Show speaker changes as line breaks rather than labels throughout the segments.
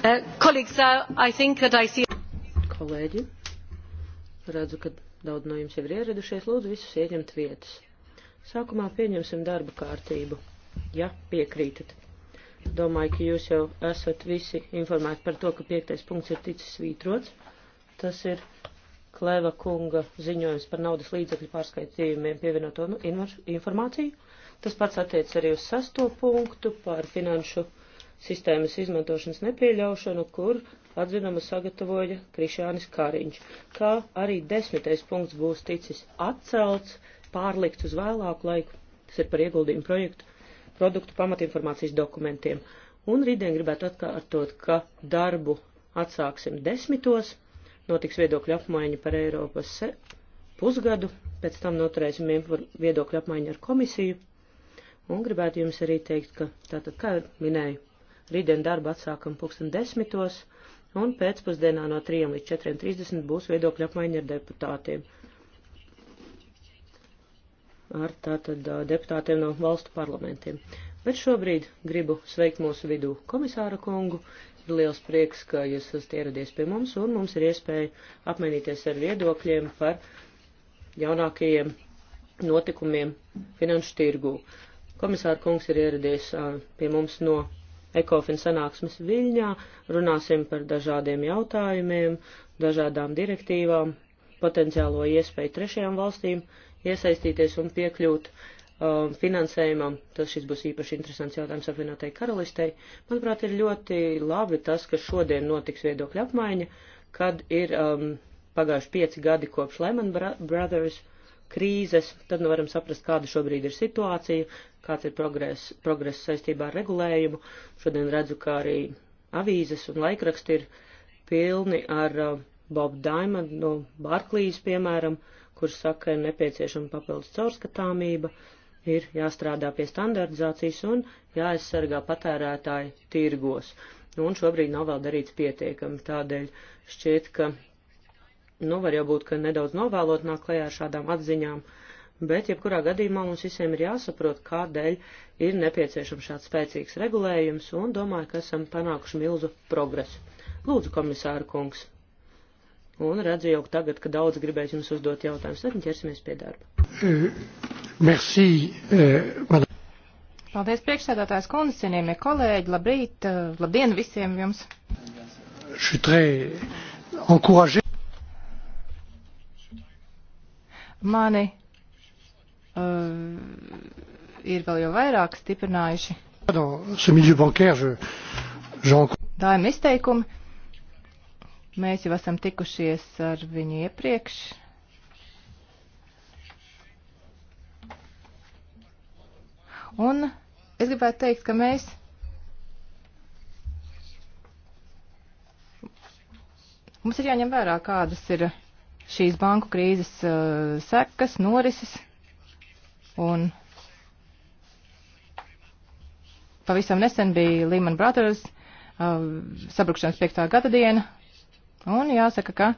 Uh, uh,
see... Kolēģi, redzu, ka daudz no jums jau ir ieradušies. Lūdzu, visus ieņemt vietas. Sākumā pieņemsim darba kārtību, ja piekrītat. Domāju, ka jūs jau esat visi informēti par to, ka piektais punkts ir ticis svītrots. Tas ir Kleva kunga ziņojums par naudas līdzekļu pārskaitījumiem pievienoto nu, informāciju. Tas pats attiec arī uz sesto punktu par finanšu sistēmas izmantošanas nepieļaušanu, kur atzinumu sagatavoja Krišānis Kariņš, kā arī desmitais punkts būs ticis atcelts, pārlikts uz vēlāku laiku, tas ir par ieguldījumu projektu, produktu pamatinformācijas dokumentiem. Un rītdien gribētu atkārtot, ka darbu atsāksim desmitos, notiks viedokļu apmaiņa par Eiropas pusgadu, pēc tam noturēsim viedokļu apmaiņu ar komisiju. Un gribētu jums arī teikt, ka tātad, kā minēju, Rītdien darbu atsākam pulksten desmitos, un pēcpusdienā no 3 līdz 4.30 būs viedokļa apmaiņa ar deputātiem. Ar tātad deputātiem no valstu parlamentiem. Bet šobrīd gribu sveikt mūsu vidū komisāra kungu. Ir liels prieks, ka jūs esat ieradies pie mums, un mums ir iespēja apmainīties ar viedokļiem par jaunākajiem notikumiem finanšu tirgū. Komisāra kungs ir ieradies pie mums no Ekofin sanāksmes Viļņā, runāsim par dažādiem jautājumiem, dažādām direktīvām, potenciālo iespēju trešajām valstīm iesaistīties un piekļūt um, finansējumam. Tas šis būs īpaši interesants jautājums apvienotai karalistei. Manuprāt, ir ļoti labi tas, ka šodien notiks viedokļa apmaiņa, kad ir um, pagājuši pieci gadi kopš Lehman Brothers. Uh, krīzes, tad nu varam saprast, kāda šobrīd ir situācija, kāds ir progress, progress saistībā ar regulējumu. Šodien redzu, ka arī avīzes un laikraksti ir pilni ar uh, Bobu Daimanu no Barklīs, piemēram, kurš saka, ir nepieciešama papildus caurskatāmība, ir jāstrādā pie standardizācijas un jāaizsargā patērētāji tirgos. Nu, un šobrīd nav vēl darīts pietiekami, tādēļ šķiet, ka Nu, var jau būt, ka nedaudz novēlot nāk klajā ar šādām atziņām, bet jebkurā gadījumā mums visiem ir jāsaprot, kādēļ ir nepieciešams šāds spēcīgs regulējums, un domāju, ka esam panākuši milzu progresu. Lūdzu, komisāra kungs. Un redzu jau tagad, ka daudz gribēs jums uzdot jautājumus, tad ķersimies pie
darba. Merci, eh, man...
Paldies, priekšsēdātājs kundze,
cienījamie kolēģi, labrīt, eh, labdien visiem jums.
Je suis très encouragé.
mani uh, ir vēl jau vairāk stiprinājuši. Dājumi izteikumi. Mēs jau esam tikušies ar viņu iepriekš. Un es gribētu teikt, ka mēs mums ir jāņem vērā, kādas ir šīs banku krīzes uh, sekas, norises un pavisam nesen bija Lehman Brothers uh, sabrukšanas 5. gada diena un jāsaka, ka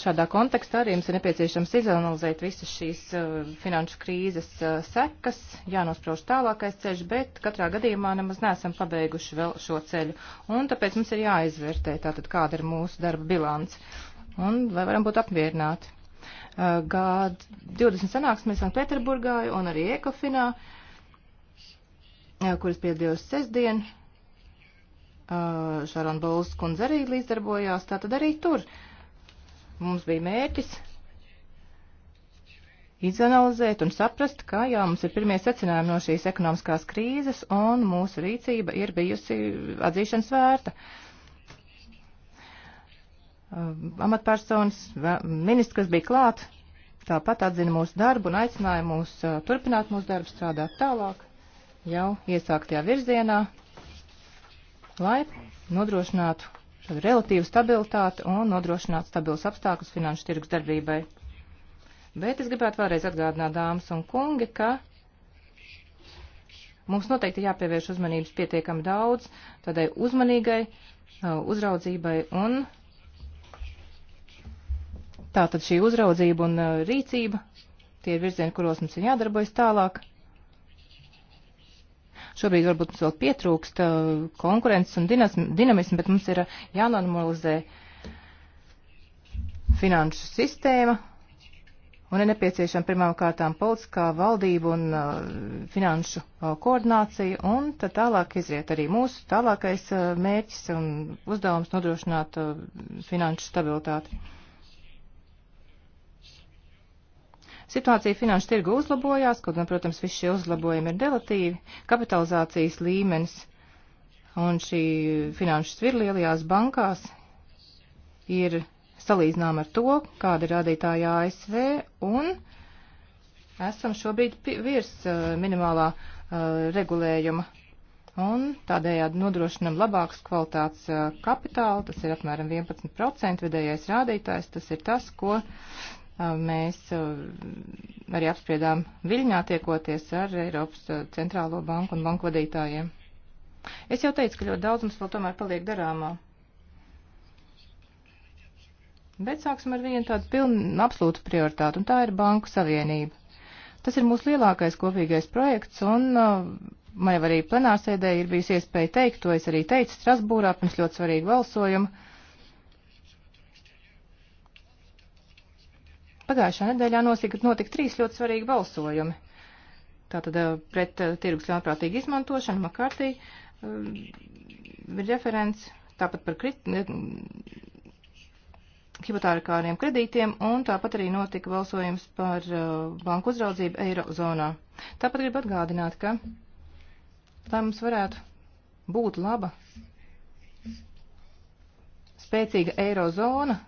Šādā kontekstā arī jums ir nepieciešams izanalizēt visas šīs uh, finanšu krīzes uh, sekas, jānosprauž tālākais ceļš, bet katrā gadījumā nemaz neesam pabeiguši vēl šo ceļu. Un tāpēc mums ir jāizvērtē, tātad kāda ir mūsu darba bilants un vai varam būt apmierināti. G20 sanāksmēs Sanktpēterburgā un arī Ekofinā, kuras piedalījos sestdien, Šarona Bols kundze arī līdzdarbojās, tātad arī tur mums bija mērķis izanalizēt un saprast, ka jā, mums ir pirmie secinājumi no šīs ekonomiskās krīzes un mūsu rīcība ir bijusi atzīšanas vērta. Uh, amatpersonas, ministrs, kas bija klāt, tāpat atzina mūsu darbu un aicināja mūs turpināt mūsu darbu, strādāt tālāk jau iesāktajā virzienā, lai nodrošinātu tādu relatīvu stabilitāti un nodrošinātu stabilus apstākļus finanšu tirgus darbībai. Bet es gribētu vēlreiz atgādināt, dāmas un kungi, ka mums noteikti jāpievērš uzmanības pietiekami daudz tādai uzmanīgai uzraudzībai un Tātad šī uzraudzība un uh, rīcība, tie ir virzieni, kuros mums ir jādarbojas tālāk. Šobrīd varbūt mums vēl pietrūkst uh, konkurences un dinamismu, bet mums ir uh, jānormalizē finanšu sistēma, un ir nepieciešama pirmām kārtām politiskā valdība un uh, finanšu uh, koordinācija, un tad tālāk izriet arī mūsu tālākais uh, mērķis un uzdevums nodrošināt uh, finanšu stabilitāti. Situācija finanšu tirgu uzlabojās, kaut gan, protams, visi šie uzlabojumi ir relatīvi. Kapitalizācijas līmenis un šī finanšu svirlielajās bankās ir salīdzinām ar to, kāda ir rādītāja ASV, un esam šobrīd virs uh, minimālā uh, regulējuma. Un tādējādi nodrošinam labākas kvalitātes uh, kapitālu, tas ir apmēram 11% vidējais rādītājs, tas ir tas, ko mēs arī apspriedām Viļņā tiekoties ar Eiropas centrālo banku un banku vadītājiem. Es jau teicu, ka ļoti daudz mums vēl tomēr paliek darāmā. Bet sāksim ar vienu tādu pilnu absolūtu prioritātu, un tā ir Banku Savienība. Tas ir mūsu lielākais kopīgais projekts, un man jau arī plenārsēdē ir bijusi iespēja teikt, to es arī teicu Strasbūrā pirms ļoti svarīgu valsojumu Pagājušā nedēļā nosika, notika trīs ļoti svarīgi balsojumi. Tātad eh, pret eh, tirgus ļaunprātīgu izmantošanu Makārtī eh, referents tāpat par krit, hipotārikāriem kredītiem un tāpat arī notika balsojums par banku uzraudzību Eirozonā. Tāpat gribu atgādināt, ka lai mums varētu būt laba, spēcīga Eirozona,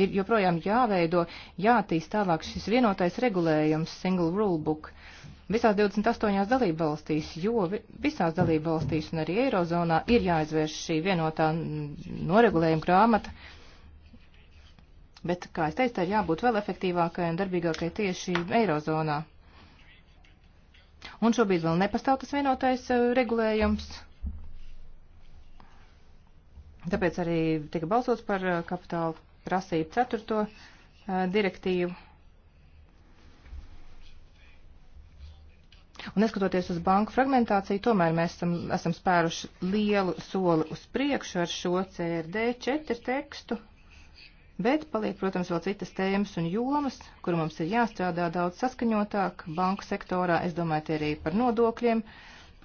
ir joprojām jāveido, jātīst tālāk šis vienotais regulējums, single rule book, visās 28 dalība valstīs, jo visās dalība valstīs un arī Eirozonā ir jāizvērš šī vienotā noregulējuma grāmata. Bet, kā es teicu, tā ir jābūt vēl efektīvākai un darbīgākai tieši Eirozonā. Un šobrīd vēl nepastāv tas vienotais eh, regulējums. Tāpēc arī tika balsots par eh, kapitālu prasīt ceturto eh, direktīvu. Un neskatoties uz banku fragmentāciju, tomēr mēs esam, esam spēruši lielu soli uz priekšu ar šo CRD4 tekstu, bet paliek, protams, vēl citas tēmas un jomas, kur mums ir jāstrādā daudz saskaņotāk banku sektorā, es domāju, tie arī par nodokļiem,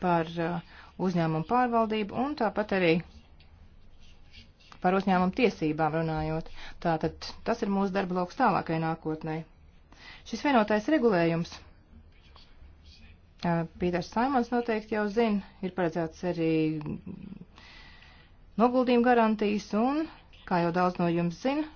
par eh, uzņēmumu pārvaldību un tāpat arī par uzņēmumu tiesībām runājot. Tātad tas ir mūsu darba lauks tālākai nākotnē. Šis vienotais regulējums, Pīters Saimons noteikti jau zina, ir paredzēts arī noguldījuma garantijas un, kā jau daudz no jums zina,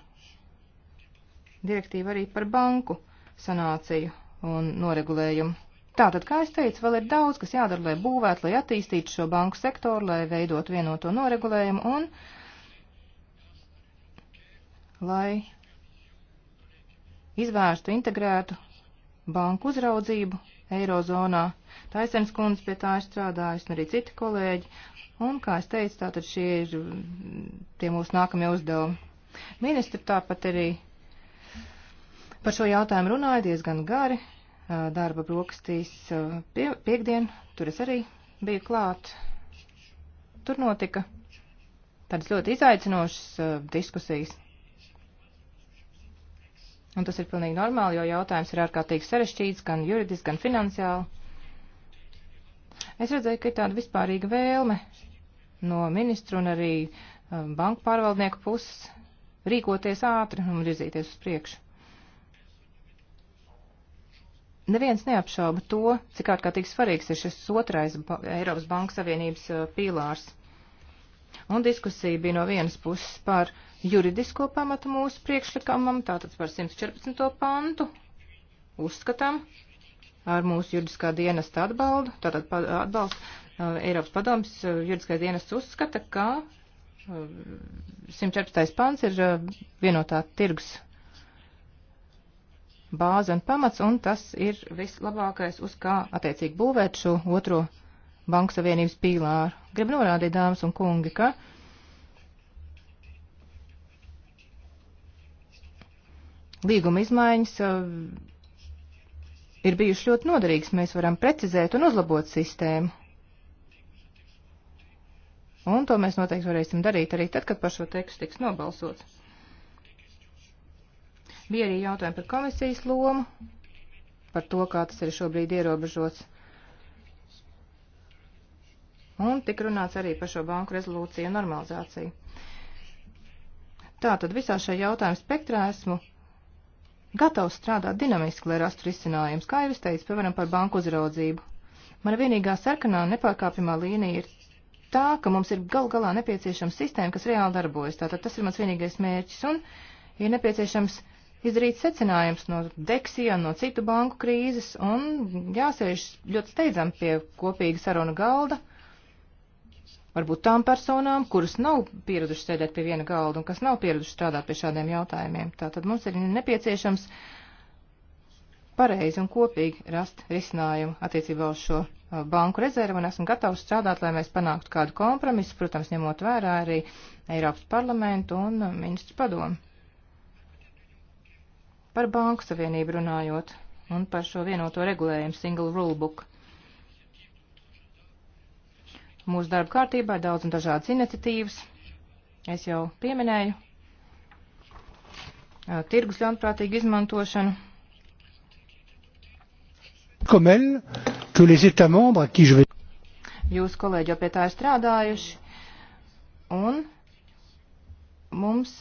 direktīva arī par banku sanāciju un noregulējumu. Tātad, kā es teicu, vēl ir daudz, kas jādara, lai būvētu, lai attīstītu šo banku sektoru, lai veidotu vienoto noregulējumu un uh, lai izvērstu integrētu banku uzraudzību Eirozonā. Taisens kundze pie tā ir strādājusi, un arī citi kolēģi. Un, kā es teicu, tātad šie ir tie mūsu nākamie uzdevumi. Ministri tāpat arī par šo jautājumu runāja diezgan gari. Darba brokastīs pie, piekdien, tur es arī biju klāt. Tur notika tādas ļoti izaicinošas diskusijas. Un tas ir pilnīgi normāli, jo jautājums ir ārkārtīgi sarešķīts, gan juridiski, gan finansiāli. Es redzēju, ka ir tāda vispārīga vēlme no ministru un arī um, banku pārvaldnieku puses rīkoties ātri un virzīties uz priekšu. Neviens neapšauba to, cik ārkārtīgi svarīgs ir šis otrais ba Eiropas Bankas Savienības uh, pīlārs. Un diskusija bija no vienas puses par uh, juridisko pamatu mūsu priekšlikumam, tātad par 114. pantu, uzskatām ar mūsu juridiskā dienesta atbaldu, tātad atbalstu uh, Eiropas padomas uh, juridiskais dienests uzskata, ka 114. Uh, pants ir vienotā tirgus bāze un pamats, un tas ir vislabākais, uz kā attiecīgi būvēt šo otro banku savienības pīlāru. Gribu norādīt, dāmas un kungi, ka uh, Līguma izmaiņas eh, ir bijušas ļoti noderīgas. Mēs varam precizēt un uzlabot sistēmu. Un to mēs noteikti varēsim darīt arī tad, kad par šo tekstu tiks nobalsots. Bija arī jautājumi par komisijas lomu, par to, kā tas ir šobrīd ierobežots. Un tik runāts arī par šo banku rezolūciju un normalizāciju. Tātad visā šajā jautājuma spektrā esmu gatavs strādāt dinamiski, lai rastu risinājums, kā jau es teicu, piemēram, par banku uzraudzību. Mana vienīgā sarkanā nepārkāpjamā līnija ir tā, ka mums ir gal galā nepieciešama sistēma, kas reāli darbojas. Tātad tas ir mans vienīgais mērķis un ir nepieciešams izdarīt secinājums no Deksija, no citu banku krīzes un jāsēž ļoti steidzam pie kopīga saruna galda Varbūt tām personām, kuras nav pieradušas sēdēt pie viena galda un kas nav pieradušas strādāt pie šādiem jautājumiem. Tātad mums ir nepieciešams pareizi un kopīgi rast risinājumu attiecībā uz šo uh, banku rezervu un esmu gatavs strādāt, lai mēs panāktu kādu kompromisu, protams, ņemot vērā arī Eiropas parlamentu un uh, ministru padomu. Par banku savienību runājot un par šo vienoto regulējumu Single Rule Book. Mūsu darba kārtībā ir daudz un dažādas iniciatīvas. Es jau pieminēju tirgus ļaunprātīgu izmantošanu. Jūsu kolēģi jau pie tā ir strādājuši, un mums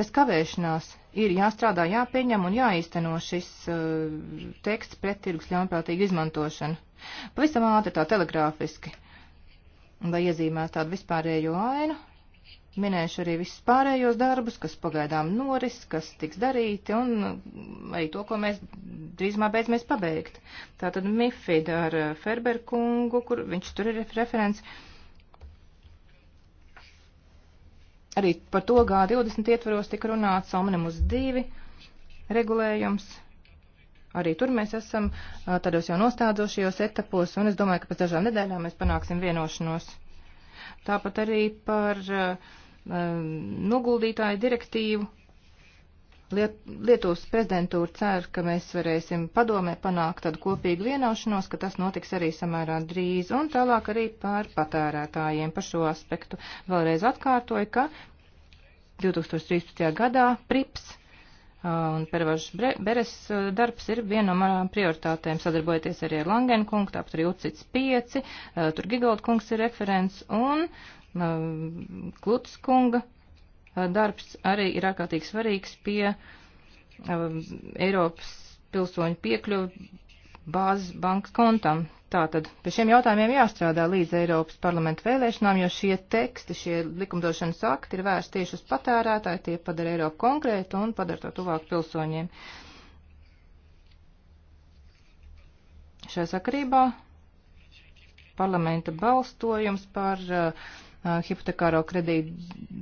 bez kavēšanās ir jāstrādā, jāpieņem un jāīsteno šis uh, teksts pret tirgus ļaunprātīgu izmantošanu. Pavisam ātri tā telegrāfiski lai iezīmētu tādu vispārējo ainu. Minēšu arī visus pārējos darbus, kas pagaidām noris, kas tiks darīti, un arī to, ko mēs drīzumā beidzamies pabeigt. Tātad Mifid ar eh, Ferberkungu, kur viņš tur ir referents. Arī par to G20 ietvaros tika runāts, Salmanim uz divi regulējums Arī tur mēs esam tādos jau nostādzošajos etapos, un es domāju, ka pēc dažām nedēļām mēs panāksim vienošanos. Tāpat arī par noguldītāju direktīvu. Liet, Lietuvas prezidentūra cer, ka mēs varēsim padomē panākt tādu kopīgu vienošanos, ka tas notiks arī samērā drīz, un tālāk arī par patērētājiem par šo aspektu. Vēlreiz atkārtoju, ka 2013. gadā PRIPS Uh, un Pervažs Beres uh, darbs ir viena no manām prioritātēm, sadarbojoties arī ar Langenu kungu, tāpat arī Ucits 5, uh, tur Gigalda kungs ir referents, un Kluts kunga darbs arī ir ārkārtīgi svarīgs pie Eiropas pilsoņu piekļuvi bāzes bankas kontam. Tātad pie šiem jautājumiem jāstrādā līdz Eiropas parlamentu vēlēšanām, jo šie teksti, šie likumdošanas akti ir vērsti tieši uz patērētāju, tie padara Eiropu konkrētu un padara to tuvāk pilsoņiem. Šajā sakarībā parlamenta balstojums par uh, uh, hipotekāro kredītu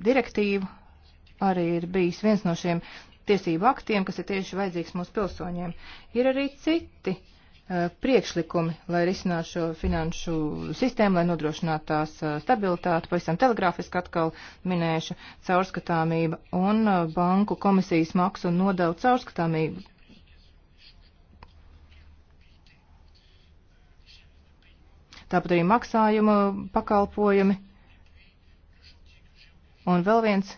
direktīvu arī ir bijis viens no šiem tiesību aktiem, kas ir tieši vajadzīgs mūsu pilsoņiem. Ir arī citi uh, Uh, priekšlikumi, lai risinātu šo finanšu sistēmu, lai nodrošinātu tās uh, stabilitāti, pavisam telegrāfiski atkal minēšu caurskatāmība un uh, banku komisijas maksu un nodevu caurskatāmību. Tāpat arī maksājuma pakalpojumi. Un vēl viens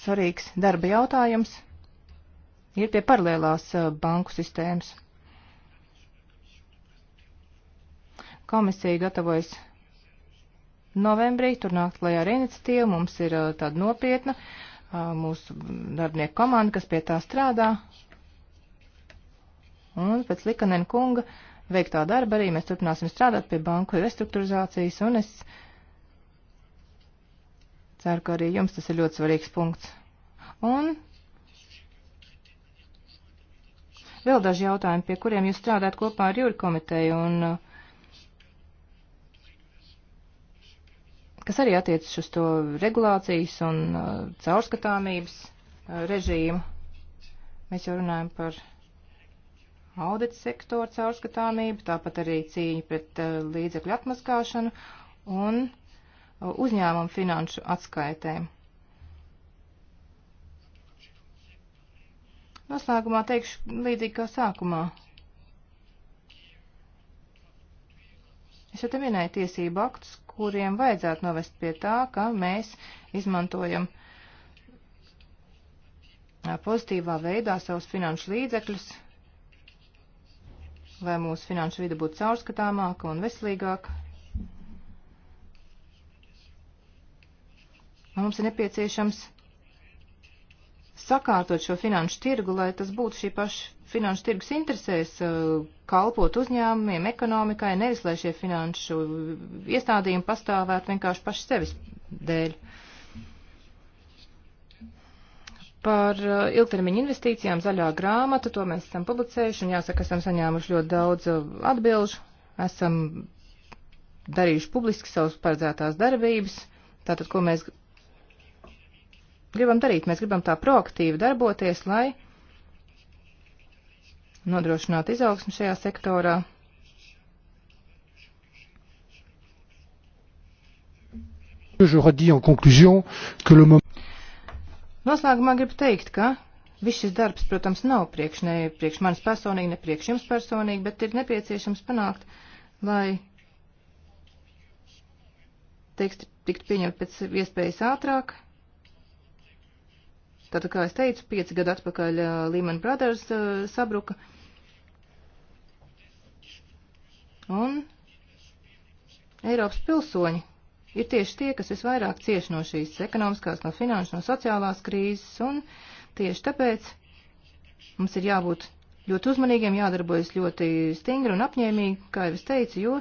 svarīgs darba jautājums ir pie paralēlās banku sistēmas. komisija gatavojas novembrī, tur nākt klajā ar iniciatīvu, mums ir uh, tāda nopietna uh, mūsu darbinieku komanda, kas pie tā strādā. Un pēc Likanena kunga veiktā darba arī mēs turpināsim strādāt pie banku restruktūrizācijas, un es ceru, ka arī jums tas ir ļoti svarīgs punkts. Un vēl daži jautājumi, pie kuriem jūs strādājat kopā ar jūri komiteju, un uh, kas arī attiecas uz to regulācijas un uh, caurskatāmības uh, režīmu. Mēs jau runājam par audita sektoru caurskatāmību, tāpat arī cīņa pret uh, līdzekļu atmaskāšanu un uh, uzņēmumu finanšu atskaitēm. Noslēgumā teikšu līdzīgi kā sākumā. Es jau te minēju tiesību aktus, kuriem vajadzētu novest pie tā, ka mēs izmantojam pozitīvā veidā savus finanšu līdzekļus, lai mūsu finanšu vide būtu caurskatāmāka un veselīgāka. Mums ir nepieciešams sakārtot šo finanšu tirgu, lai tas būtu šī paša finanšu tirgus interesēs eh, kalpot uzņēmumiem, ekonomikai, nevis lai šie finanšu iestādījumi pastāvētu vienkārši paši sevis dēļ. Par eh, ilgtermiņu investīcijām zaļā grāmata, to mēs esam publicējuši un jāsaka, esam saņēmuši ļoti daudz eh, atbilžu, esam darījuši publiski savus paredzētās darbības, tātad, ko mēs gribam darīt, mēs gribam tā proaktīvi darboties, lai nodrošināt izaugsmu šajā sektorā. Noslēgumā gribu teikt, ka viss šis darbs, protams, nav priekš, ne, priekš manis personīgi, ne priekš jums personīgi, bet ir nepieciešams panākt, lai teksti tiktu pieņemti pēc iespējas ātrāk, Tātad, kā es teicu, pieci gadu atpakaļ Lehman Brothers sabruka. Un Eiropas pilsoņi ir tieši tie, kas visvairāk cieši no šīs ekonomiskās, no finanšu, no sociālās krīzes, un tieši tāpēc mums ir jābūt ļoti uzmanīgiem, jādarbojas ļoti stingri un apņēmīgi, kā jau es teicu, jo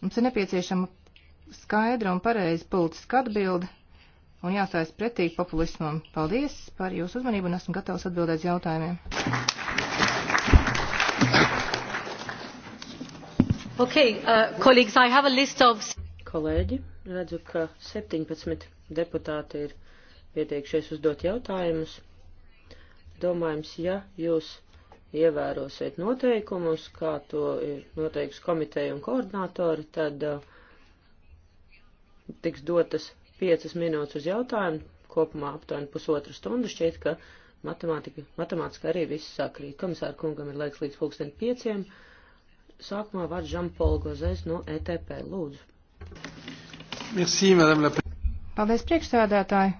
mums ir nepieciešama skaidra un pareiza politiska atbilde un jāstājas pretī populismam. Paldies par jūsu uzmanību un esmu gatavs atbildēt jautājumiem.
Okay, uh, colleagues, I have a list of...
Kolēģi, redzu, ka 17 deputāti ir pieteikšies uzdot jautājumus. Domājams, ja jūs ievērosiet noteikumus, kā to ir noteikusi komiteja un koordinātori, tad uh, tiks dotas piecas minūtes uz jautājumu, kopumā aptuveni pusotra stunda. Šķiet, ka matemātika, matemātika arī viss sakrīt. Komisāra kungam ir laiks līdz pulksten pieciem. Sākumā vārds Žampola Gozēs no ETP. Lūdzu.
Merci, madame la
Paldies, priekšsēdētāji.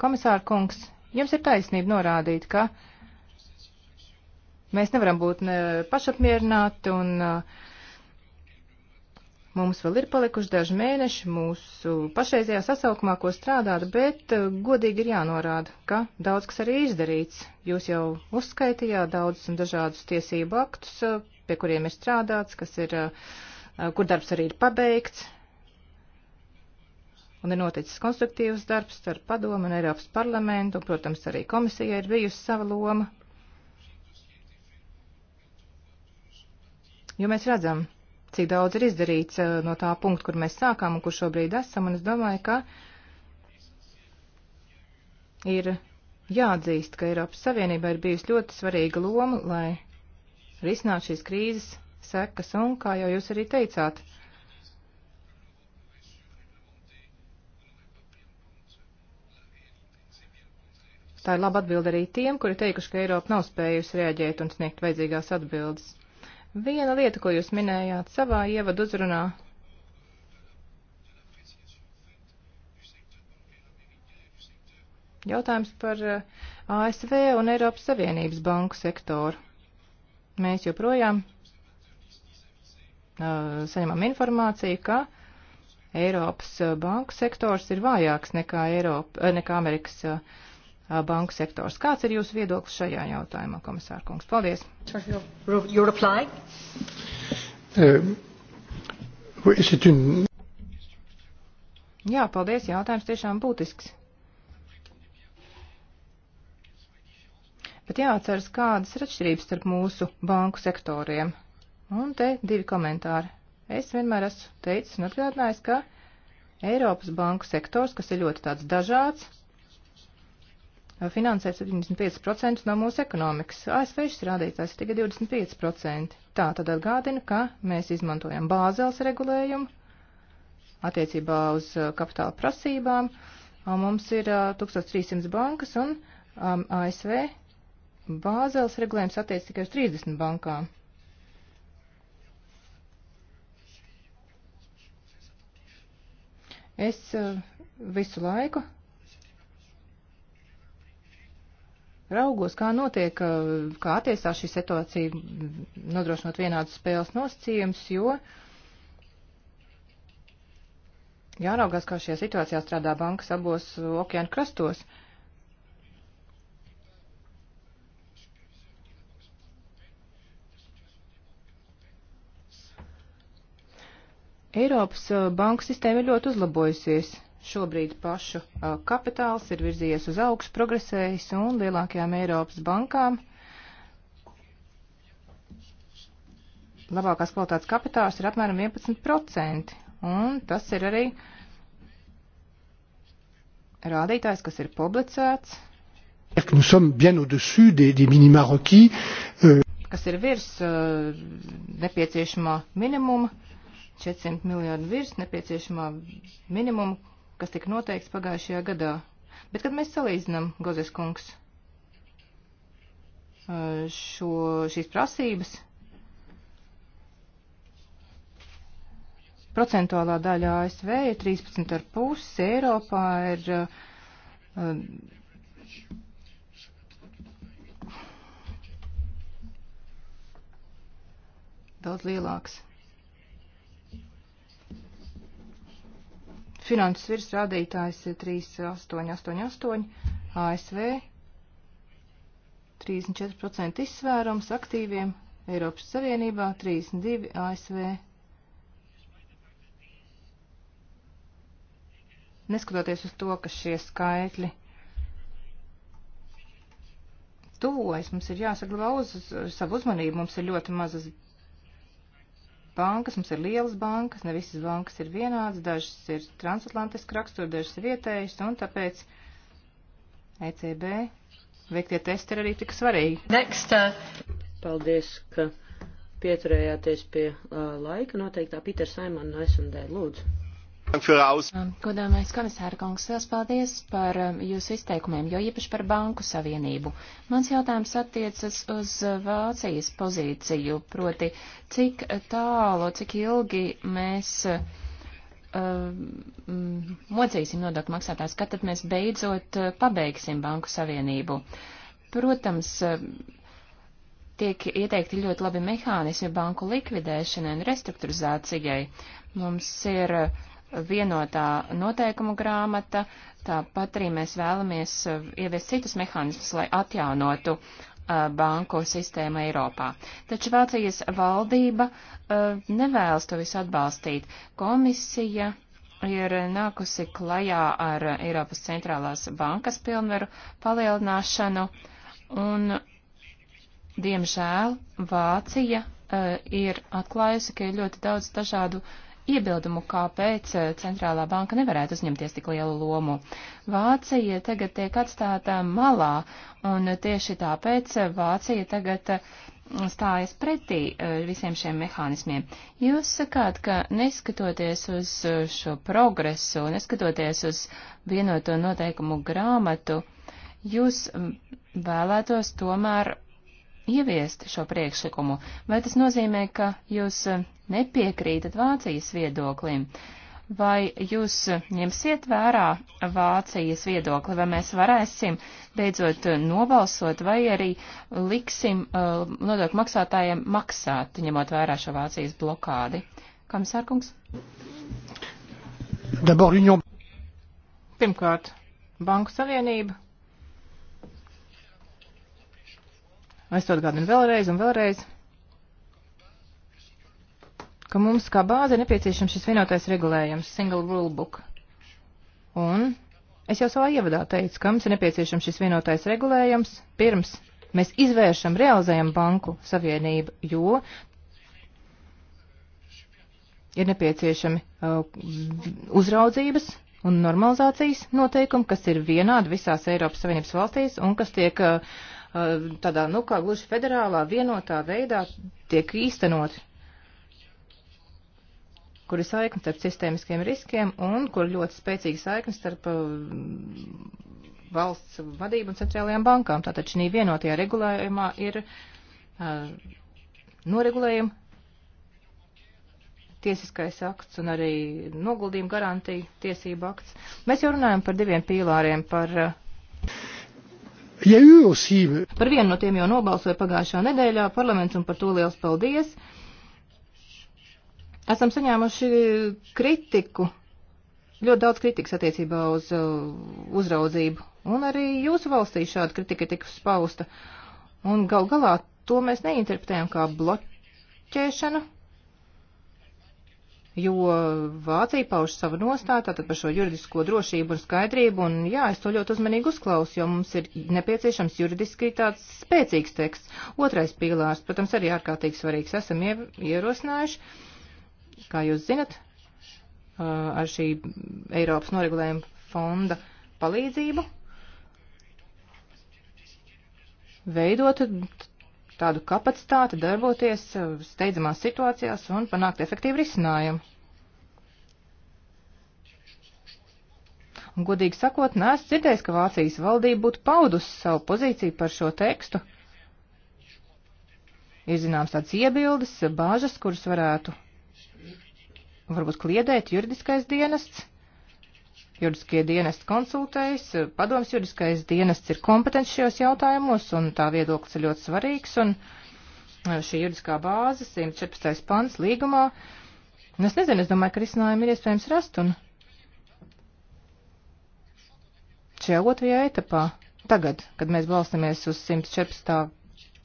Komisāra kungs, jums ir taisnība norādīt, ka mēs nevaram būt pašapmierināti un uh, Mums vēl ir palikuši daži mēneši mūsu pašreizajā sasaukumā, ko strādāt, bet eh, godīgi ir jānorāda, ka daudz kas arī izdarīts. Jūs jau uzskaitījāt daudzus un dažādus tiesību aktus, eh, pie kuriem ir strādāts, kas ir, eh, kur darbs arī ir pabeigts. Un ir noticis konstruktīvs darbs ar padomu un Eiropas parlamentu, un, protams, arī komisijai ir bijusi sava loma. Jo mēs redzam, cik daudz ir izdarīts eh, no tā punkta, kur mēs sākām un kur šobrīd esam, un es domāju, ka ir jāatzīst, ka Eiropas Savienībai ir bijusi ļoti svarīga loma, lai risinātu šīs krīzes sekas, un, kā jau jūs arī teicāt, Tā ir laba atbilde arī tiem, kuri teikuši, ka Eiropa nav spējusi rēģēt un sniegt vajadzīgās atbildes. Viena lieta, ko jūs minējāt savā ievadu uzrunā, jautājums par eh, ASV un Eiropas Savienības banku sektoru. Mēs joprojām uh, saņemam informāciju, ka Eiropas eh, banku sektors ir vājāks nekā, Eiropa, nekā Amerikas uh, Uh, banku sektors. Kāds ir jūsu viedoklis šajā jautājumā, komisāra kungs? Paldies. Um, Jā, paldies. Jautājums tiešām būtisks. Bet jāatceras, kādas ir atšķirības starp mūsu banku sektoriem. Un te divi komentāri. Es vienmēr esmu teicis un atgādinājis, ka Eiropas banku sektors, kas ir ļoti tāds dažāds, finansē 75% no mūsu ekonomikas. ASV šis rādītājs ir tikai 25%. Tā tad atgādina, ka mēs izmantojam bāzels regulējumu attiecībā uz uh, kapitāla prasībām. Mums ir 1300 uh, bankas un um, ASV bāzels regulējums attiec tikai uz 30 bankām. Es uh, visu laiku raugos, kā notiek, kā attiecās šī situācija, nodrošinot vienādus spēles nosacījumus, jo jāraugās, kā šajā situācijā strādā bankas abos okeāna krastos. Eiropas banku sistēma ir ļoti uzlabojusies. Šobrīd pašu kapitāls ir virzījies uz augšu, progresējis un lielākajām Eiropas bankām labākās kvalitātes kapitāls ir apmēram 11%, un tas ir arī rādītājs, kas ir publicēts. Euh, kas ir virs uh, nepieciešamā minimuma, 400 miljonu virs nepieciešamā minimuma, kas tika noteikts pagājušajā gadā. Bet, kad mēs salīdzinām, Gozes kungs, šo, šīs prasības, procentuālā daļa ASV ir 13,5, Eiropā ir um, daudz lielāks. finanses virsrādītājs 3888 ASV, 34% izsvērums aktīviem Eiropas Savienībā, 32 ASV. Neskatoties uz to, ka šie skaitļi tuvojas, mums ir jāsaglabā uz, uz savu uzmanību, mums ir ļoti mazas bankas, mums ir lielas bankas, ne visas bankas ir vienādas, dažas ir transatlantiski rakstur, dažas ir vietējas, un tāpēc ECB
veiktie testi ir arī tik svarīgi. Next. Uh... Paldies, ka pieturējāties pie uh, laika noteiktā. Pīters Saimana no SMD, lūdzu.
Godāmais
komisāra kungs, liels paldies par um, jūsu izteikumiem, jo īpaši par banku savienību. Mans jautājums attiecas uz uh, Vācijas pozīciju, proti, cik tālu, cik ilgi mēs uh, um, mocīsim nodokļu maksātājs, kad tad mēs beidzot uh, pabeigsim banku savienību. Protams, um, tiek ieteikti ļoti labi mehānismi banku likvidēšanai un restruktūrizācijai. Mums ir uh, vienotā noteikumu grāmata, tāpat arī mēs vēlamies uh, ieviest citus mehānismus, lai atjaunotu uh, banku sistēmu Eiropā. Taču Vācijas valdība uh, nevēlas to visu atbalstīt. Komisija ir nākusi klajā ar Eiropas centrālās bankas pilnveru palielināšanu, un, diemžēl, Vācija ir atklājusi, ka ir ļoti daudz dažādu iebildumu, kāpēc eh, centrālā banka nevarētu uzņemties tik lielu lomu. Vācija tagad tiek atstāta malā, un tieši tāpēc Vācija tagad eh, stājas pretī eh, visiem šiem mehānismiem. Jūs sakāt, ka neskatoties uz šo progresu, neskatoties uz vienoto noteikumu grāmatu, jūs mm, vēlētos tomēr ieviest šo priekšlikumu, vai tas nozīmē, ka jūs eh, nepiekrītat Vācijas viedoklim? Vai jūs eh, ņemsiet vērā Vācijas viedokli, vai mēs varēsim beidzot eh, nobalsot, vai arī liksim uh, nodokļu maksātājiem maksāt, ņemot vērā šo Vācijas blokādi? Komisārkungs? Pirmkārt, Banku Savienība
Es to atgādinu vēlreiz un vēlreiz, ka mums kā bāze ir nepieciešams šis vienotais regulējums, single rule book. Un es jau savā ievadā teicu, ka mums ir nepieciešams šis vienotais regulējums pirms mēs izvēršam, realizējam banku savienību, jo ir nepieciešami uh, uzraudzības un normalizācijas noteikumi, kas ir vienādi visās Eiropas Savienības valstīs un kas tiek uh, Eh, tādā, nu, kā gluži federālā vienotā veidā tiek īstenoti, kur ir saikne starp sistēmiskiem riskiem un kur ļoti spēcīga saikne starp eh, valsts vadību un centrālajām bankām. Tātad šī vienotajā regulējumā ir uh, eh, noregulējumi, tiesiskais akts un arī noguldījuma garantija tiesība akts. Mēs jau runājam par diviem pīlāriem, par uh, Ja aussi... Par vienu no tiem jau nobalsoja pagājušā nedēļā parlaments un par to liels paldies. Esam saņēmuši kritiku, ļoti daudz kritikas attiecībā uz uh, uzraudzību. Un arī jūsu valstī šāda kritika ir tikus spausta. Un gal galā to mēs neinterpretējam kā bloķēšanu, jo Vācija pauž savu nostāju tātad par šo juridisko drošību un skaidrību, un jā, es to ļoti uzmanīgi uzklausu, jo mums ir nepieciešams juridiski tāds spēcīgs teksts. Otrais pīlārs, protams, arī ārkārtīgi svarīgs esam ierosinājuši, kā jūs zinat, ar šī Eiropas noregulējuma fonda palīdzību veidot tādu kapacitāti darboties eh, steidzamās situācijās un panākt efektīvu risinājumu. Un, godīgi sakot, neesmu dzirdējis, ka Vācijas valdība būtu paudusi savu pozīciju par šo tekstu. Ir zināms tāds iebildes, bāžas, kuras varētu varbūt kliedēt juridiskais dienests. Juridiskie dienesti konsultējas, padoms juridiskais dienests ir kompetents šajos jautājumos, un tā viedoklis ir ļoti svarīgs, un e, šī juridiskā bāze, 114. pants līgumā, un es nezinu, es domāju, ka risinājumu ir iespējams rast, un šajā otrajā etapā, tagad, kad mēs balstamies uz 114.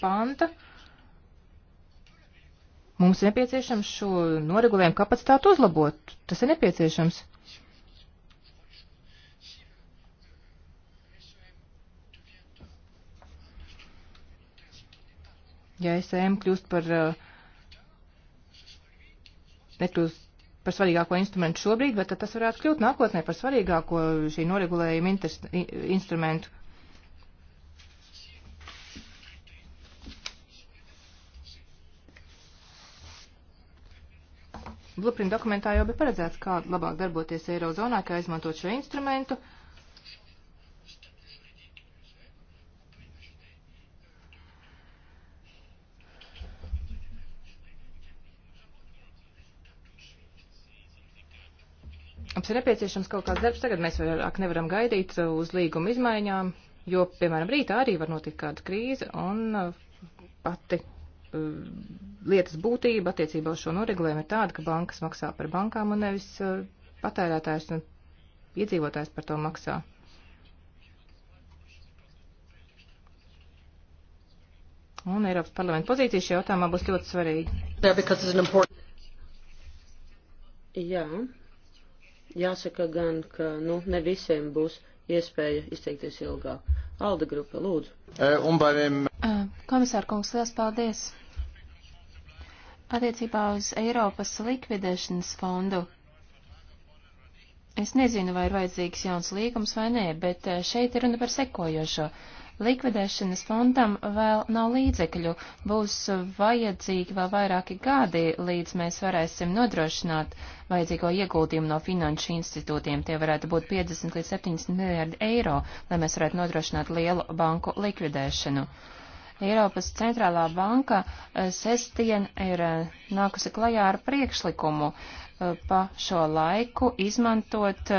panta, mums ir nepieciešams šo noregulējumu kapacitātu uzlabot. Tas ir nepieciešams. ja ESM kļūst par eh, nekļūst par svarīgāko instrumentu šobrīd, bet tad tas varētu kļūt nākotnē par svarīgāko šī noregulējuma inter, instrumentu. Blueprint dokumentā jau bija paredzēts, kā labāk darboties Eirozonā, kā izmantot šo instrumentu. Uh, mums ir nepieciešams kaut kāds darbs, tagad mēs vairāk nevaram gaidīt uz līguma izmaiņām, jo, piemēram, rītā arī var notikt kāda krīze un uh, pati uh, lietas būtība attiecībā uz šo noregulējumu ir tāda, ka bankas maksā par bankām un nevis uh, patērētājs un iedzīvotājs par to maksā. Un Eiropas parlamenta pozīcija šajā jautājumā būs ļoti
svarīga.
Yeah, Jāsaka gan, ka nu, ne visiem būs iespēja izteikties ilgāk. Alda grupa, lūdzu.
E,
komisāra kungs, liels paldies! Attiecībā uz Eiropas likvidēšanas fondu. Es nezinu, vai ir vajadzīgs jauns līgums vai nē, bet šeit ir runa par sekojošo. Likvidēšanas fondam vēl nav līdzekļu, būs vajadzīgi vēl vairāki gadi, līdz mēs varēsim nodrošināt vajadzīgo ieguldījumu no finanšu institūtiem. Tie varētu būt 50 līdz 70 miljardi eiro, lai mēs varētu nodrošināt lielu banku likvidēšanu. Eiropas centrālā banka eh, sestdien ir eh, nākusi klajā ar priekšlikumu eh, pa šo laiku izmantot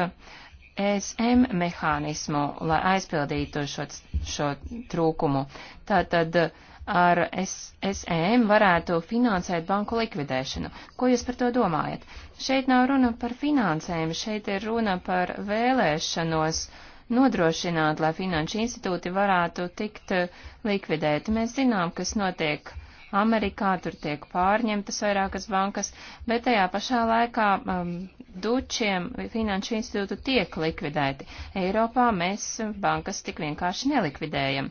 ESM mehānismu, lai aizpildītu šo, šo trūkumu. Tātad uh, ar SEM varētu finansēt banku likvidēšanu. Ko jūs par to domājat? Šeit nav runa par finansēm, šeit ir runa par vēlēšanos nodrošināt, lai finanšu institūti varētu tikt uh, likvidēti. Mēs zinām, kas notiek Amerikā, tur tiek pārņemtas vairākas bankas, bet tajā pašā laikā um, dučiem finanšu institūtu tiek likvidēti. Eiropā mēs bankas tik vienkārši nelikvidējam.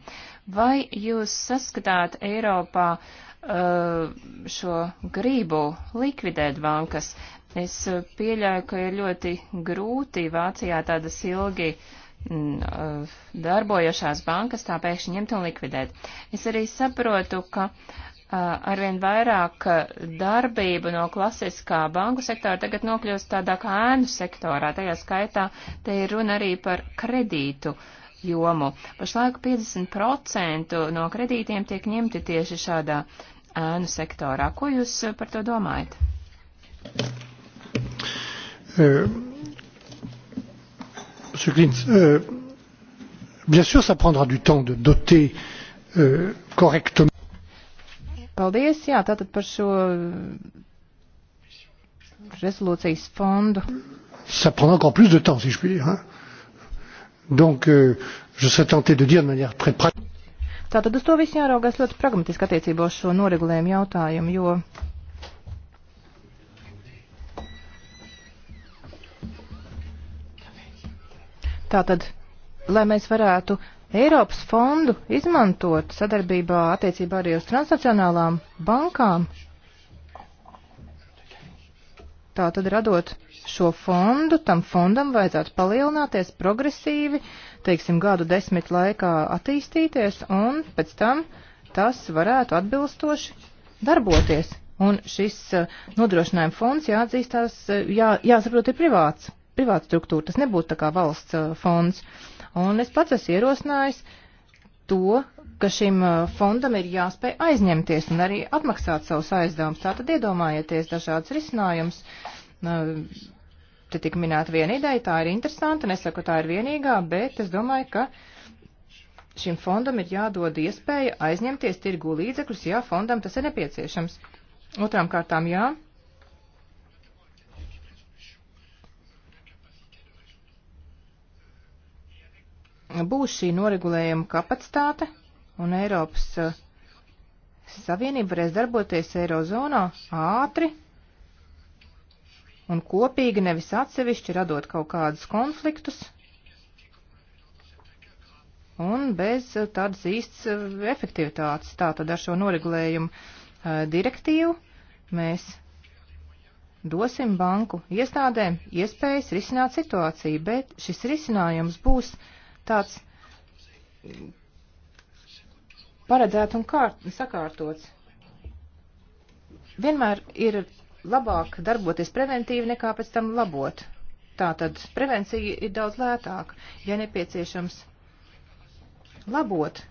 Vai jūs saskatāt Eiropā uh, šo gribu likvidēt bankas? Es pieļauju, ka ir ļoti grūti Vācijā tādas ilgi mm, uh, darbojošās bankas tā pēkšņi ņemt un likvidēt. Es arī saprotu, ka uh, arvien vairāk uh, darbību no klasiskā banku sektora tagad nokļūst tādā kā ēnu sektorā. Tajā skaitā te ir runa arī par kredītu jomu. Pašlaik 50% no kredītiem tiek ņemti tieši šādā ēnu sektorā. Ko jūs uh, par to domājat?
Uh, Monsieur Klintz, euh, bien sûr, ça prendra du temps de doter euh, correctement
Paldies, jā, tātad par šo rezolūcijas fondu.
Ça prend encore plus de temps, si je puis dire. Hein? Donc, euh, je serais tenté de dire de manière très pratique.
Tātad uz to visu jāraugās ļoti pragmatiski attiecībā uz šo noregulējumu jautājumu, jo Tātad, lai mēs varētu Eiropas fondu izmantot sadarbībā attiecībā arī uz transnacionālām bankām, tā tad radot šo fondu, tam fondam vajadzētu palielināties progresīvi, teiksim, gadu desmit laikā attīstīties, un pēc tam tas varētu atbilstoši darboties. Un šis eh, nodrošinājuma fonds jāatzīstās, eh, jā, jāsaprot, ir privāts, privāta struktūra, tas nebūtu tā kā valsts eh, fonds. Uh, Un es pats esmu ierosinājis to, ka šim uh, fondam ir jāspēj aizņemties un arī atmaksāt savus aizdevumus. Tātad iedomājieties dažādas risinājumus. Uh, te tika minēta viena ideja, tā ir interesanta, nesaku, tā ir vienīgā, bet es domāju, ka šim fondam ir jādod iespēja aizņemties tirgu līdzekļus, ja fondam tas ir nepieciešams. Otrām kārtām, jā, būs šī noregulējuma kapacitāte un Eiropas eh, Savienība varēs darboties Eirozonā ātri un kopīgi, nevis atsevišķi radot kaut kādus konfliktus un bez eh, tādas īsts eh, efektivitātes. Tātad ar šo noregulējumu direktīvu mēs dosim banku iestādēm iespējas risināt situāciju, bet šis risinājums būs uh, tāds paredzēts un kārt, sakārtots. Vienmēr ir labāk darboties preventīvi nekā pēc tam labot. Tātad prevencija ir daudz lētāka, ja nepieciešams labot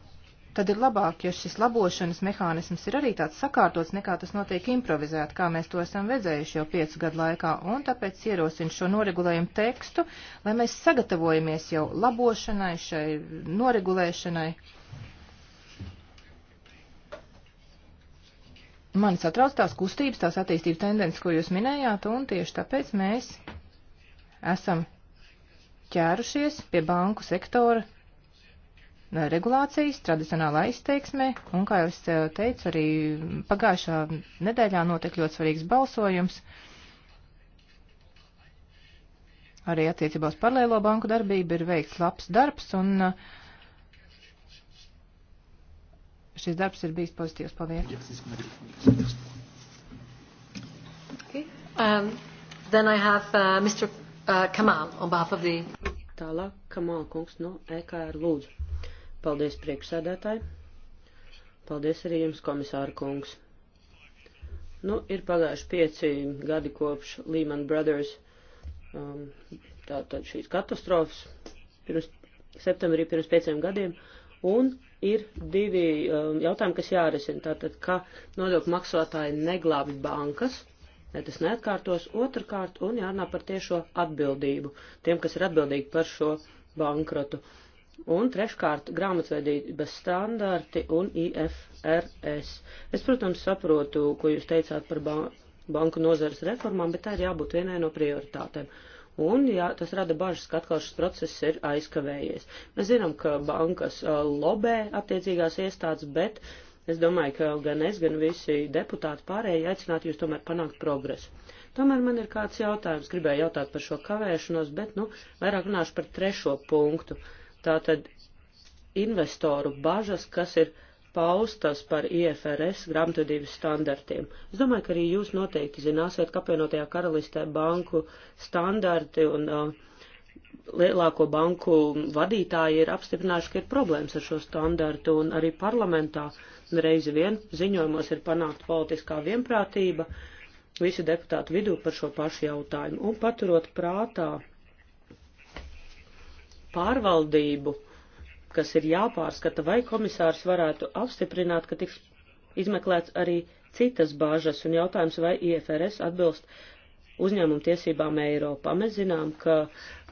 tad ir labāk, ja šis labošanas mehānisms ir arī tāds sakārtots, nekā tas notiek improvizēt, kā mēs to esam redzējuši jau piecu gadu laikā, un tāpēc ierosinu šo noregulējumu tekstu, lai mēs sagatavojamies jau labošanai, šai noregulēšanai. Mani satrauc tās kustības, tās attīstības tendences, ko jūs minējāt, un tieši tāpēc mēs esam ķērušies pie banku sektora regulācijas tradicionālā izteiksmē, un, kā jau es eh, teicu, arī pagājušā nedēļā notika ļoti svarīgs balsojums arī attiecībā uz paralēlo banku darbību ir veikts labs darbs, un eh, šis darbs ir bijis pozitīvs. Paldies.
Okay. Um, then I have uh, Mr. Uh, Kamal on behalf of the... Tālāk Kamal kungs no EKR lūdzu. Paldies, priekšsēdētāji. Paldies arī jums, komisāra kungs. Nu, ir pagājuši pieci gadi kopš Lehman Brothers um, tātad šīs katastrofas pirms, septembrī pirms pieciem gadiem, un ir divi um, jautājumi, kas jārisina. Tātad, ka nodokļu maksātāji neglābj bankas, ne tas neatkārtos, otrkārt, un jārunā par tiešo atbildību tiem, kas ir atbildīgi par šo bankrotu. Un treškārt grāmatvedības standarti un IFRS. Es, protams, saprotu, ko jūs teicāt par ba banku nozares reformām, bet tā ir jābūt vienai no prioritātēm. Un jā, tas rada bažas, ka atkal šis process ir aizkavējies. Mēs zinām, ka bankas lobē attiecīgās iestādes, bet es domāju, ka gan es, gan visi deputāti pārējie aicinātu jūs tomēr panākt progresu. Tomēr man ir kāds jautājums, gribēju jautāt par šo kavēšanos, bet, nu, vairāk runāšu par trešo punktu. Uh, Tātad investoru bažas, kas ir paustas par IFRS grāmatvedības standartiem. Es domāju, ka arī jūs noteikti zināsiet, ka apvienotajā karalistē banku standarti un uh, lielāko banku vadītāji ir apstiprinājuši, ka ir problēmas ar šo standartu, un arī parlamentā reizi vien ziņojumos ir panākt politiskā vienprātība visu deputātu vidū par šo pašu jautājumu. Un paturot prātā pārvaldību, kas ir jāpārskata, vai komisārs varētu apstiprināt, ka tiks izmeklēts arī citas bāžas un jautājums, vai IFRS atbilst uzņēmumu tiesībām Eiropā. Mēs zinām, ka a,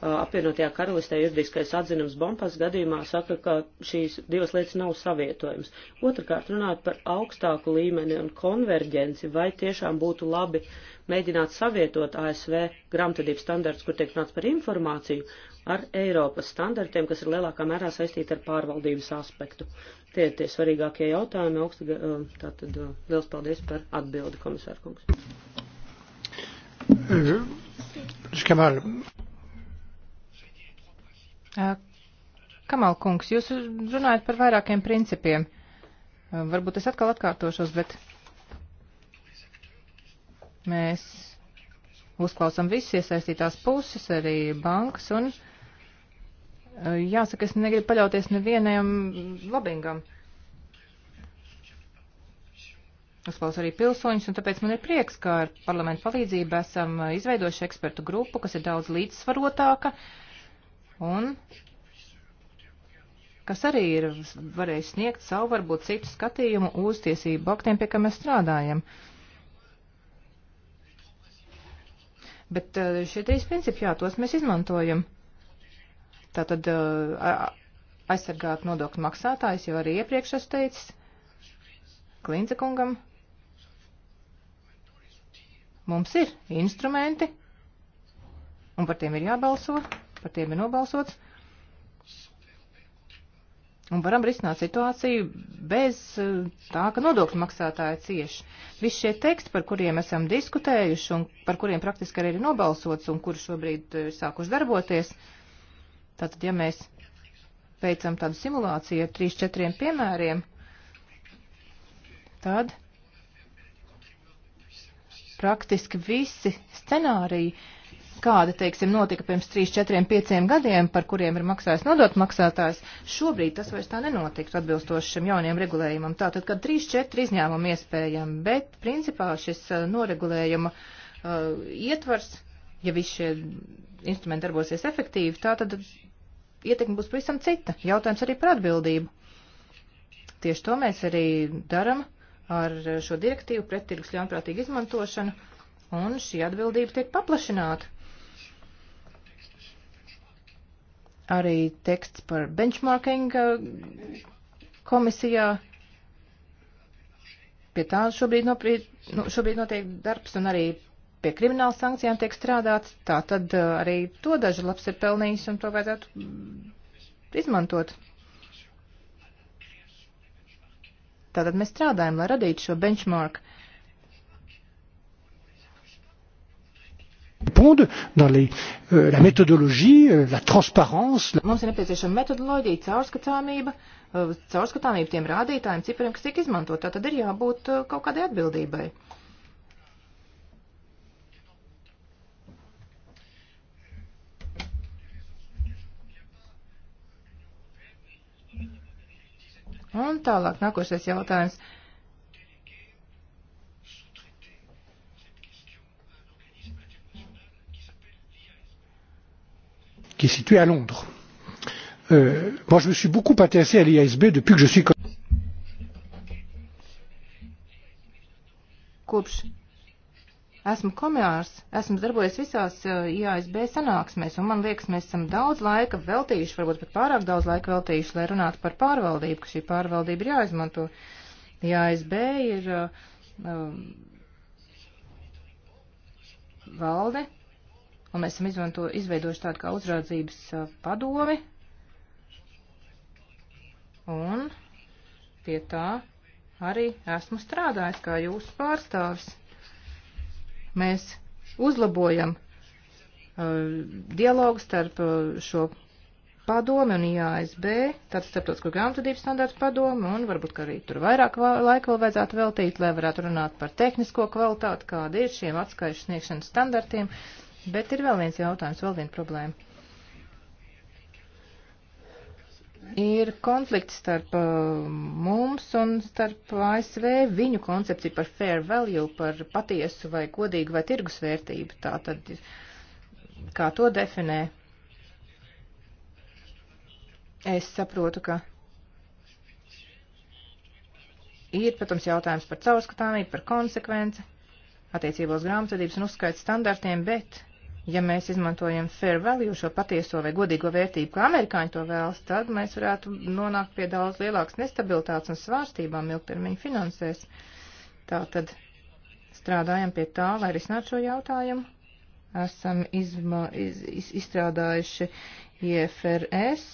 apvienotajā karalistē juridiskais atzinums Bompas gadījumā saka, ka šīs divas lietas nav savietojums. Otrakārt, runāt par augstāku līmeni un konverģenci, vai tiešām būtu labi mēģināt savietot ASV grāmatvedības standarts, kur tiek runāts par informāciju, ar Eiropas standartiem, kas ir lielākā mērā saistīti ar pārvaldības aspektu. Tie ir tie svarīgākie jautājumi. Augstu, uh, tātad uh, liels paldies par atbildi, komisārkungs.
Uh, Kamal.
Kamal kungs, jūs runājat par vairākiem principiem. Varbūt es atkal atkārtošos, bet mēs uzklausām visas iesaistītās puses, arī bankas, un Eh, jāsaka, es negribu paļauties nevienam labingam. Uzklaus arī pilsoņus, un tāpēc man ir prieks, ka ar parlamentu palīdzību esam eh, izveidojuši ekspertu grupu, kas ir daudz līdzsvarotāka un kas arī ir varējis sniegt savu, varbūt citu skatījumu uz tiesību aktiem, pie kā mēs strādājam. Bet eh, šie trīs principi, jā, tos mēs izmantojam tātad uh, aizsargāt nodokļu maksātājs, jau arī iepriekš es teicis Klinca kungam. Mums ir instrumenti, un par tiem ir jābalso, par tiem ir nobalsots. Un varam risināt situāciju bez uh, tā, ka nodokļu maksātāja cieši. Visi šie teksti, par kuriem esam diskutējuši un par kuriem praktiski arī ir nobalsots un kuri šobrīd uh, ir sākuši darboties, uh, Tātad, ja mēs veicam tādu simulāciju ar 3-4 piemēriem, tad praktiski visi scenāriji, kāda, teiksim, notika pirms 3, 4, 5 gadiem, par kuriem ir maksājis nodot maksātājs, šobrīd tas vairs tā nenotiktu atbilstoši šim jauniem regulējumam. Tātad, kad 3, 4 izņēmumi iespējami, bet principā šis uh, noregulējuma uh, ietvars, ja visi šie instrumenti darbosies efektīvi, tātad ietekme būs pavisam cita. Jautājums arī par atbildību. Tieši to mēs arī daram ar šo direktīvu pret tirgus ļaunprātīgu izmantošanu, un šī atbildība tiek paplašināta. Arī teksts par benchmarking uh, komisijā. Pie tā šobrīd, nopriet, nu, šobrīd notiek darbs, un arī pie krimināla sankcijām tiek strādāts, tā tad uh, arī to daži labs ir pelnījis un to vajadzētu mm, izmantot. Tātad mēs strādājam, lai radītu šo benchmark.
Euh, euh, Mums ir nepieciešama metodoloģija, caurskatāmība, uh,
caurskatāmība tiem rādītājiem, cipriem, kas tiek izmantot. Tā tad ir jābūt uh, kaut kādai atbildībai. Uh, Un tālāk nākošais jautājums.
qui est situé à Londres. Euh, moi, je me suis beaucoup intéressé à l'IASB depuis que je suis.
Kopš Esmu komiārs, esmu darbojies visās eh, IASB sanāksmēs, un man liekas, mēs esam daudz laika veltījuši, varbūt pat pārāk daudz laika veltījuši, lai runātu par pārvaldību, ka šī pārvaldība ir jāizmanto. IASB ir eh, um, valde, un mēs esam izmanto, izveidojuši tādu kā uzraudzības eh, padomi, un pie tā arī esmu strādājis kā jūsu pārstāvis. Mēs uzlabojam uh, dialogu starp uh, šo padomi un IASB, tad starptautisko grāmatvedības standārts padomi, un varbūt, ka arī tur vairāk laika vēl vajadzētu veltīt, lai varētu runāt par tehnisko kvalitāti, kāda ir šiem atskaišu sniegšanas standartiem, bet ir vēl viens jautājums, vēl viena problēma. ir konflikts starp uh, mums un starp ASV viņu koncepciju par fair value, par patiesu vai godīgu vai tirgus vērtību. Tā tad, kā to definē? Es saprotu, ka ir, protams, jautājums par caurskatāmību, par konsekvenci, attiecībos grāmatvedības un uzskaits standartiem, bet ja mēs izmantojam fair value, šo patieso vai godīgo vērtību, kā amerikāņi to vēlas, tad mēs varētu nonākt pie daudz lielākas nestabilitātes un svārstībām ilgtermiņa finansēs. Tātad strādājam pie tā, lai risinātu šo jautājumu. Esam izma, iz, iz, izstrādājuši IFRS,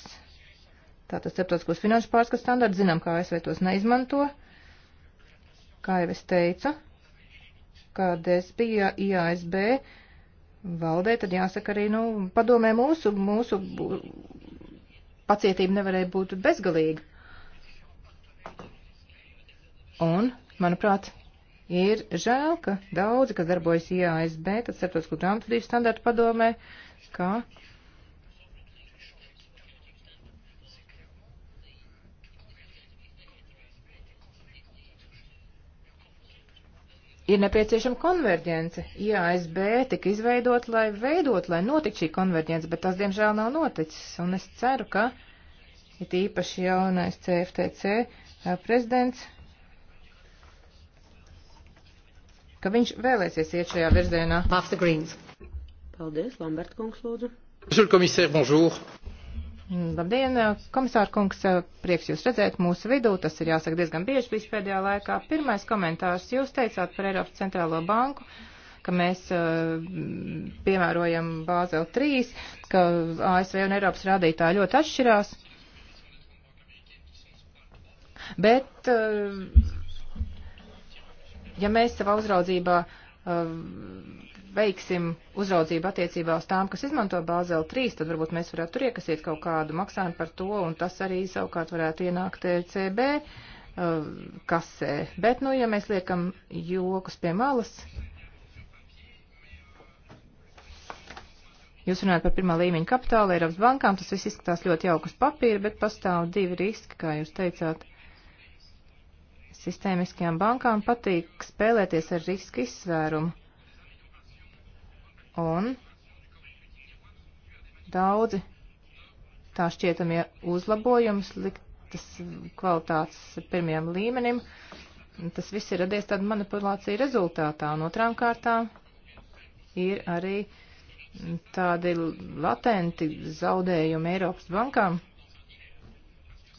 tātad starptautiskos finanšu pārskatu standartu, zinām, kā ASV tos neizmanto. Kā jau es teicu, kad es biju IASB, valdē, tad jāsaka arī, nu, padomē mūsu, mūsu pacietība nevarēja būt bezgalīga. Un, manuprāt, ir žēl, ka daudzi, kas darbojas IASB, tad starptautisko grāmatvedību standartu padomē, kā ir nepieciešama konverģence. IASB tika izveidot, lai veidot, lai notiktu šī konverģence, bet tas, diemžēl, nav noticis. Un es ceru, ka it īpaši jaunais CFTC prezidents, ka viņš vēlēsies iet šajā virzienā. Paldies, Lambert kungs, lūdzu.
Monsieur le commissaire, bonjour.
Labdien, komisāra kungs, prieks jūs redzēt mūsu vidū, tas ir jāsaka diezgan bieži bijis pēdējā laikā. Pirmais komentārs, jūs teicāt par Eiropas centrālo banku, ka mēs eh, piemērojam Bāzeli 3, ka ASV un Eiropas rādītāji ļoti atšķirās. Bet, eh, ja mēs savā uzraudzībā eh, veiksim uzraudzību attiecībā uz tām, kas izmanto Bāzeli 3, tad varbūt mēs varētu tur iekasīt kaut kādu maksājumu par to, un tas arī savukārt varētu ienākt e CB uh, kasē. Bet, nu, ja mēs liekam jokus pie malas, Jūs runājat par pirmā līmeņa kapitāla Eiropas bankām, tas viss izskatās ļoti jaukas papīra, bet pastāv divi riski, kā jūs teicāt. Sistēmiskajām bankām patīk spēlēties ar riska izsvērumu. Un daudzi tā šķietamie uzlabojumi sliktas kvalitātes pirmiem līmenim, tas viss ir radies tāda manipulācija rezultātā. Un otrām kārtām ir arī tādi latenti zaudējumi Eiropas bankām.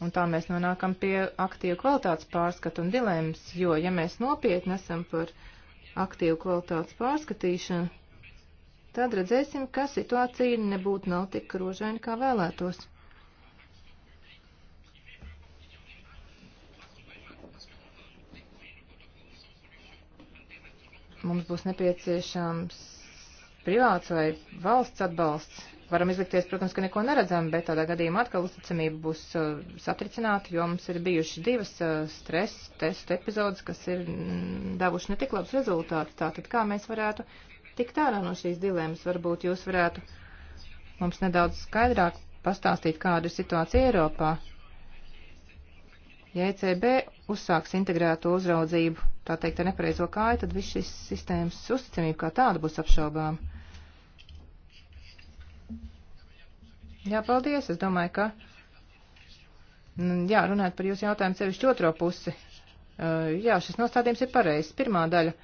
Un tā mēs nonākam pie aktīvu kvalitātes pārskatu un dilemmas, jo, ja mēs nopietni esam par aktīvu kvalitātes pārskatīšanu, tad redzēsim, ka situācija nebūtu nav tik rožaina, kā vēlētos. Mums būs nepieciešams privāts vai valsts atbalsts. Varam izlikties, protams, ka neko neredzam, bet tādā gadījumā atkal uzticamība būs uh, satricināta, jo mums ir bijuši divas uh, stresa testu epizodes, kas ir mm, devuši ne tik labus rezultātus. Tātad kā mēs varētu tik tālā no šīs dilemmas. Varbūt jūs varētu mums nedaudz skaidrāk pastāstīt, kāda ir situācija Eiropā. Ja ECB uzsāks integrēto uzraudzību, tā teikt, ar nepareizo kāju, tad viss šis sistēmas uzticamība kā tāda būs apšaubām. Jā, paldies. Es domāju, ka, mm, jā, runājot par jūsu jautājumu sevišķi otro pusi. Uh, jā, šis nostādījums ir pareizs. Pirmā daļa.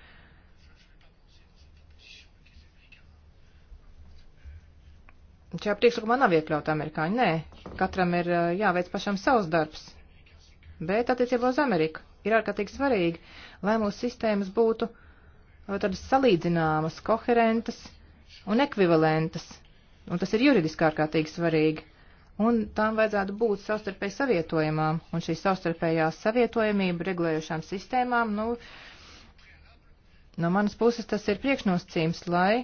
Šajā priekšlikumā nav iekļauta amerikāņi. Nē, katram ir eh, jāveic pašam savs darbs. Bet attiecībā uz Ameriku ir ārkārtīgi svarīgi, lai mūsu sistēmas būtu eh, tādas salīdzināmas, koherentas un ekvivalentas. Un tas ir juridiski ārkārtīgi svarīgi. Un tām vajadzētu būt savstarpēji savietojamām. Un šī savstarpējā savietojamība regulējušām sistēmām, nu, no manas puses tas ir priekšnosacījums, lai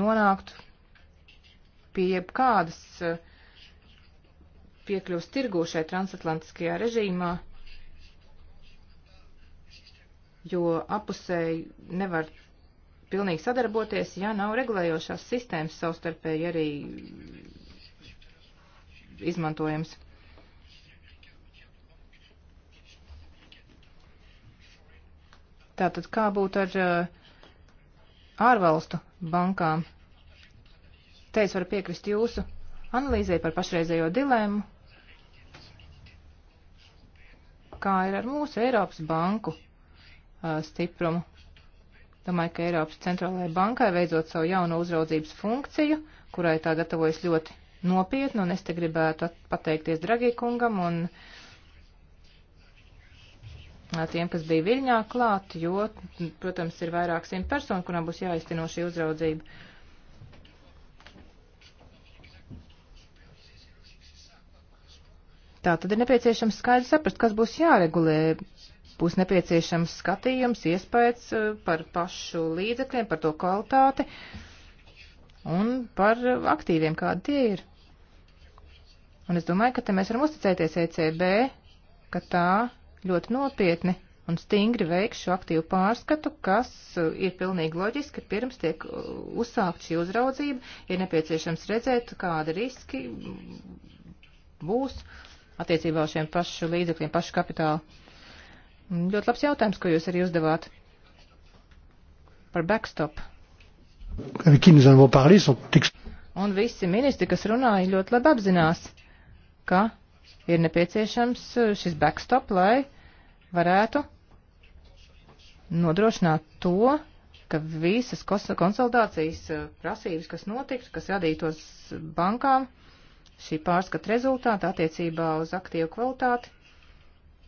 nonāktu pie jebkādas eh, piekļuvas tirgū šai transatlantiskajā režīmā, jo apusēji nevar pilnīgi sadarboties, ja nav regulējošās sistēmas savstarpēji arī izmantojams. Tātad kā būtu ar eh, ārvalstu bankām? Te es varu piekrist jūsu analīzē par pašreizējo dilēmu, kā ir ar mūsu Eiropas banku uh, stiprumu. Domāju, ka Eiropas centrālajai bankai veidzot savu jauno uzraudzības funkciju, kurai tā gatavojas ļoti nopietni, un es te gribētu pateikties Dragī kungam un tiem, kas bija Viļņā klāt, jo, protams, ir vairāk simt personu, kurām būs jāiztino šī uzraudzība. Tā tad ir nepieciešams skaidri saprast, kas būs jāregulē. Būs nepieciešams skatījums, iespējas eh, par pašu līdzekļiem, par to kvalitāti un par eh, aktīviem, kādi tie ir. Un es domāju, ka te mēs varam uzticēties ECB, ka tā ļoti nopietni un stingri veiks šo aktīvu pārskatu, kas eh, ir pilnīgi loģiski, pirms tiek uzsākt šī uzraudzība, ir nepieciešams redzēt, kādi riski būs. Uh, attiecībā uz šiem pašu līdzekļiem, pašu kapitālu. Ļoti labs jautājums, ko jūs arī uzdevāt par backstop. Un visi ministri, kas runāja, ļoti labi apzinās, ka ir nepieciešams uh, šis backstop, lai varētu nodrošināt to, ka visas konsolidācijas uh, prasības, kas notiks, kas radītos bankām, uh, šī pārskata rezultāti attiecībā uz aktīvu kvalitāti,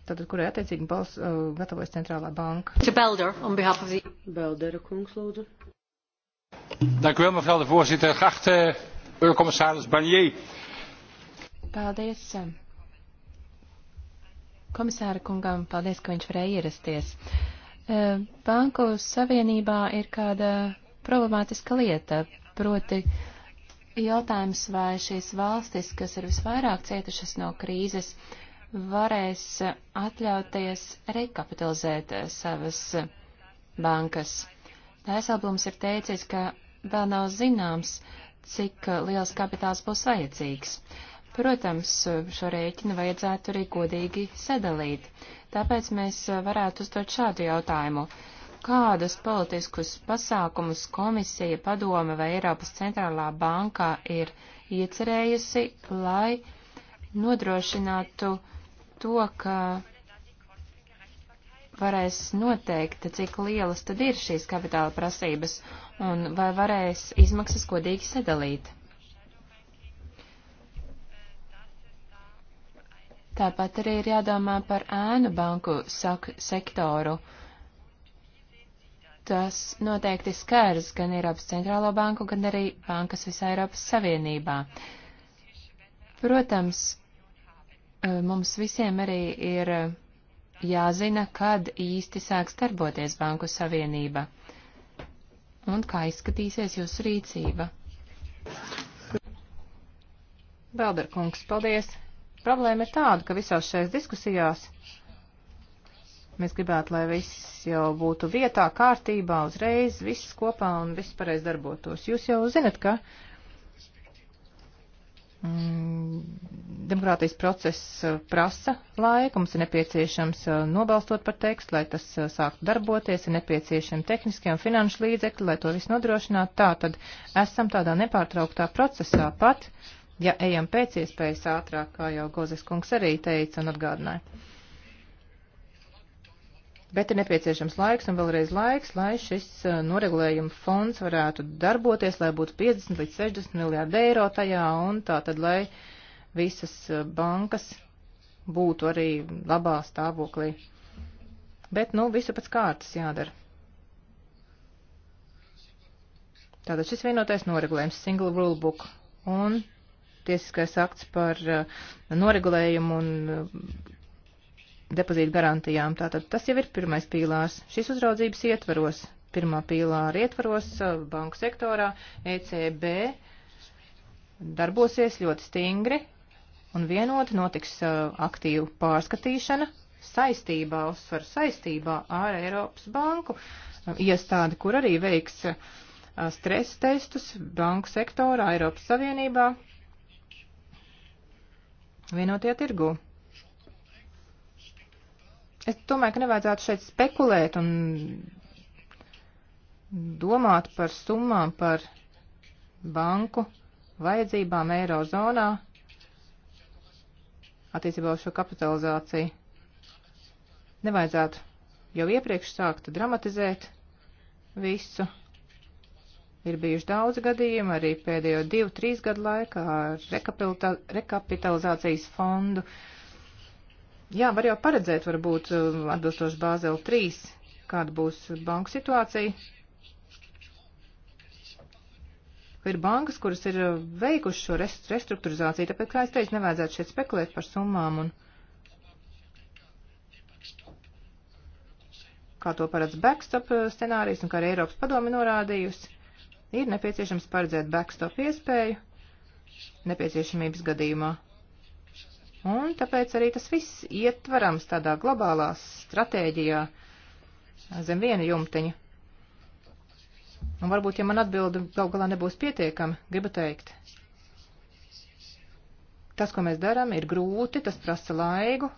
tātad, kurai attiecīgi balss uh, gatavojas centrālā banka. Belder, on behalf of the...
Belder, kungs, lūdzu.
Dank u wel, mevrouw de voorzitter. Geachte eurocommissaris Barnier.
Paldies. Um, komisāra kungam, paldies, ka viņš varēja ierasties. Um, banku savienībā ir kāda problemātiska lieta, proti jautājums, vai šīs valstis, kas ir visvairāk cietušas no krīzes, varēs atļauties rekapitalizēt eh, savas bankas. Daisalblums ir teicis, ka vēl nav zināms, cik liels kapitāls būs vajadzīgs. Protams, šo rēķinu vajadzētu arī godīgi sadalīt. Tāpēc mēs varētu uzdot šādu jautājumu. Uh, kādus politiskus pasākumus komisija, padome vai Eiropas centrālā bankā ir iecerējusi, lai nodrošinātu to, ka varēs noteikt, cik lielas tad ir šīs kapitāla prasības un vai varēs izmaksas godīgi sadalīt. Tāpat arī ir jādomā par ēnu banku sektoru. Uh, tas noteikti skars gan Eiropas centrālo banku, gan arī bankas visā Eiropas Savienībā. Protams, e, mums visiem arī ir jāzina, kad īsti sāks darboties Banku Savienība un kā izskatīsies jūsu rīcība.
Belderkungs, paldies! Problēma ir tāda, ka visās šajās diskusijās Mēs gribētu, lai viss jau būtu vietā, kārtībā, uzreiz, viss kopā un viss pareizi darbotos. Jūs jau zinat, ka mm, demokrātijas process uh, prasa laiku, mums ir nepieciešams uh, nobalstot par tekstu, lai tas uh, sāktu darboties, ir nepieciešami tehniskie un finanšu līdzekļi, lai to visu nodrošinātu. Tā tad esam tādā nepārtrauktā procesā pat, ja ejam pēc iespējas ātrāk, kā jau Gozes kungs arī teica un atgādināja. Bet ir nepieciešams laiks un vēlreiz laiks, lai šis eh, noregulējuma fonds varētu darboties, lai būtu 50 līdz 60 miljārdi eiro tajā un tā tad, lai visas eh, bankas būtu arī labā stāvoklī. Bet, nu, visu pēc kārtas jādara. Tātad šis vienotais noregulējums, single rule book, un tiesiskais akts par eh, noregulējumu un depozītu garantijām. Tātad tas jau ir pirmais pīlārs. Šis uzraudzības ietvaros, pirmā pīlāra ietvaros uh, banku sektorā, ECB darbosies ļoti stingri un vienoti notiks uh, aktīvu pārskatīšana saistībā, uzsver saistībā ar Eiropas banku uh, iestādi, kur arī veiks stresa testus banku sektorā Eiropas Savienībā vienotie tirgū. Es domāju, ka nevajadzētu šeit spekulēt un domāt par summām, par banku vajadzībām Eirozonā attiecībā uz šo kapitalizāciju. Nevajadzētu jau iepriekš sākt dramatizēt visu. Ir bijuši daudz gadījumu arī pēdējo divu, trīs gadu laikā ar rekapitalizācijas fondu uh, Jā, var jau paredzēt, varbūt um, atbilstoši Bāzeli 3, kāda būs banku situācija. Ir bankas, kuras ir uh, veikušas šo restruktūrizāciju, tāpēc, kā es teicu, nevajadzētu šeit spekulēt par summām un kā to paredz backstop uh, scenārijs un kā arī Eiropas padomi norādījusi, ir nepieciešams paredzēt backstop iespēju nepieciešamības gadījumā. Un tāpēc arī tas viss ietverams tādā globālā stratēģijā zem viena jumteņa. Un varbūt, ja man atbildi gal galā nebūs pietiekami, gribu teikt. Tas, ko mēs darām, ir grūti, tas prasa laiku.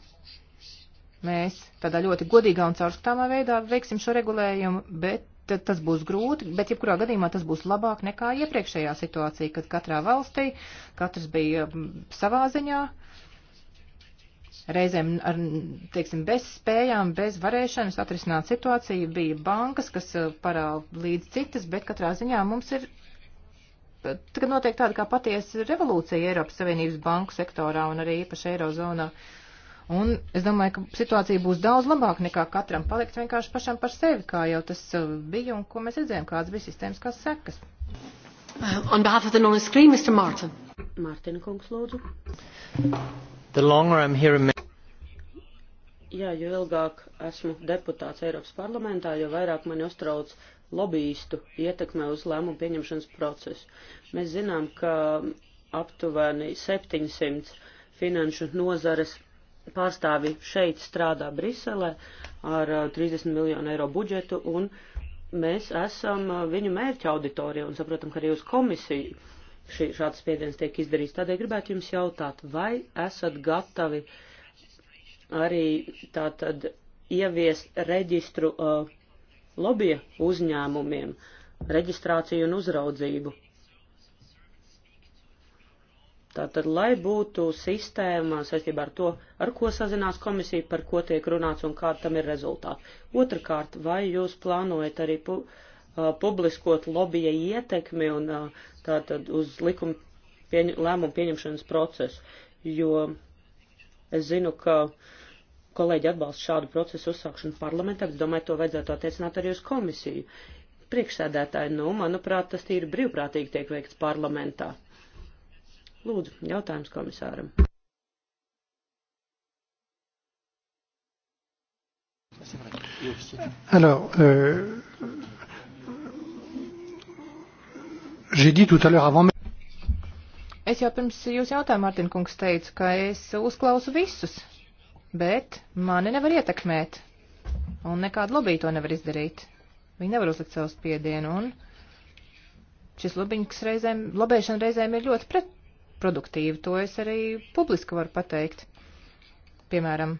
Mēs tādā ļoti godīgā un caurskatāmā veidā veiksim šo regulējumu, bet tas būs grūti, bet jebkurā gadījumā tas būs labāk nekā iepriekšējā situācija, kad katrā valstī katrs bija savā ziņā. Uh, reizēm ar, teiksim, bez spējām, bez varēšanas atrisināt situāciju. Bija bankas, kas eh, parāda līdz citas, bet katrā ziņā mums ir tagad notiek tāda kā patiesa revolūcija Eiropas Savienības banku sektorā un arī īpaši Eirozonā. Un es domāju, ka situācija būs daudz labāka nekā katram palikt vienkārši pašam par sevi, kā jau tas eh, bija un ko mēs redzējām, kādas bija sistēmas, kas sekas. On behalf of the non-screen, Mr. Martin.
Mārtiņa kungs, lūdzu.
Jā,
jo ilgāk esmu deputāts Eiropas parlamentā, jo vairāk mani uztrauc lobbyistu ietekme uz lēmumu pieņemšanas procesu. Mēs zinām, ka aptuveni 700 finanšu nozares pārstāvi šeit strādā Briselē ar 30 uh, miljonu eiro budžetu, un mēs esam uh, viņu mērķa auditorija un saprotam, ka arī uz komisiju šī, šāds spiediens tiek izdarīts. Tādēļ gribētu jums jautāt, vai esat gatavi arī tātad ieviest reģistru uh, lobija uzņēmumiem, reģistrāciju un uzraudzību? Tātad, lai būtu sistēma saistībā ar to, ar ko sazinās komisija, par ko tiek runāts un kāda tam ir rezultāti. Otrakārt, vai jūs plānojat arī pu Uh, publiskot lobija ietekmi un uh, tātad uz likuma pieņ lēmumu pieņemšanas procesu, jo es zinu, ka kolēģi atbalsta šādu procesu uzsākšanu parlamentā, bet domāju, to vajadzētu attiecināt arī uz komisiju. Priekšsēdētāji, nu, manuprāt, tas tīri brīvprātīgi tiek veikts parlamentā. Lūdzu, jautājums komisāram.
Alors, euh, J'ai dit tout à l'heure avant.
Es jau pirms jūs jautājumu, Mārtiņ kungs, teicu, ka es uzklausu visus, bet mani nevar ietekmēt, un nekāda lobby to nevar izdarīt. Viņi nevar uzlikt savu spiedienu, un šis reizēm, lobēšana reizēm ir ļoti pretproduktīva, to es arī publiski varu pateikt. Piemēram,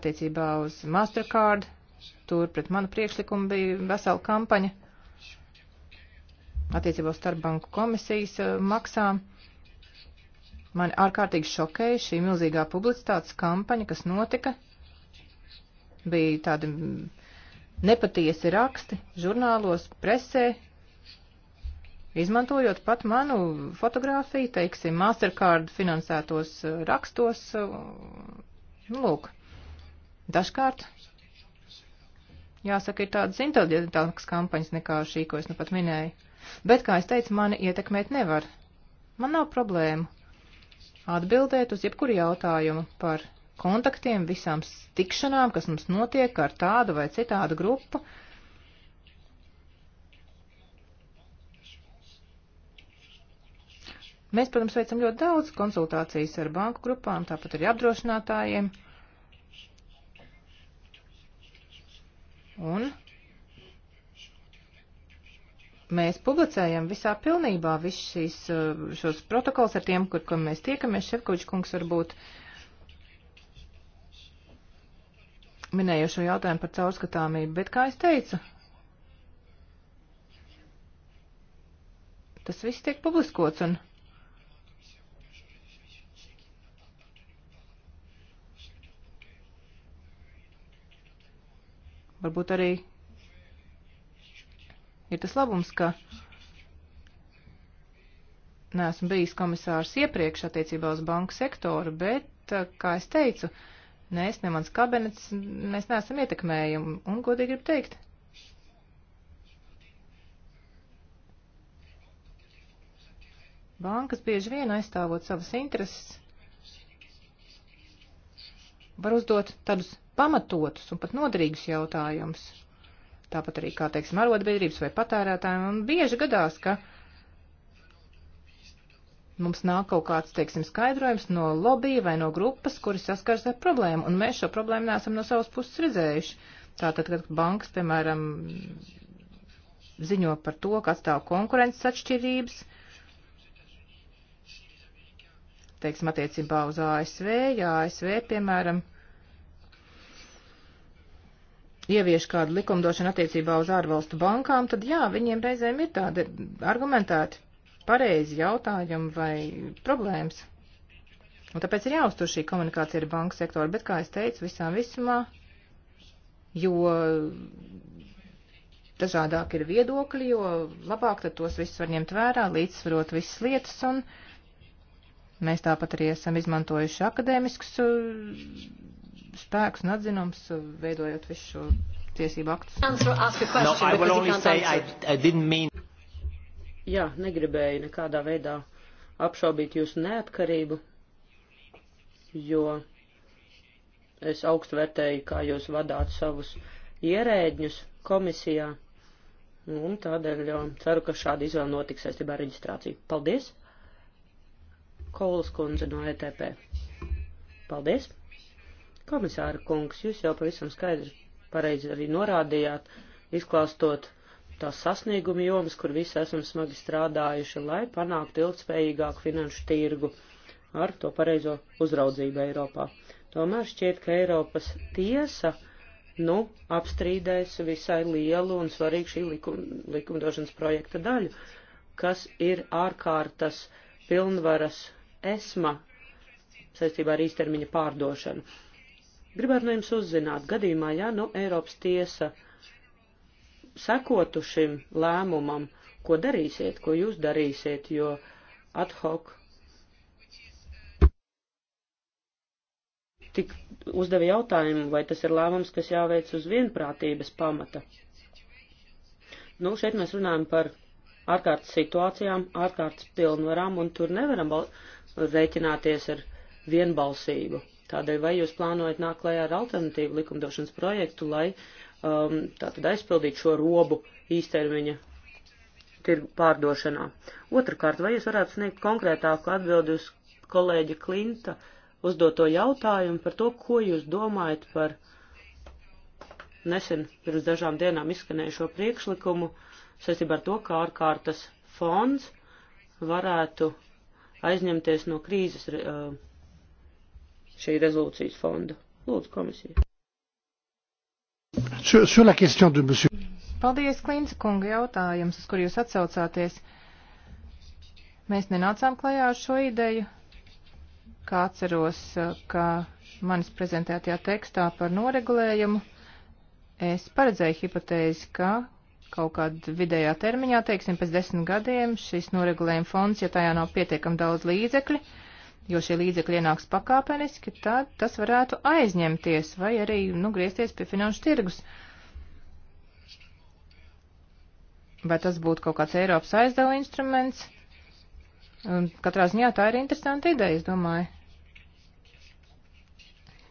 attiecībā uz Mastercard, tur pret manu priekšlikumu bija vesela kampaņa attiecībā uz starpbanku komisijas eh, maksām. Mani ārkārtīgi šokēja šī milzīgā publicitātes kampaņa, kas notika. Bija tādi nepatiesi raksti žurnālos, presē, izmantojot pat manu fotografiju, teiksim, Mastercard finansētos eh, rakstos. Eh, nu, lūk, dažkārt, jāsaka, ir tādas inteliģentākas kampaņas nekā šī, ko es nu pat minēju. Bet, kā es teicu, mani ietekmēt nevar. Man nav problēmu atbildēt uz jebkuru jautājumu par kontaktiem, visām tikšanām, kas mums notiek ar tādu vai citādu grupu. Mēs, protams, veicam ļoti daudz konsultācijas ar banku grupām, tāpat arī apdrošinātājiem. Un mēs publicējam visā pilnībā visus šīs eh, šos protokols ar tiem, kur, kur mēs tiekamies. Šefkoģis kungs varbūt minēja šo jautājumu par caurskatāmību, bet kā es teicu, tas viss tiek publiskots un. Varbūt arī ir tas labums, ka neesmu bijis komisārs iepriekš attiecībā uz banku sektoru, bet, eh, kā es teicu, ne es, ne mans kabinets, mēs neesam ietekmējumi, un godīgi gribu teikt. Bankas bieži vien aizstāvot savas intereses, var uzdot tādus pamatotus un pat noderīgus jautājumus, tāpat arī, kā teiksim, arotbiedrības vai patērētājiem. Un bieži gadās, ka mums nāk kaut kāds, teiksim, skaidrojums no lobby vai no grupas, kuri saskars ar problēmu, un mēs šo problēmu neesam no savas puses redzējuši. Tātad, kad bankas, piemēram, ziņo par to, ka atstāv konkurences atšķirības, teiksim, attiecībā uz ASV, ja ASV, piemēram, ievieš kādu likumdošanu attiecībā uz ārvalstu bankām, tad jā, viņiem reizēm ir tādi argumentēti pareizi jautājumi vai problēmas. Un tāpēc ir jāuztur šī komunikācija ar banku sektoru, bet, kā es teicu, visām visumā, jo dažādāk ir viedokļi, jo labāk tad tos visus var ņemt vērā, līdzsvarot visas lietas, un mēs tāpat arī esam izmantojuši akadēmiskus spēks un atzinums, eh, veidojot visu šo tiesību aktu. No,
Jā, negribēju nekādā veidā apšaubīt jūsu neatkarību, jo es augstu vērtēju, kā jūs vadāt savus ierēģņus komisijā. Un tādēļ jau ceru, ka šāda izvēle notiks saistībā ar reģistrāciju. Paldies! Kolas kundze no ETP. Paldies! Komisāra kungs, jūs jau pavisam skaidri pareizi arī norādījāt, izklāstot tās sasnieguma jomas, kur visi esam smagi strādājuši, lai panāktu ilgspējīgāku finanšu tirgu ar to pareizo uzraudzību Eiropā. Tomēr šķiet, ka Eiropas tiesa, nu, apstrīdēs visai lielu un svarīgu šī likum, likumdošanas projekta daļu, kas ir ārkārtas pilnvaras esma saistībā ar īstermiņa pārdošanu. Gribētu no jums uzzināt, gadījumā, ja nu Eiropas tiesa sekotu šim lēmumam, ko darīsiet, ko jūs darīsiet, jo ad hoc tik uzdeva jautājumu, vai tas ir lēmums, kas jāveic uz vienprātības pamata. Nu, šeit mēs runājam par ārkārtas situācijām, ārkārtas pilnvarām, un tur nevaram rēķināties ar vienbalsību. Tādēļ vai jūs plānojat nākt klajā ar alternatīvu likumdošanas projektu, lai um, tātad aizpildītu šo robu īstermiņa tirgu pārdošanā? Otrakārt, vai jūs varētu sniegt konkrētāku atbildi uz kolēģa Klinta uzdoto jautājumu par to, ko jūs domājat par nesen pirms dažām dienām izskanējušo priekšlikumu saistībā ar to, kā ārkārtas fonds varētu aizņemties no krīzes. Uh, šī rezolūcijas fonda. Lūdzu, komisija.
Paldies, Klīnce kunga jautājums, uz kur jūs atsaucāties. Mēs nenācām klajā ar šo ideju, kā atceros, ka manis prezentētajā tekstā par noregulējumu es paredzēju hipotēzi, ka kaut kādā vidējā termiņā, teiksim, pēc desmit gadiem, šis noregulējuma fonds, ja tajā nav pietiekam daudz līdzekļu, uh, jo šie līdzekļi ienāks pakāpeniski, tad tas varētu aizņemties vai arī nu, griezties pie finanšu tirgus. Vai tas būtu kaut kāds Eiropas aizdevuma instruments? Un katrā ziņā tā ir interesanta ideja, es domāju.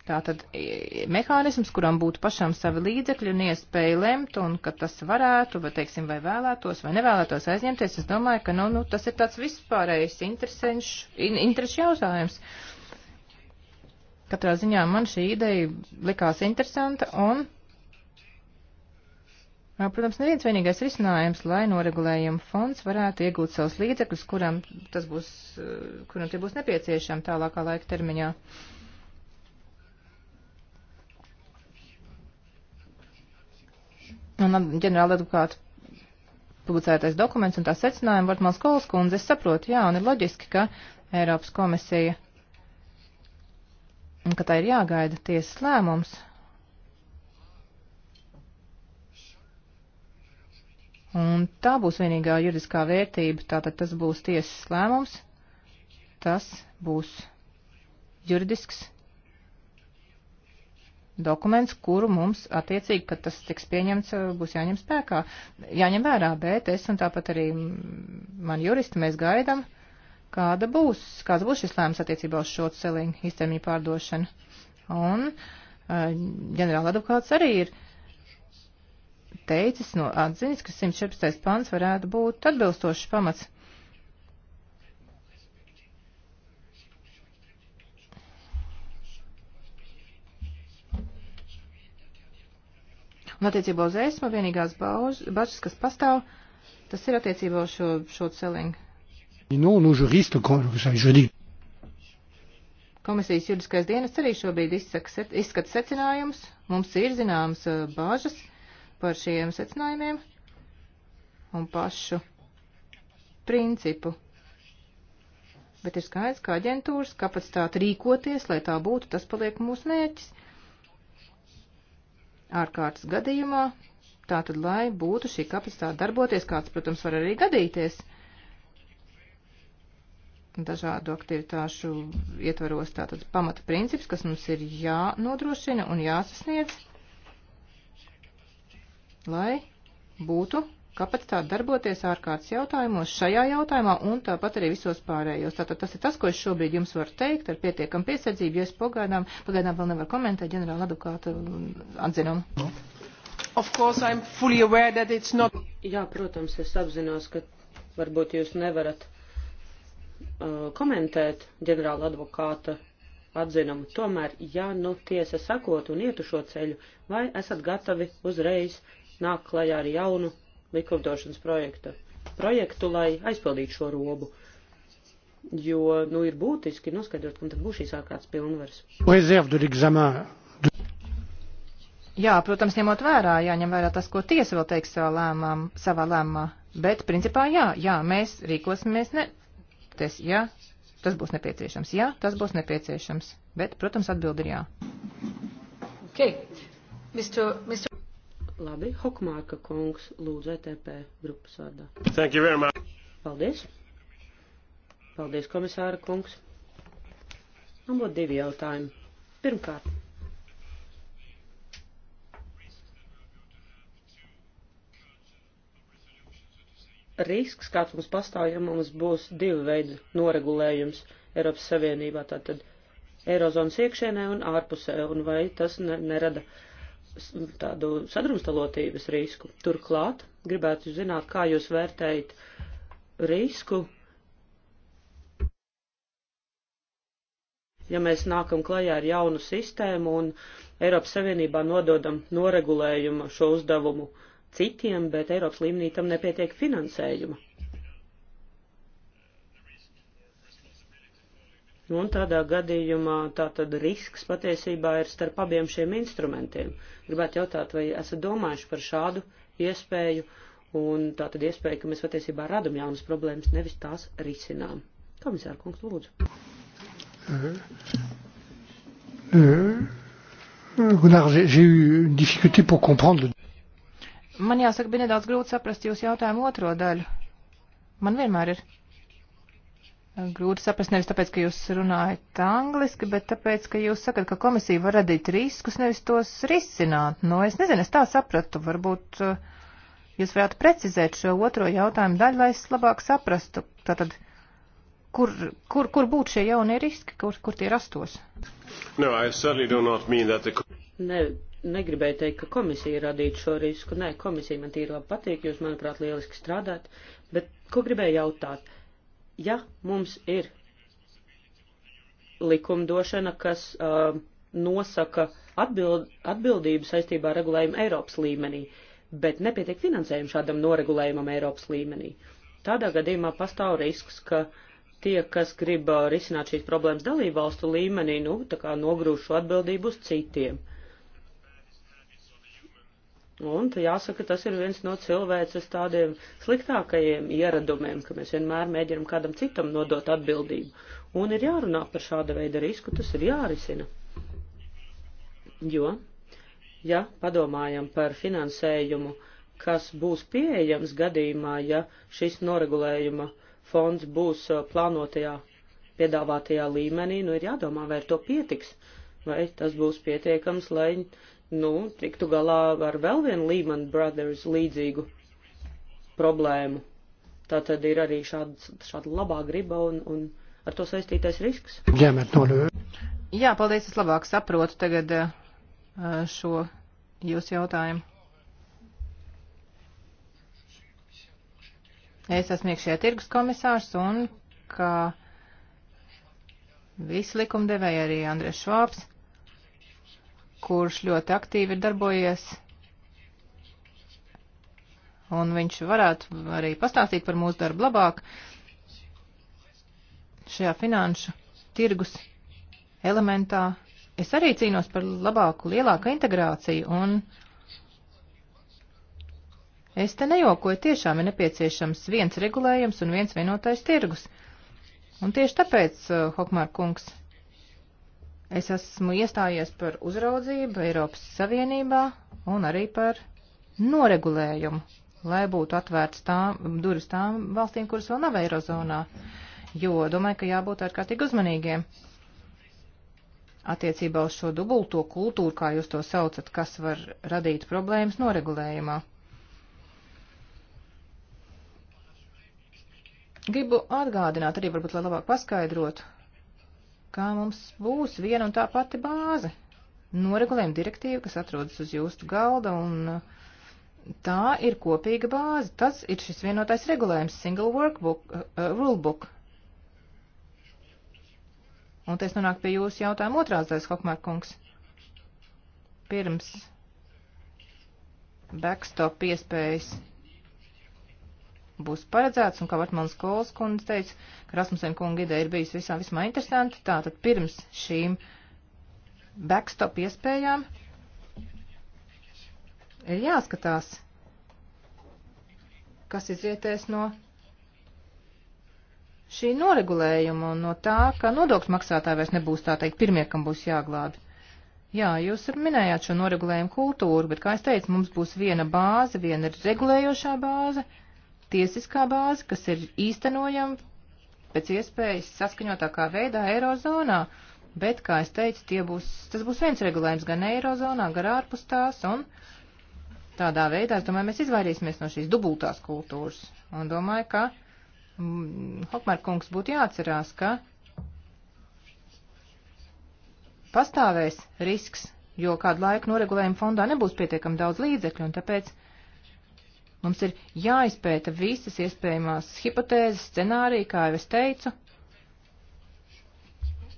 Tātad e, mehānisms, kuram būtu pašam savi līdzekļi un iespēja lemt, un ka tas varētu, vai teiksim, vai vēlētos, vai nevēlētos aizņemties, es domāju, ka nu, nu, tas ir tāds vispārējs interešu jautājums. Katrā ziņā man šī ideja likās interesanta un, protams, neviens vienīgais risinājums, lai noregulējuma fonds varētu iegūt savus līdzekļus, kuram, tas būs, e, kuram tie būs nepieciešami tālākā laika termiņā. Uh, un um, ģenerāla advokāta publicētais dokuments un tā secinājumi Vartmals Kols kundze, es saprotu, jā, un ir loģiski, ka Eiropas komisija, un ka tā ir jāgaida tiesas lēmums. Un tā būs vienīgā juridiskā vērtība, tātad tas būs tiesas lēmums, tas būs juridisks dokuments, kuru mums attiecīgi, kad tas tiks pieņemts, eh, būs jāņem spēkā, jāņem vērā, bet es un tāpat arī man juristi mēs gaidam, kāda būs, kāds būs šis lēmums attiecībā uz šo celingu īstermiņu pārdošanu. Un eh, ģenerāla advokāts arī ir teicis no atziņas, ka 114. pants varētu būt atbilstošs pamats Un attiecībā uz esmu vienīgās bažas, kas pastāv, tas ir attiecībā uz šo, šo celingu.
Non, nos juristes, je dis,
Komisijas juridiskais dienas arī šobrīd izskata secinājumus. Mums ir zināmas bāžas par šiem secinājumiem un pašu principu. Bet ir skaidrs, ka aģentūras kapacitāte rīkoties, lai tā būtu, tas paliek mūsu mērķis ārkārtas gadījumā, tātad, lai būtu šī kapacitāte darboties, kāds, protams, var arī gadīties dažādu aktivitāšu ietvaros, tātad pamata princips, kas mums ir jānodrošina un jāsasniedz, lai būtu kapacitāti darboties ārkārtas jautājumos šajā jautājumā un tāpat arī visos pārējos. Tātad tas ir tas, ko es šobrīd jums varu teikt ar pietiekam piesardzību, jo es pagaidām, pagaidām vēl nevaru komentēt ģenerāla advokāta mm, atzinumu. Nu?
Not... Jā, protams, es apzinos, ka varbūt jūs nevarat uh, komentēt ģenerāla advokāta atzinumu. Tomēr, ja nu tiesa sakot un ietu šo ceļu, vai esat gatavi uzreiz nākt klajā ar jaunu likumdošanas projekta, projektu, lai aizpildītu šo robu. Jo, nu, ir būtiski noskaidrot, kam tad būs šīs ārkārtas pilnvaras.
Jā, protams, ņemot vērā, jāņem vērā tas, ko tiesa vēl teiks savā lēmumā, savā lēmumā. Bet, principā, jā, jā, mēs rīkosimies ne. Tas, jā, tas būs nepieciešams. Jā, tas būs nepieciešams. Bet, protams, atbildi ir jā.
Okay. Mr. Mr. Labi, Hokmārka kungs lūdzu ETP grupas vārdā. Thank you very much. Paldies. Paldies, komisāra kungs. Man būtu divi jautājumi. Pirmkārt. Risks, kāds mums pastāv, ja mums būs divi veidi noregulējums Eiropas Savienībā, tātad Eirozonas iekšēnē un ārpusē, un vai tas nerada. Ne tādu sadrumstalotības risku. Turklāt gribētu zināt, kā jūs vērtējat risku, ja mēs nākam klajā ar jaunu sistēmu un Eiropas Savienībā nododam noregulējumu šo uzdevumu citiem, bet Eiropas līmenī tam nepietiek finansējuma. Nu, un tādā gadījumā tātad risks patiesībā ir starp abiem šiem instrumentiem. Gribētu jautāt, vai esat domājuši par šādu iespēju, un tātad iespēju, ka mēs patiesībā radam jaunas problēmas, nevis tās risinām. Komisāra kungs, lūdzu.
Gunār, j'ai eu une difficulté pour comprendre.
Man jāsaka, bija nedaudz grūti saprast jūsu jautājumu otro daļu. Man vienmēr ir grūti saprast nevis tāpēc, ka jūs runājat angliski, bet tāpēc, ka jūs sakat, ka komisija var radīt riskus, nevis tos risināt. Nu, es nezinu, es tā sapratu. Varbūt eh, jūs varētu precizēt šo otro jautājumu daļu, lai es labāk saprastu. Tātad, kur,
kur, kur būtu šie jaunie riski, kur, kur tie rastos?
No, the...
Ne, negribēju teikt, ka komisija radītu šo risku. Nē, komisija man tīri labi patīk, jūs, manuprāt, lieliski strādājat. Bet ko gribēju jautāt? ja mums ir likumdošana, kas uh, nosaka atbild, atbildību saistībā ar regulējumu Eiropas līmenī, bet nepietiek finansējumu šādam noregulējumam Eiropas līmenī. Tādā gadījumā pastāv risks, ka tie, kas grib uh, risināt šīs problēmas dalībvalstu līmenī, nu, tā kā nogrūšu atbildību uz citiem. Uh, Un te jāsaka, tas ir viens no cilvēces tādiem sliktākajiem ieradumiem, ka mēs vienmēr mēģinam kādam citam nodot atbildību. Un ir jārunā par šāda veida risku, tas ir jārisina. Jo, ja padomājam par finansējumu, kas būs pieejams gadījumā, ja šis noregulējuma fonds būs uh, plānotajā, piedāvātajā līmenī, nu ir jādomā, vai ar to pietiks vai tas būs pietiekams, lai nu, tiktu galā ar vēl vienu Lehman Brothers līdzīgu problēmu. Tā tad ir arī šāds, šāda labā griba un, un ar to saistītais risks.
Jā,
paldies, es labāk saprotu tagad eh,
šo jūsu jautājumu. Es esmu iekšējā tirgus komisārs un kā visi likumdevēji arī Andrēs Švāps kurš ļoti aktīvi ir darbojies. Un viņš varētu arī pastāstīt par mūsu darbu labāk šajā finanšu tirgus elementā. Es arī cīnos par labāku, lielāku integrāciju, un es te nejokoju, tiešām ir nepieciešams viens regulējums un viens vienotais tirgus. Un tieši tāpēc, eh, Hokmār kungs, Es esmu iestājies par uzraudzību Eiropas Savienībā un arī par noregulējumu, lai būtu atvērts tām, durvis tām valstīm, kuras vēl nav Eirozonā, jo domāju, ka jābūt ārkārtīgi uzmanīgiem attiecībā uz šo dubulto kultūru, kā jūs to saucat, kas var radīt problēmas noregulējumā. Gribu atgādināt arī, varbūt, lai labāk paskaidrotu, ka mums būs viena un tā pati bāze. Noregulējuma direktīva, kas atrodas uz jūsu galda, un uh, tā ir kopīga bāze. Tas ir šis vienotais regulējums, single workbook, uh, uh rulebook. Un te es nonāku pie jūsu jautājuma otrās daļas, Hokmārkungs. Pirms backstop iespējas būs paredzēts, un kā Vartmans Kols kundze teica, ka Rasmusen kunga ideja ir bijusi visām vismā interesanta, tātad pirms šīm backstop iespējām ir jāskatās, kas izrietēs no šī noregulējuma un no tā, ka nodokļu maksātāji vairs nebūs tā teikt pirmie, kam būs jāglābi. Jā, jūs minējāt šo noregulējumu kultūru, bet, kā es teicu, mums būs viena bāze, viena regulējošā bāze, uh, tiesiskā bāze, kas ir īstenojama pēc iespējas saskaņotākā veidā Eirozonā, bet, kā es teicu, tie būs, tas būs viens regulējums gan Eirozonā, gan ārpus tās, un tādā veidā, es domāju, mēs izvairīsimies no šīs dubultās kultūras, un domāju, ka mm, Hokmēr kungs būtu jāatcerās, ka pastāvēs risks, jo kādu laiku noregulējuma fondā nebūs pietiekami daudz līdzekļu, un tāpēc Mums ir jāizpēta visas iespējamās hipotēzes, scenāriji, kā jau es teicu,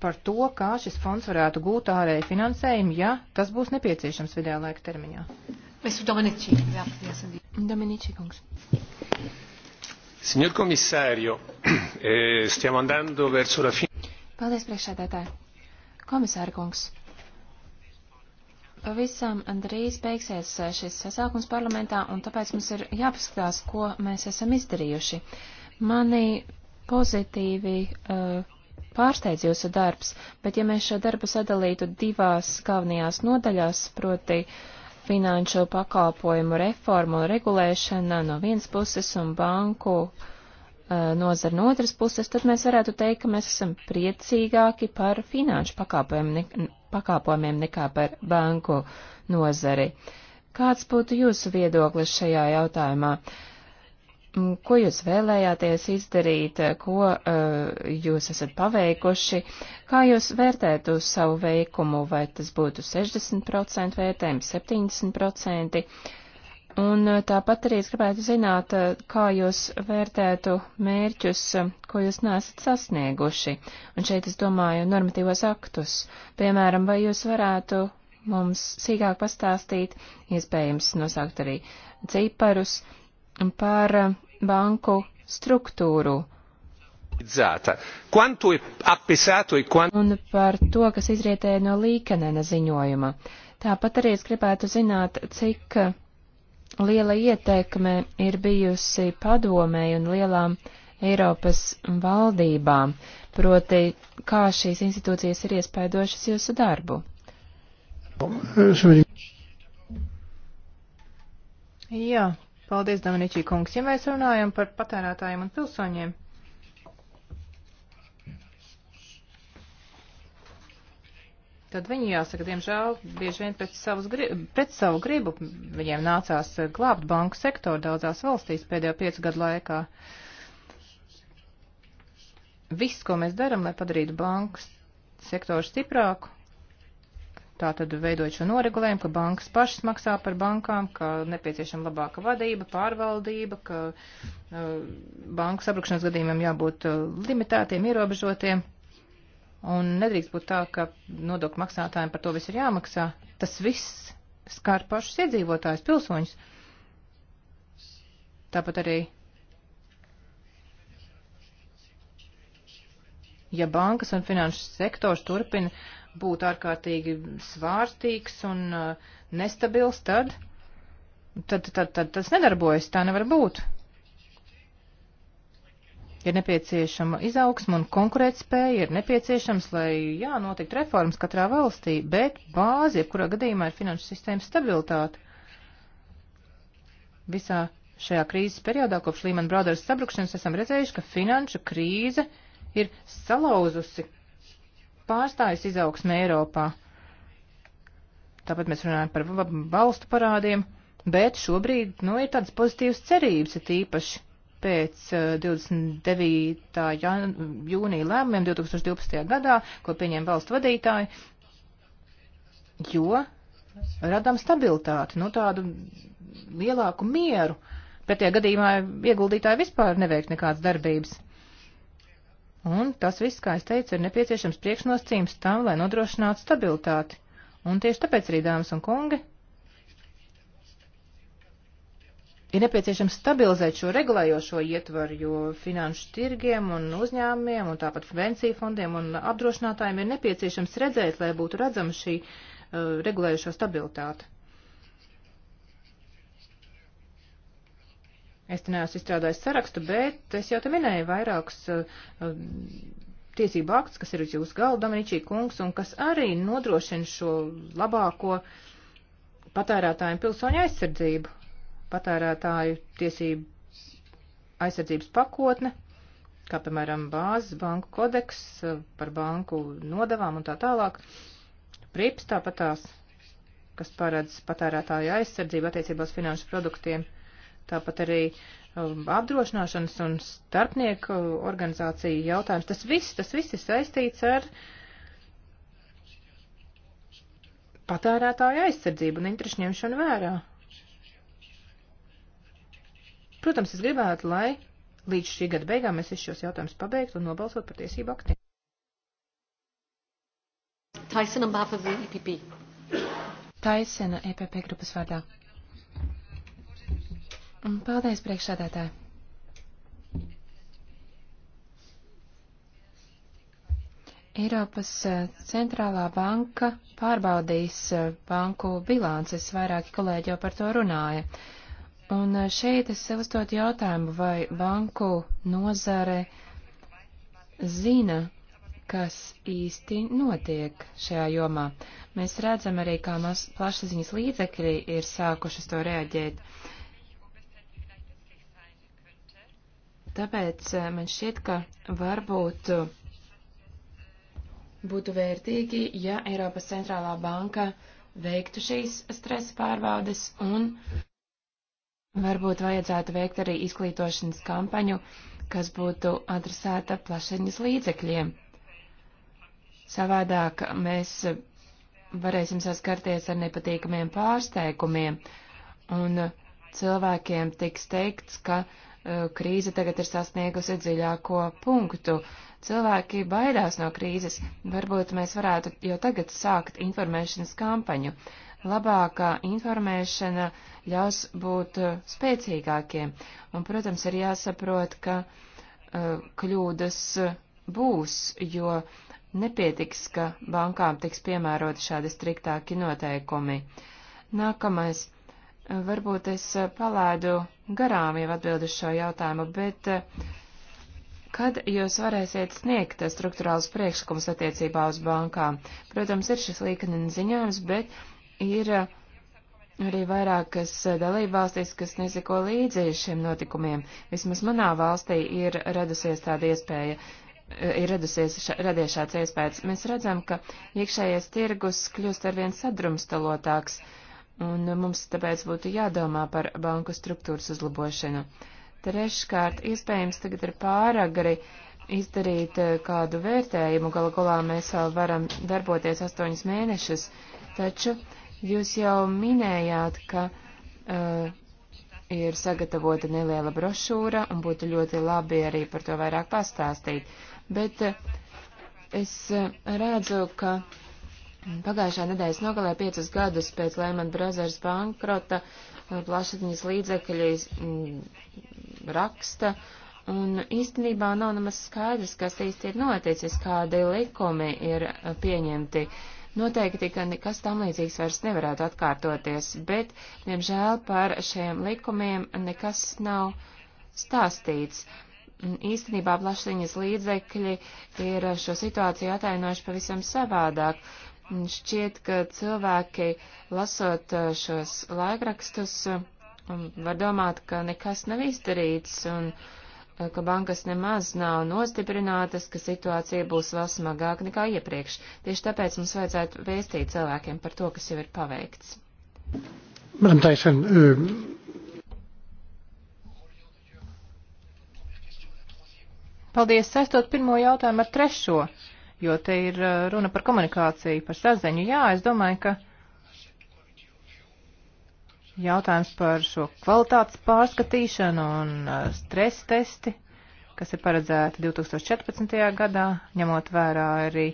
par to, kā šis fonds varētu gūt ārēju finansējumu, ja tas būs nepieciešams vidējā laika termiņā.
Dominici, jā, Dominici, kungs.
Signor komisārio, eh, stiamo andando verso
la fine. Paldies, priekšsēdētāji. Komisāra kungs, Pavisam drīz beigsies eh, šis sasaukums parlamentā, un tāpēc mums ir jāpaskatās, ko mēs esam izdarījuši. Mani pozitīvi uh, pārsteidz jūsu darbs, bet ja mēs šo darbu sadalītu divās galvenajās nodaļās, proti finanšu pakalpojumu reformu un regulēšana no vienas puses un banku uh, Uh, nozara no otras puses, tad mēs varētu teikt, ka mēs esam priecīgāki par finanšu pakāpojumiem, ne, pakāpojumiem nekā par banku nozari. Kāds būtu jūsu viedoklis šajā jautājumā? Mm, ko jūs vēlējāties izdarīt, ko uh, jūs esat paveikuši, kā jūs vērtētu savu veikumu, vai tas būtu 60% vērtējums, 70%? Un eh, tāpat arī es gribētu zināt, eh, kā jūs vērtētu mērķus, eh, ko jūs nesat sasnieguši. Un šeit es domāju normatīvos aktus. Piemēram, vai jūs varētu mums sīkāk pastāstīt, iespējams nosaukt arī ciparus, par banku struktūru.
E Un
par to, kas izrietēja no līkenena ziņojuma. Tāpat arī es gribētu zināt, cik liela ietekme ir bijusi padomēji un lielām Eiropas valdībām, proti, kā šīs institūcijas ir iespaidošas jūsu darbu?
Jā, paldies, Dominičī kungs. Ja mēs runājam par patērētājiem un pilsoņiem, tad viņi jāsaka, diemžēl, bieži vien pret, savus, pret savu gribu viņiem nācās eh, glābt banku sektoru daudzās valstīs pēdējo piecu gadu laikā. Viss, ko mēs darām, lai padarītu banku sektoru stiprāku, tātad veidojot šo noregulējumu, ka bankas pašas maksā par bankām, ka nepieciešama labāka vadība, pārvaldība, ka uh, banku sabrukšanas gadījumiem jābūt uh, limitētiem, ierobežotiem. Uh, Un nedrīkst būt tā, ka nodokļu maksātājiem par to viss ir jāmaksā. Tas viss skar pašus iedzīvotājus, pilsoņus. Tāpat arī, ja bankas un finanšu sektors turpina būt ārkārtīgi svārstīgs un uh, nestabils, tad, tad, tad, tad tas nedarbojas, tā nevar būt ir nepieciešama izaugsma un konkurētspēja, ir nepieciešams, lai, jā, notikt reformas katrā valstī, bet bāzi, jebkurā gadījumā, ir finanšu sistēmas stabilitāte. Visā šajā krīzes periodā kopš Lehman Brothers sabrukšanas esam redzējuši, ka finanšu krīze ir salauzusi pārstājas izaugsmē Eiropā. Tāpat mēs runājam par valstu parādiem, bet šobrīd, nu, ir tādas pozitīvas cerības, ir tīpaši pēc 29. Eh, jūnija lēmumiem 2012. gadā, ko pieņēma valstu vadītāji, jo radām stabilitāti, nu tādu lielāku mieru. Pretējā gadījumā ieguldītāji vispār neveikt nekādas darbības. Un tas viss, kā es teicu, ir nepieciešams priekšnosacījums tam, lai nodrošinātu stabilitāti. Un tieši tāpēc arī, dāmas un kungi, ir nepieciešams stabilizēt šo regulējošo ietvaru, jo finanšu tirgiem un uzņēmumiem un tāpat pensiju fondiem un apdrošinātājiem ir nepieciešams redzēt, lai būtu redzama šī uh, regulējošo stabilitāte. Es te neesmu izstrādājis sarakstu, bet es jau te minēju vairākus uh, uh tiesību aktus, kas ir uz jūsu galda, Dominičī kungs, un kas arī nodrošina šo labāko patērētājiem pilsoņu aizsardzību patērētāju tiesību aizsardzības pakotne, kā piemēram bāzes banku kodeks eh, par banku nodevām un tā tālāk. Prips tāpat tās, kas paredz patērētāju aizsardzību attiecībās finanšu produktiem, tāpat arī um, apdrošināšanas un starpnieku organizāciju jautājums. Tas viss, tas viss ir saistīts ar patērētāju aizsardzību un interešu ņemšanu vērā. Protams, es gribētu, lai līdz šī gada beigām mēs visus šos jautājumus pabeigtu un nobalsot par tiesību akti.
Taisena Bafava EPP.
Taisena EPP grupas vārdā. Paldies, priekšsādātāji. Eiropas eh, centrālā banka pārbaudīs eh, banku bilances, vairāki kolēģi jau par to runāja. Uh, Un eh, šeit es sev uzdot jautājumu, vai banku nozare zina, kas īsti notiek šajā jomā. Mēs redzam arī, kā maz plašsaziņas līdzekļi ir sākuši to reaģēt. Tāpēc eh, man šķiet, ka varbūt eh, būtu vērtīgi, ja Eiropas centrālā banka veiktu šīs stresa pārbaudes un Varbūt vajadzētu veikt arī izglītošanas kampaņu, kas būtu adresēta plašaņas līdzekļiem. Savādāk mēs varēsim saskarties ar nepatīkamiem pārsteigumiem, un cilvēkiem tiks teikts, ka uh, krīze tagad ir sasniegusi dziļāko punktu. Cilvēki baidās no krīzes, varbūt mēs varētu jau tagad sākt informēšanas kampaņu. Uh, labākā informēšana ļaus būt uh, spēcīgākiem. Un, protams, ir jāsaprot, ka uh, kļūdas uh, būs, jo nepietiks, ka bankām tiks piemēroti šādi striktāki noteikumi. Nākamais. Uh, varbūt es palēdu garām jau atbildu šo jautājumu, bet kad jūs varēsiet sniegt struktūrāls priekšlikums attiecībā uz bankām? Protams, ir šis līkanin ziņojums, bet Ir arī vairākas dalībvalstis, kas neseko līdzi šiem notikumiem. Vismaz manā valstī ir radusies tāda iespēja ir radusies, ša, radies šāds iespējas. Mēs redzam, ka iekšējais tirgus kļūst arvien sadrumstalotāks, un mums tāpēc būtu jādomā par banku struktūras uzlabošanu. Treškārt, iespējams, tagad ir pāragri izdarīt eh, kādu vērtējumu, galu galā mēs vēl varam darboties astoņus mēnešus, taču uh, Jūs jau minējāt, ka uh, ir sagatavota neliela brošūra un būtu ļoti labi arī par to vairāk pastāstīt. Bet uh, es uh, redzu, ka pagājušā nedēļas nogalē piecus gadus pēc Lehman Brothers bankrota uh, plašsaziņas līdzekļi mm, raksta. Un īstenībā nav nemaz skaidrs, kas īsti ir noticis, kādi likumi ir uh, pieņemti uh, Noteikti, ka nekas tam līdzīgs vairs nevarētu atkārtoties, bet, diemžēl, par šiem likumiem nekas nav stāstīts. Mm, īstenībā plašiņas līdzekļi ir šo situāciju atainojuši pavisam savādāk. Mm, šķiet, ka cilvēki, lasot eh, šos laikrakstus, mm, var domāt, ka nekas nav izdarīts un uh, Eh, ka bankas nemaz nav nostiprinātas, ka situācija būs vēl smagāka nekā iepriekš. Tieši tāpēc mums vajadzētu vēstīt cilvēkiem par to, kas jau ir paveikts.
Man taisen, eh,
Paldies, saistot pirmo jautājumu ar trešo, jo te ir eh, runa par komunikāciju, par saziņu. Jā, es domāju, ka jautājums par šo kvalitātes pārskatīšanu un stresa testi, kas ir paredzēti 2014. gadā, ņemot vērā arī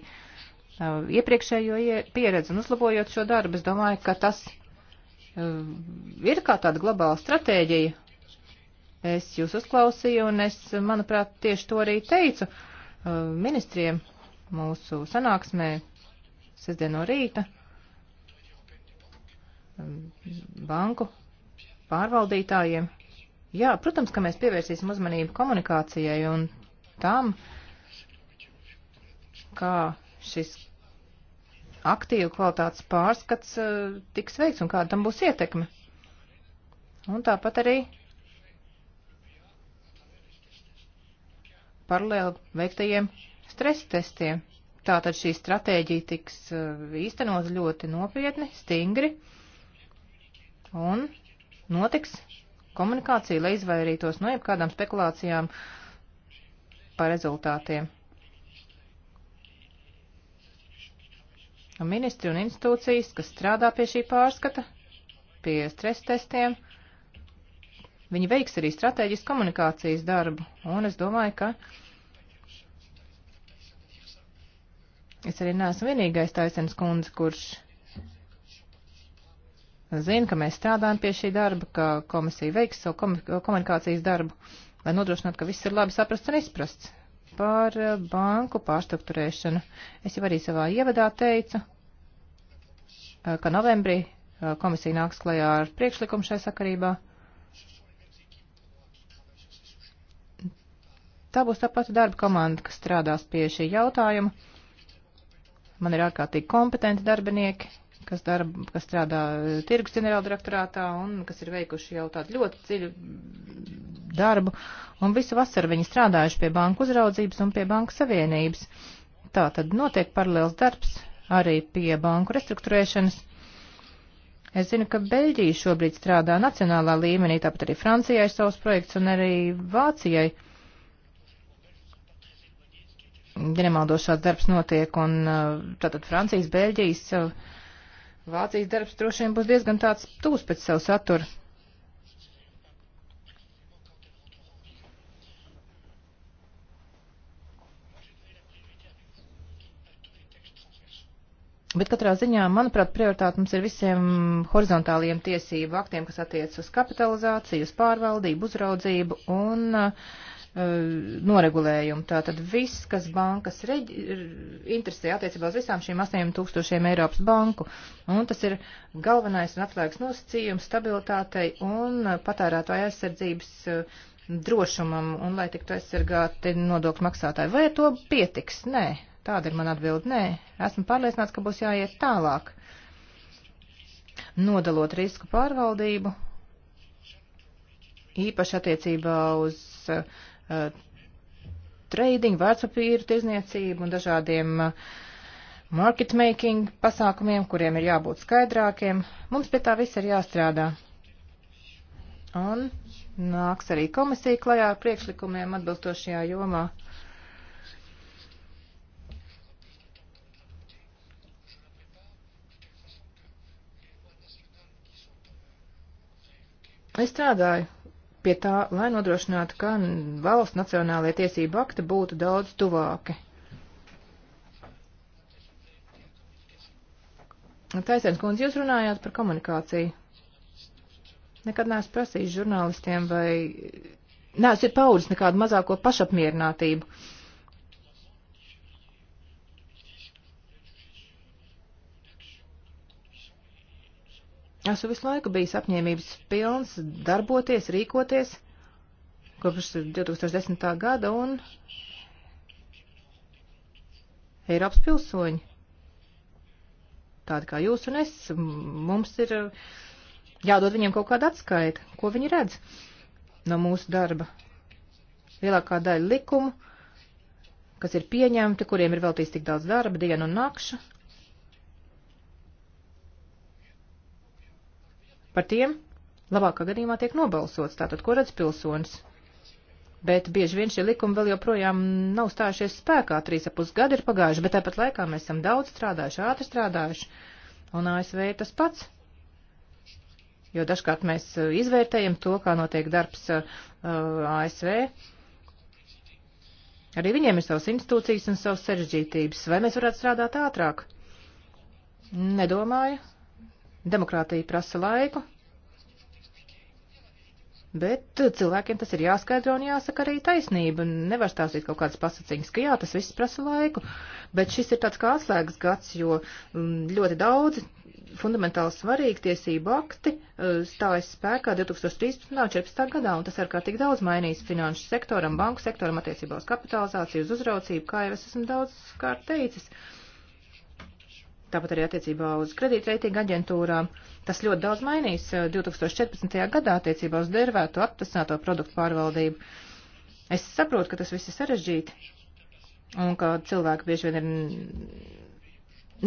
iepriekšējo pieredzi un uzlabojot šo darbu. Es domāju, ka tas ir kā tāda globāla stratēģija. Es jūs uzklausīju un es, manuprāt, tieši to arī teicu ministriem mūsu sanāksmē sestdien no rīta. Um, banku pārvaldītājiem. Jā, protams, ka mēs pievērsīsim uzmanību komunikācijai un tam, kā šis aktīvu kvalitātes pārskats uh, tiks veikts un kāda tam būs ietekme. Un tāpat arī paralēli veiktajiem stresa testiem. Tātad šī stratēģija tiks uh, īstenot ļoti nopietni, stingri. Uh, un notiks komunikācija, lai izvairītos no jebkādām spekulācijām par rezultātiem. Un ministri un institūcijas, kas strādā pie šī pārskata, pie stresa testiem, viņi veiks arī strateģisku komunikācijas darbu, un es domāju, ka es arī neesmu vienīgais taisens kundze, kurš zina, ka mēs strādājam pie šī darba, ka komisija veiks savu kom komunikācijas darbu, lai nodrošinātu, ka viss ir labi saprasts un izprasts. Par eh, banku pārstruktūrēšanu. Es jau arī savā ievadā teicu, eh, ka novembrī eh, komisija nāks klajā ar priekšlikumu šai sakarībā. Tā būs tā pati darba komanda, kas strādās pie šī jautājuma. Man ir ārkārtīgi kompetenti darbinieki, kas, darba, kas strādā tirgus ģenerāldirektorātā un kas ir veikuši jau tādu ļoti dziļu darbu. Un visu vasaru viņi strādājuši pie banku uzraudzības un pie banku savienības. Tā tad notiek paralēls darbs arī pie banku restruktūrēšanas. Es zinu, ka Beļģija šobrīd strādā nacionālā līmenī, tāpat arī Francijai savus projekts un arī Vācijai ģenerāldošās darbs notiek, un uh, tātad Francijas, Beļģijas uh, Vācijas darbs droši vien būs diezgan tāds tūs pēc savu saturu. Bet katrā ziņā, manuprāt, prioritāte mums ir visiem horizontāliem tiesību aktiem, kas attiec uz kapitalizāciju, uz pārvaldību, uzraudzību un uh, noregulējumu. Tātad viss, kas bankas reģi, interesē attiecībā uz visām šīm 8000 Eiropas banku. Un tas ir galvenais un atslēgas nosacījums stabilitātei un patērētāja aizsardzības eh, drošumam un lai tiktu aizsargāti nodokļu maksātāji. Vai to pietiks? Nē. Tāda ir mana atbilde. Nē. Esmu pārliecināts, ka būs jāiet tālāk. Nodalot risku pārvaldību, īpaši attiecībā uz uh, Eh, trading, vērtspapīru tirzniecību un dažādiem eh, market making pasākumiem, kuriem ir jābūt skaidrākiem. Mums pie tā viss ir jāstrādā. Un nāks arī komisija klajā ar priekšlikumiem atbilstošajā jomā. Es strādāju pie tā, lai nodrošinātu, ka valsts nacionālajie tiesību akti būtu daudz tuvāki. Taisens kundze, jūs runājāt par komunikāciju. Nekad neesmu prasījis žurnālistiem vai neesmu paudzis nekādu mazāko pašapmierinātību. Uh, Esmu visu laiku bijis apņēmības pilns darboties, rīkoties kopš 2010. gada un Eiropas pilsoņi. Tādi kā jūs un es, mums ir uh, jādod viņiem kaut kāda atskaita, ko viņi redz no mūsu darba. Lielākā daļa likumu, kas ir pieņemti, kuriem ir veltīts tik daudz darba, dienu un nakšu, Par tiem labākā gadījumā tiek nobalsots, tātad, ko redz pilsonis. Bet bieži vien šie likumi vēl joprojām nav stājušies spēkā, trīs ap pusgadi ir pagājuši, bet tāpat laikā mēs esam daudz strādājuši, ātri strādājuši, un ASV ir tas pats. Jo dažkārt mēs uh, izvērtējam to, kā notiek darbs uh, uh ASV. Arī viņiem ir savas institūcijas un savas sarežģītības. Vai mēs varētu strādāt ātrāk? Nedomāju. Demokrātija prasa laiku, bet cilvēkiem tas ir jāskaidro un jāsaka arī taisnība. Nevar stāstīt kaut kādas pasaciņas, ka jā, tas viss prasa laiku, bet šis ir tāds kā atslēgas gads, jo mm, ļoti daudzi fundamentāli svarīgi tiesību akti eh, stājas spēkā 2013. un 2014. gadā, un tas ārkārtīgi daudz mainīs finanšu sektoram, banku sektoram attiecībā uz kapitalizāciju, uz uzraucību, kā jau es esmu daudz kārt teicis. Uh, tāpat arī attiecībā uz kredītreitinga aģentūrām. Tas ļoti daudz mainīs 2014. Eh, gadā attiecībā uz dervēto aptasināto produktu pārvaldību. Es saprotu, ka tas viss ir sarežģīti un ka cilvēki bieži vien ir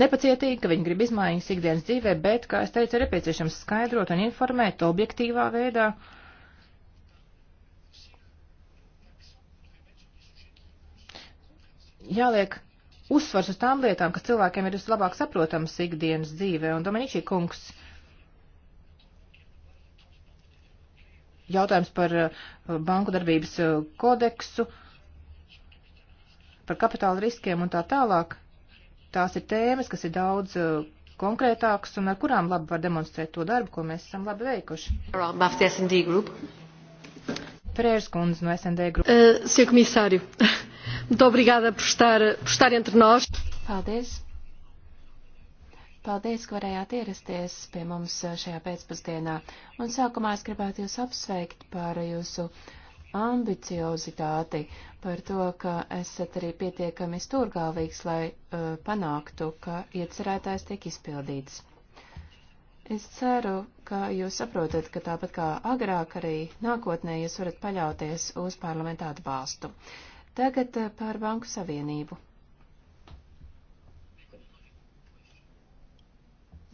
nepacietīgi, ka viņi grib izmaiņas ikdienas dzīvē, bet, kā es teicu, ir nepieciešams skaidrot un informēt objektīvā veidā. Jāliek uzsvars uz tām lietām, kas cilvēkiem ir vislabāk saprotams ikdienas dzīvē. Un Dominičī kungs jautājums par eh, banku darbības eh, kodeksu, par kapitāla riskiem un tā tālāk. Tās ir tēmas, kas ir daudz eh, konkrētākas un ar kurām labi var demonstrēt to darbu, ko mēs esam labi veikuši. Prērs kundze no SND
grupas. Uh, Muito obrigada por estar, por estar entre nós. Paldies. Paldies, ka varējāt ierasties pie mums šajā pēcpusdienā. Un sākumā es gribētu jūs apsveikt par jūsu ambiciozitāti, par to, ka esat arī pietiekami stūrgālīgs, lai uh, panāktu, ka iecerētājs tiek izpildīts. Es ceru, ka jūs saprotat, ka tāpat kā agrāk arī nākotnē jūs varat paļauties uz parlamentātu balstu. Uh, Tagad eh, par Banku Savienību.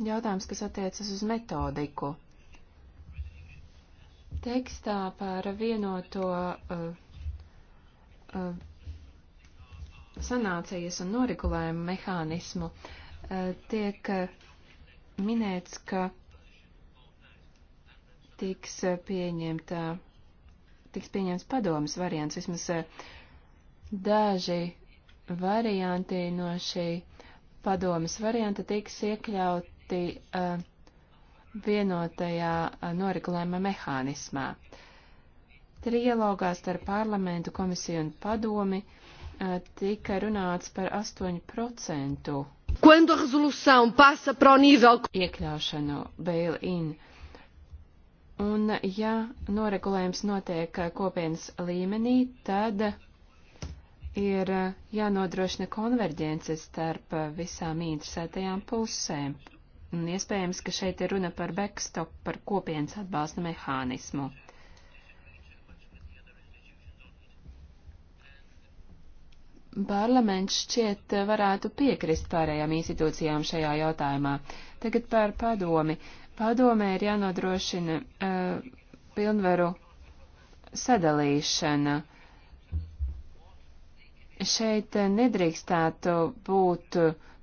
Jautājums, kas attiecas uz metodiku. Tekstā par vienoto uh, uh, sanācijas un noregulējumu mehānismu uh, tiek uh, minēts, ka tiks pieņemta, tiks pieņemts padomas variants, vismaz uh, Daži varianti no šī padomas varianta tiks iekļauti uh, vienotajā uh, noregulējuma mehānismā. Trialogā starp parlamentu komisiju un padomi uh, tika runāts par 8% Quando a resolução passa para o nível iekļaušanu bail-in, un ja noregulējums notiek kopienas līmenī, tad ir eh, jānodrošina konverģence starp eh, visām interesētajām pusēm. Un iespējams, ka šeit ir runa par backstop, par kopienas atbalsta mehānismu. Parlaments šķiet eh, varētu piekrist pārējām institūcijām šajā jautājumā. Tagad par padomi. Padomē ir jānodrošina uh, pilnvaru sadalīšana. Uh, šeit nedrīkstētu būt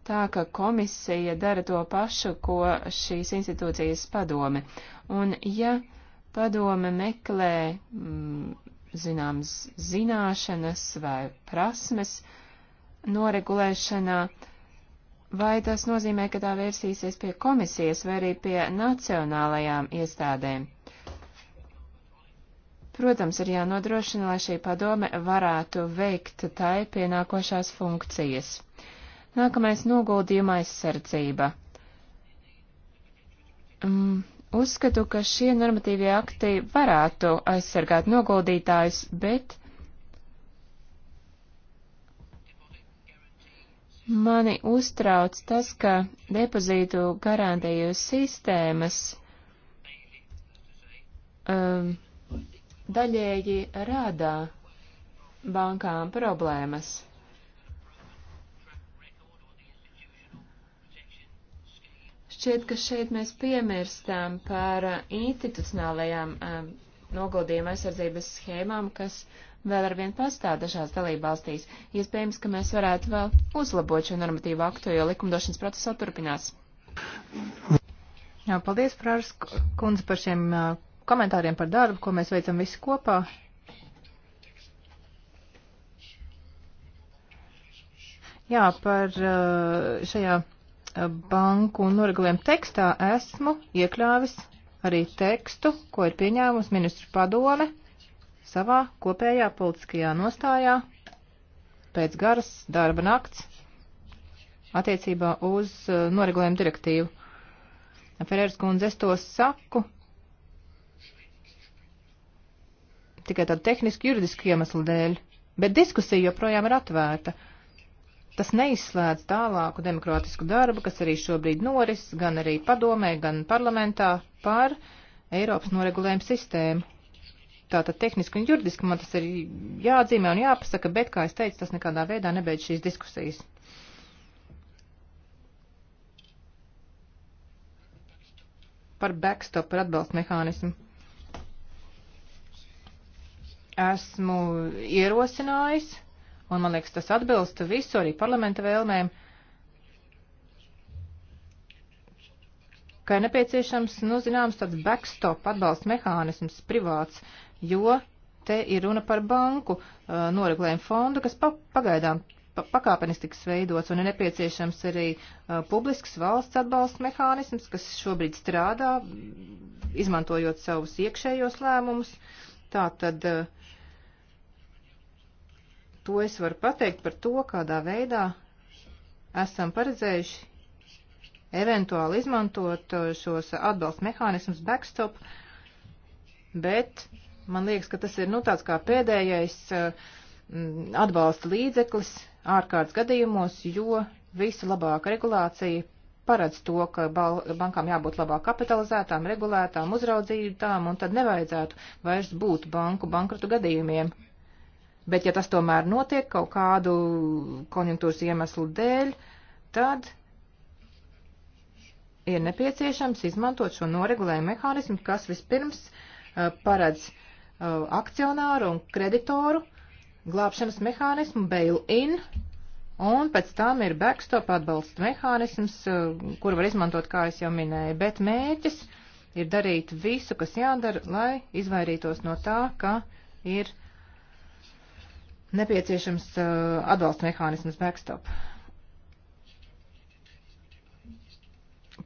tā, ka komisija dara to pašu, ko šīs institūcijas padome. Un ja padome meklē mm, zināmas zināšanas vai prasmes noregulēšanā, vai tas nozīmē, ka tā vērsīsies pie komisijas vai arī pie nacionālajām iestādēm? Protams, ir jānodrošina, lai šī padome varētu veikt tai pienākošās funkcijas. Nākamais noguldījuma aizsardzība. Mm, uzskatu, ka šie normatīvie akti varētu aizsargāt noguldītājus, bet Mani uztrauc tas, ka depozītu garantēju sistēmas um, daļēji rādā bankām problēmas. Šķiet, ka šeit mēs piemirstām par institucionālajām um, noguldījuma aizsardzības schēmām, kas vēl ar vienu pastāv dažās dalībvalstīs. Iespējams, ka mēs varētu vēl uzlabot šo normatīvu aktu, jo likumdošanas procesā turpinās. Jā, paldies,
Prārs kundze, par šiem eh, komentāriem par darbu, ko mēs veicam visi kopā. Jā, par eh, šajā eh, banku noregulējumu tekstā esmu iekļāvis arī tekstu, ko ir pieņēmusi ministru padome savā kopējā politiskajā nostājā pēc garas darba nakts attiecībā uz eh, noregulējumu direktīvu. Ferērs kundze, es to saku, tikai tādu tehnisku, juridisku iemeslu dēļ, bet diskusija joprojām ir atvērta. Tas neizslēdz tālāku demokrātisku darbu, kas arī šobrīd noris, gan arī padomē, gan parlamentā par Eiropas noregulējumu sistēmu. Tātad tehniski un juridiski man tas ir jāatzīmē un jāpasaka, bet, kā es teicu, tas nekādā veidā nebeidz šīs diskusijas. Par backstop, par atbalstu mehānismu esmu ierosinājis, un man liekas, tas atbilst visu arī parlamenta vēlmēm, ka ir nepieciešams, nu, zināms, tāds backstop atbalsta mehānisms privāts, jo te ir runa par banku uh, noregulējumu fondu, kas pa, pagaidām pa, pakāpeniski tiks veidots, un ir nepieciešams arī uh, publisks valsts atbalsta mehānisms, kas šobrīd strādā, izmantojot savus iekšējos lēmumus. Tātad uh, to es varu pateikt par to, kādā veidā esam paredzējuši eventuāli izmantot uh, šos atbalsta mehānismus backstop, bet man liekas, ka tas ir nu tāds kā pēdējais uh, atbalsta līdzeklis ārkārtas gadījumos, jo visu labāka regulācija paredz to, ka bankām jābūt labāk kapitalizētām, regulētām, uzraudzītām, un tad nevajadzētu vairs būt banku bankrotu gadījumiem. Bet, ja tas tomēr notiek kaut kādu konjunktūras iemeslu dēļ, tad ir nepieciešams izmantot šo noregulējumu mehānismu, kas vispirms uh, paredz uh, akcionāru un kreditoru glābšanas mehānismu, bail-in, un pēc tam ir backstop atbalsta mehānisms, uh, kur var izmantot, kā es jau minēju, bet mēķis ir darīt visu, kas jādara, lai izvairītos no tā, ka ir nepieciešams uh, atbalsta mehānisms backstop.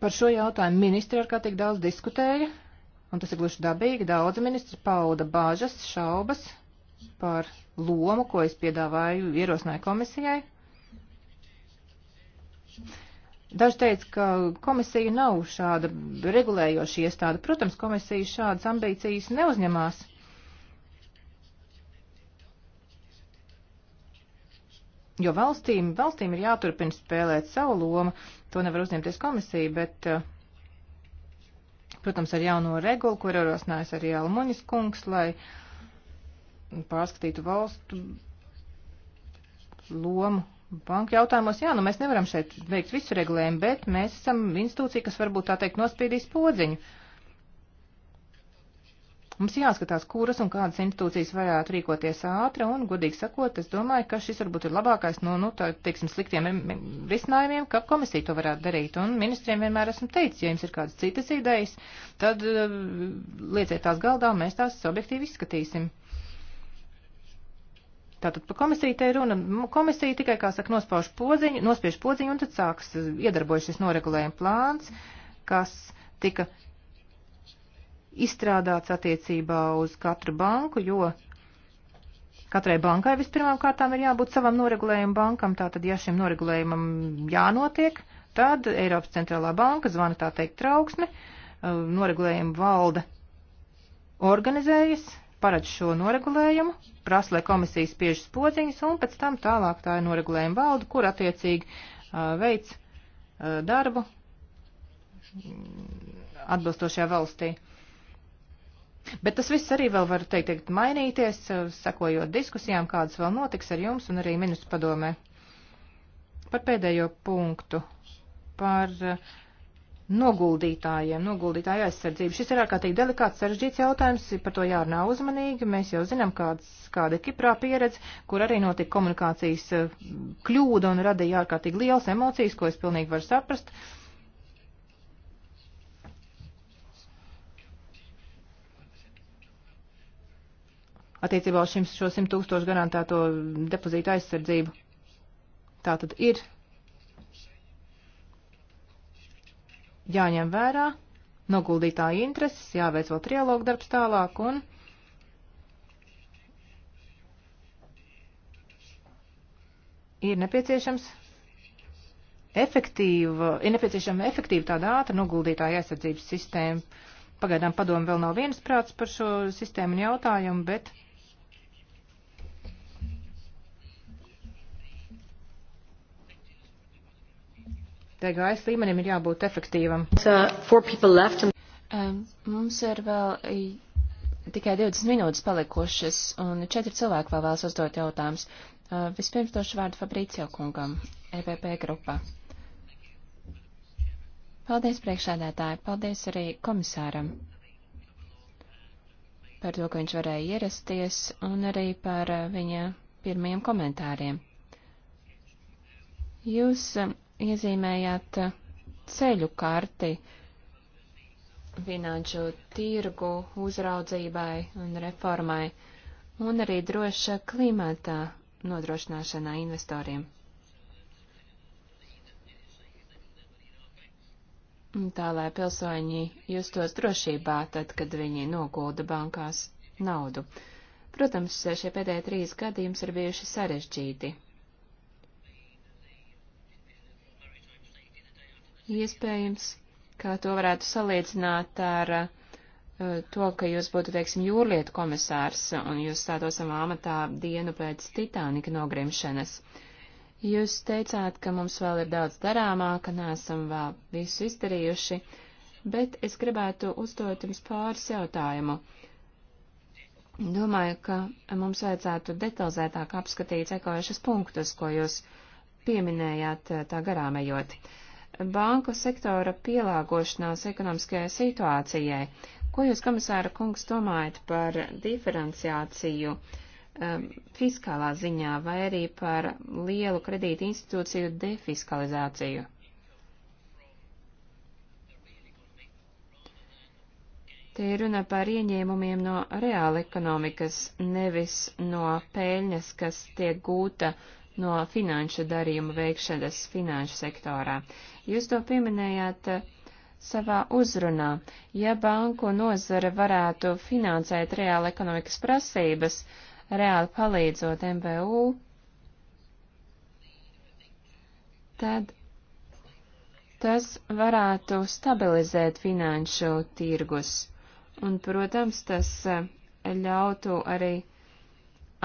Par šo jautājumu ministri ar kā tik daudz diskutēja, un tas ir gluži dabīgi. Daudzi ministri pauda bāžas, šaubas par lomu, ko es piedāvāju, ierosināju komisijai. Daži teica, ka komisija nav šāda regulējoša iestāde. Protams, komisija šādas ambīcijas neuzņemās. Jo valstīm, valstīm ir jāturpina spēlēt savu lomu, to nevar uzņemties komisija, bet, eh, protams, ar jauno regulu, kur ierosinājis arī Almuņas kungs, lai pārskatītu valstu lomu banku jautājumos. Jā, nu mēs nevaram šeit veikt visu regulējumu, bet mēs esam institūcija, kas varbūt tā teikt nospīdīs podziņu. Uh, Mums jāskatās, kuras un kādas institūcijas varētu rīkoties ātri, un, godīgi sakot, es domāju, ka šis varbūt ir labākais no, nu, nu, tā, teiksim, sliktiem risinājumiem, ka komisija to varētu darīt, un ministriem vienmēr esmu teicis, ja jums ir kādas citas idejas, tad eh, lieciet tās galdā, un mēs tās objektīvi izskatīsim. Tātad par komisiju te ir runa. Komisija tikai, kā saka, nospauž podziņu, nospiež podziņu, un tad sāks eh, iedarbojas šis noregulējuma plāns, kas tika izstrādāts attiecībā uz katru banku, jo katrai bankai vispirmām kārtām ir jābūt savam noregulējuma bankam, tātad ja šim noregulējumam jānotiek, tad Eiropas centrālā banka zvana tā teikt trauksmi, uh, noregulējuma valde organizējas, paredz šo noregulējumu, prasa, lai komisija spiež spodziņas, un pēc tam tālāk tā ir noregulējuma valde, kur attiecīgi uh, veids uh, darbu atbilstošajā valstī. Bet tas viss arī vēl var teikt, teikt mainīties, eh, sakojot diskusijām, kādas vēl notiks ar jums un arī ministru padomē. Par pēdējo punktu, par eh, noguldītājiem, noguldītāju aizsardzību. Šis ir ārkārtīgi delikāts, sarežģīts jautājums, par to jārunā uzmanīgi. Mēs jau zinām, kāds, kāda ir Kiprā pieredze, kur arī notika komunikācijas eh, kļūda un radīja ārkārtīgi liels emocijas, ko es pilnīgi varu saprast. Uh, attiecībā uz šim, šo 100 tūkstošu garantēto depozītu aizsardzību. Tā tad ir jāņem vērā noguldītāja intereses, jāveic vēl trialogu darbs tālāk un ir nepieciešams efektīva, ir nepieciešama efektīva tāda ātra noguldītāja aizsardzības sistēma. Pagaidām padomu vēl nav viens prāts par šo sistēmu un jautājumu, bet
TGS līmenim ir jābūt efektīvam. Uh, um, mums ir vēl tikai 20 minūtes palikušas, un četri cilvēki vēl vēlas uzdot jautājumus. Uh, vispirms došu vārdu Fabricio kungam, EPP grupā. Paldies priekšādātāji, paldies arī komisāram par to, ka viņš varēja ierasties, un arī par eh, viņa pirmajiem komentāriem. Jūs iezīmējāt eh, ceļu karti finanšu tirgu uzraudzībai un reformai, un arī droša klimata nodrošināšanā investoriem. Tā lai pilsoņi justos drošībā tad, kad viņi nogulda bankās naudu. Protams, šie pēdējie trīs gadi jums ir bijuši sarežģīti, Iespējams, ka to varētu salīdzināt ar uh, to, ka jūs būtu, teiksim, jūrlietu komisārs un jūs stātos savā amatā dienu pēc Titanika nogrimšanas. Jūs teicāt, ka mums vēl ir daudz darāmā, ka neesam vēl visu izdarījuši, bet es gribētu uzdot jums pāris jautājumu. Domāju, ka mums vajadzētu detalizētāk apskatīt sekojušas punktus, ko jūs pieminējāt uh, tā garām ejot. Uh, banku sektora pielāgošanās ekonomiskajai situācijai. Ko jūs, komisāra kungs, domājat par diferenciāciju um, fiskālā ziņā vai arī par lielu kredīti institūciju defiskalizāciju? Te ir runa par ieņēmumiem no reāla ekonomikas, nevis no pēļņas, kas tiek gūta no finanšu darījumu veikšanas finanšu sektorā. Jūs to pieminējāt eh, savā uzrunā. Ja banku nozare varētu finansēt reāli ekonomikas prasības, reāli palīdzot MVU, tad tas varētu stabilizēt finanšu tirgus. Un, protams, tas eh, ļautu arī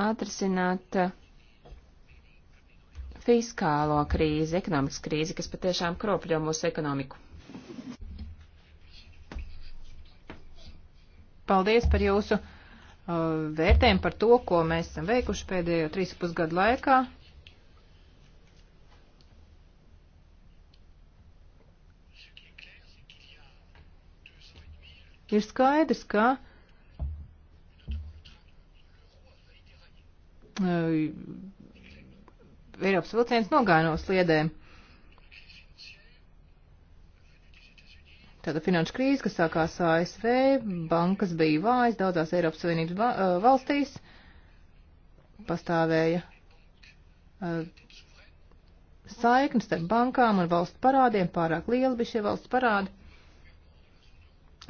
atrisināt eh, fiskālo krīzi, ekonomikas krīzi, kas patiešām kropļo mūsu ekonomiku. Paldies par jūsu uh, vērtējumu par to, ko
mēs esam veikuši pēdējo trīs pusgadu laikā. Ir skaidrs, ka uh, Eiropas vilciens nogāja no sliedēm. Tāda finanšu krīze, kas sākās ASV, bankas bija vājas daudzās Eiropas Savienības valstīs, pastāvēja saiknes starp bankām un valsts parādiem, pārāk liela bija šie valsts parādi.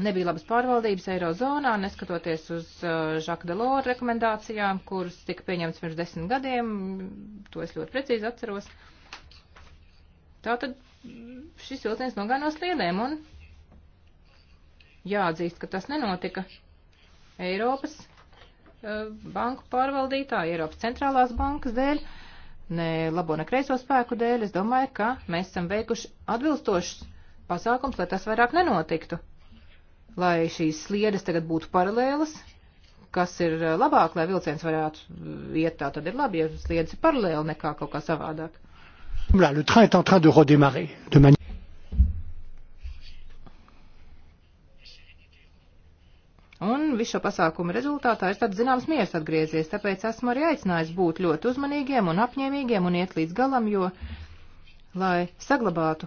Nebija labas pārvaldības Eirozonā, neskatoties uz Žaka uh, Delora rekomendācijām, kuras tika pieņemts pirms desmit gadiem, to es ļoti precīzi atceros. Tātad šis vilciens nogāja no sliedēm un jāatzīst, ka tas nenotika Eiropas uh, banku pārvaldītāja, Eiropas centrālās bankas dēļ, ne labo ne kreiso spēku dēļ. Es domāju, ka mēs esam veikuši atbilstošus pasākums, lai tas vairāk nenotiktu lai šīs sliedes tagad būtu paralēlas, kas ir eh, labāk, lai vilciens varētu eh, iet tā, tad ir labi, ja sliedes ir paralēli nekā kaut kā savādāk.
Là, le train est en train de redémarrer de manière.
Un visu šo pasākumu rezultātā ir tāds zināms miers atgriezies, tāpēc esmu arī aicinājis būt ļoti uzmanīgiem un apņēmīgiem un iet līdz galam, jo, lai saglabātu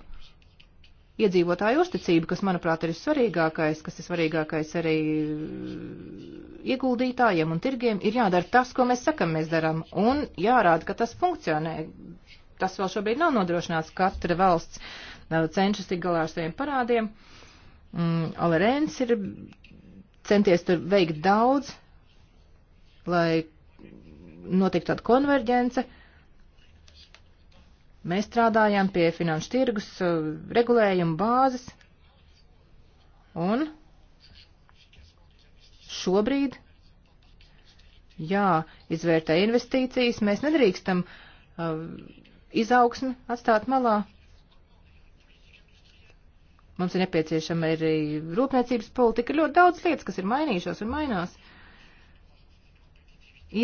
iedzīvotāju uzticību, kas, manuprāt, ir svarīgākais, kas ir svarīgākais arī ieguldītājiem un tirgiem, ir jādara tas, ko mēs sakam, mēs darām, un jārāda, ka tas funkcionē. Tas vēl šobrīd nav nodrošināts, katra valsts uh, cenšas tik galā ar saviem parādiem. Mm, Alerēns ir centies tur veikt daudz, lai notiktu tāda konverģence. Uh, Mēs strādājām pie finanšu tirgus eh, regulējuma bāzes, un šobrīd, jā, izvērtē investīcijas, mēs nedrīkstam uh, izaugsmi atstāt malā. Mums ir nepieciešama arī rūpniecības politika, ļoti daudz lietas, kas ir mainījušās un mainās.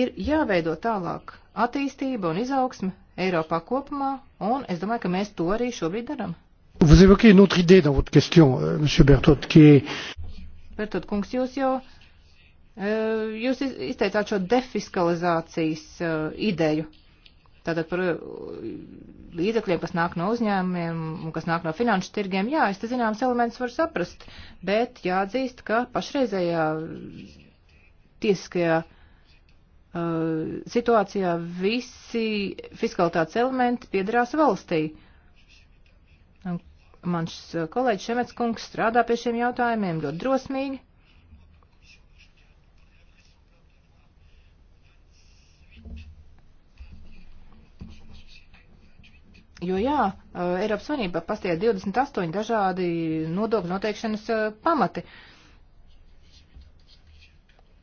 Ir jāveido tālāk attīstība un izaugsme Eiropā kopumā, un es domāju, ka mēs to arī šobrīd darām.
Vous évoquez une autre idée dans votre question, euh, Monsieur Bertot, qui est.
Bertot, kungs, jūs jau euh, jūs izteicāt šo defiskalizācijas euh, ideju. Tātad par eh, līdzekļiem, kas nāk no uzņēmumiem un kas nāk no finanšu tirgiem, jā, es te zināms elements var saprast, bet jāatzīst, ka pašreizējā tiesiskajā uh, Eh, situācijā visi fiskalitātes elementi piedarās valstī. Mans eh, kolēģis Šemets kungs strādā pie šiem jautājumiem ļoti drosmīgi. Jo jā, eh, Eiropas Savienībā pastāv 28 dažādi nodokļu noteikšanas pamati.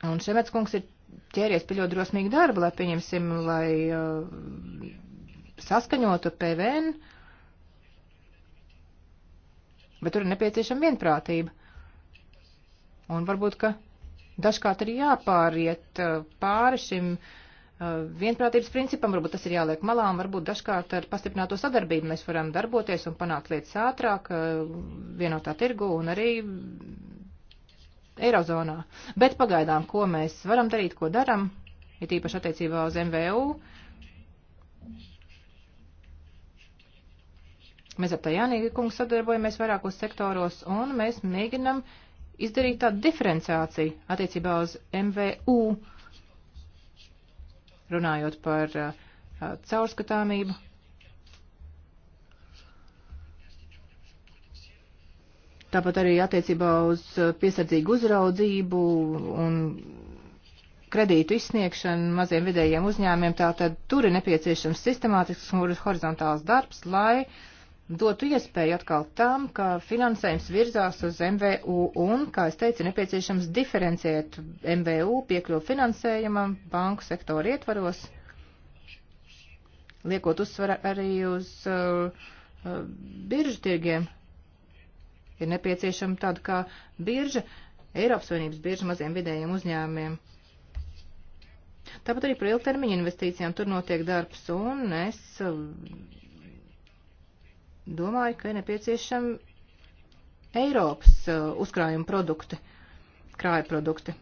Un Šemets kungs ir ķēries pie ļoti drosmīga darba, lai pieņemsim, lai uh, saskaņotu PVN, bet tur ir nepieciešama vienprātība. Un varbūt, ka dažkārt ir jāpāriet uh, pāri šim uh, vienprātības principam, varbūt tas ir jāliek malā, un varbūt dažkārt ar pastiprināto sadarbību mēs varam darboties un panākt lietas ātrāk, uh, vienotā tirgu un arī Eirozonā. Bet pagaidām, ko mēs varam darīt, ko daram, ir īpaši attiecībā uz MVU. Mēs ar Tajānīgu kungu sadarbojamies vairākos sektoros un mēs mēģinam izdarīt tādu diferenciāciju attiecībā uz MVU, runājot par uh, caurskatāmību tāpat arī attiecībā uz eh, piesardzīgu uzraudzību un kredītu izsniegšanu maziem vidējiem uzņēmiem, tātad tur ir nepieciešams sistemātisks un horizontāls darbs, lai dotu iespēju atkal tam, ka finansējums virzās uz MVU un, kā es teicu, nepieciešams diferenciēt MVU piekļuvu finansējumam banku sektoru ietvaros, liekot uzsvaru arī uz uh, uh, biržu tirgiem. Ir nepieciešama tāda kā birža, Eiropas Savienības birža maziem vidējiem uzņēmumiem. Tāpat arī par ilgtermiņa investīcijām tur notiek darbs, un es um, domāju, ka ir nepieciešama Eiropas uh, uzkrājuma produkti, krāja produkti.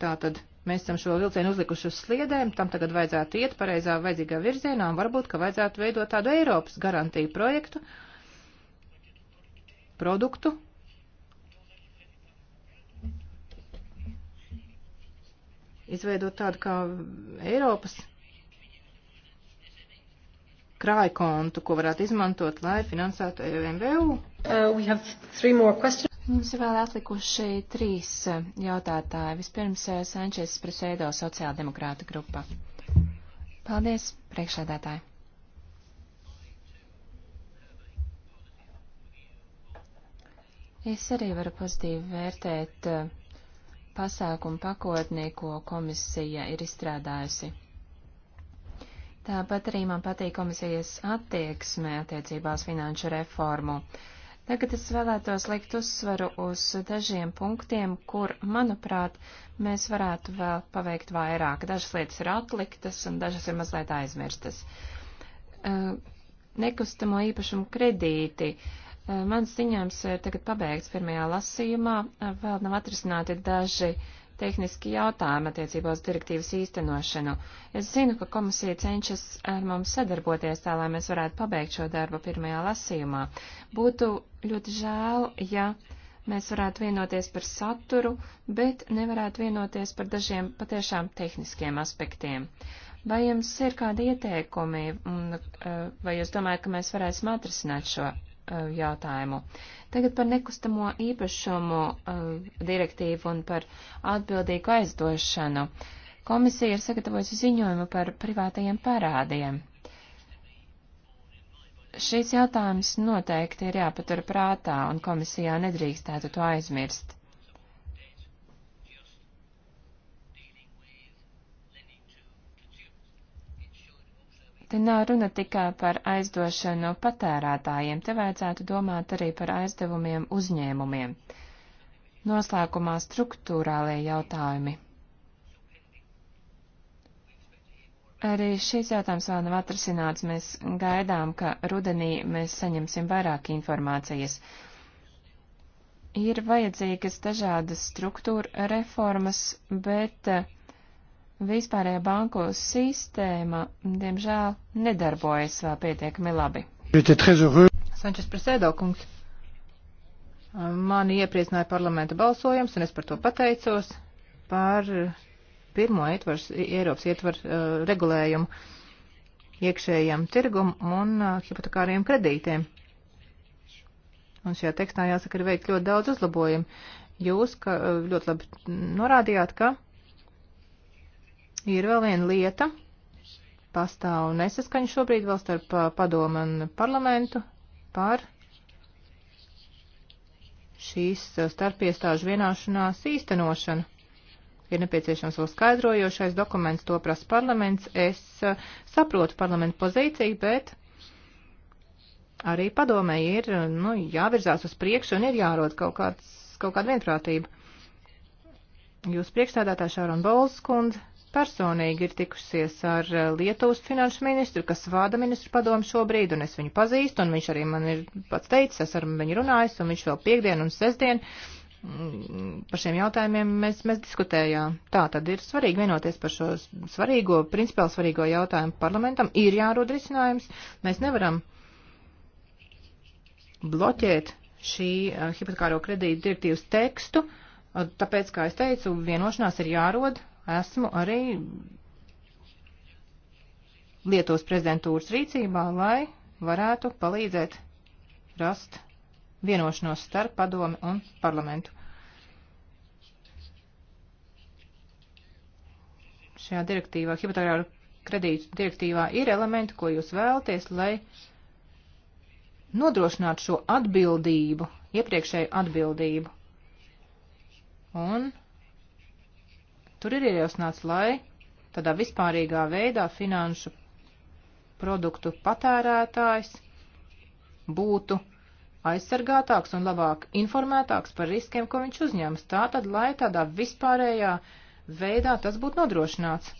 Tātad mēs esam šo vilcienu uzlikuši uz sliedēm, tam tagad vajadzētu iet pareizā vajadzīgā virzienā, un varbūt, ka vajadzētu veidot tādu Eiropas garantiju projektu, uh, produktu. Izveidot tādu kā Eiropas krāja kontu, ko varētu izmantot, lai finansētu MVU.
Uh, Mums ir vēl atlikuši trīs uh, jautātāji. Vispirms uh, Sančes Presēdo sociāldemokrāta grupa. Paldies, priekšādātāji! Es arī varu pozitīvi vērtēt eh, pasākumu pakotnī, ko komisija ir izstrādājusi. Tāpat arī man patīk komisijas attieksme attiecībās finanšu reformu. Tagad es vēlētos likt uzsvaru uz dažiem punktiem, kur, manuprāt, mēs varētu vēl paveikt vairāk. Dažas lietas ir atliktas un dažas ir mazliet aizmirstas. Eh, nekustamo īpašumu kredīti. Uh, Eh, mans ziņojums ir tagad pabeigts pirmajā lasījumā. Eh, vēl nav atrisināti daži tehniski jautājumi attiecībā uz direktīvas īstenošanu. Es zinu, ka komisija cenšas ar mums sadarboties tā, lai mēs varētu pabeigt šo darbu pirmajā lasījumā. Būtu ļoti žēl, ja mēs varētu vienoties par saturu, bet nevarētu vienoties par dažiem patiešām tehniskiem aspektiem. Vai jums ir kādi ieteikumi, eh, vai jūs domājat, ka mēs varēsim atrisināt šo Eh, jautājumu. Tagad par nekustamo īpašumu eh, direktīvu un par atbildīgu aizdošanu. Komisija ir sagatavojusi ziņojumu par privātajiem parādiem. Šīs jautājums noteikti ir jāpatur prātā, un komisijā nedrīkstētu to aizmirst. Te nav runa tikai par aizdošanu patērētājiem, te vajadzētu domāt arī par aizdevumiem uzņēmumiem. Noslēgumā struktūrālie jautājumi. Arī šīs jautājums vēl nav atrasināts. Mēs gaidām, ka rudenī mēs saņemsim vairāk informācijas. Ir vajadzīgas dažādas struktūra reformas, bet uh, vispārējā banku sistēma, diemžēl, nedarbojas vēl pietiekami labi. Sančes Presēdo kungs. Mani iepriecināja parlamenta
balsojums, un es par to pateicos, par pirmo ietvars, Eiropas ietvaru uh, regulējumu iekšējiem tirgum un uh, hipotekāriem kredītiem. Un šajā tekstā jāsaka, ir veikt ļoti daudz uzlabojumu. Jūs ka, uh, ļoti labi norādījāt, ka Ir vēl viena lieta. Pastāv nesaskaņa šobrīd vēl starp padomu un parlamentu par šīs starpiestāžu vienāšanās īstenošanu. Ir nepieciešams vēl skaidrojošais dokuments, to prasa parlaments. Es saprotu parlamentu pozīciju, bet arī padomē ir nu, jāvirzās uz priekšu un ir jārod kaut, kāds, kaut kāda vienprātība. Jūs priekšstādātā Šāron Bols kundze personīgi ir tikusies ar eh, Lietuvas finanšu ministru, kas vada ministru padomu šobrīd, un es viņu pazīstu, un viņš arī man ir pats teicis, es ar viņu runājis, un viņš vēl piekdien un sestdien mm, par šiem jautājumiem mēs, mēs diskutējām. Tā tad ir svarīgi vienoties par šo svarīgo, principāli svarīgo jautājumu parlamentam. Ir jārod risinājums. Mēs nevaram bloķēt šī eh, hipotekāro kredītu direktīvas tekstu, tāpēc, kā es teicu, vienošanās ir jārod esmu arī Lietuvas prezidentūras rīcībā, lai varētu palīdzēt rast vienošanos starp padomi un parlamentu. Šajā direktīvā, hipotekāru kredītu direktīvā, ir elementi, ko jūs vēlaties, lai nodrošinātu šo atbildību, iepriekšēju atbildību. Un Tur ir ierosināts, lai tādā vispārīgā veidā finanšu produktu patērētājs būtu aizsargātāks un labāk informētāks par riskiem, ko viņš uzņems. Tātad, lai tādā vispārējā veidā tas būtu nodrošināts.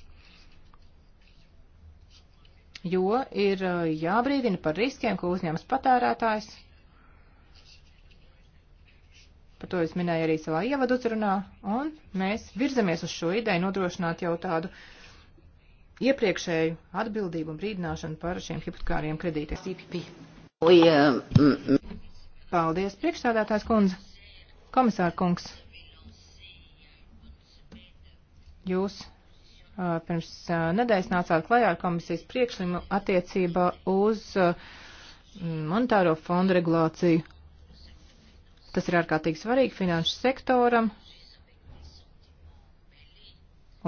Jo ir jābrīdina par riskiem, ko uzņems patērētājs, to es minēju arī savā ievadu uzrunā, un mēs virzamies uz šo ideju nodrošināt jau tādu iepriekšēju atbildību un brīdināšanu par šiem hipotekāriem kredītiem.
Eh,
Paldies, priekšstādātājs kundze. Komisāra kungs, jūs eh, pirms eh, nedēļas nācāt klajā ar komisijas priekšlimu attiecībā uz monetāro fondu regulāciju Tas ir ārkārtīgi svarīgi finanšu sektoram.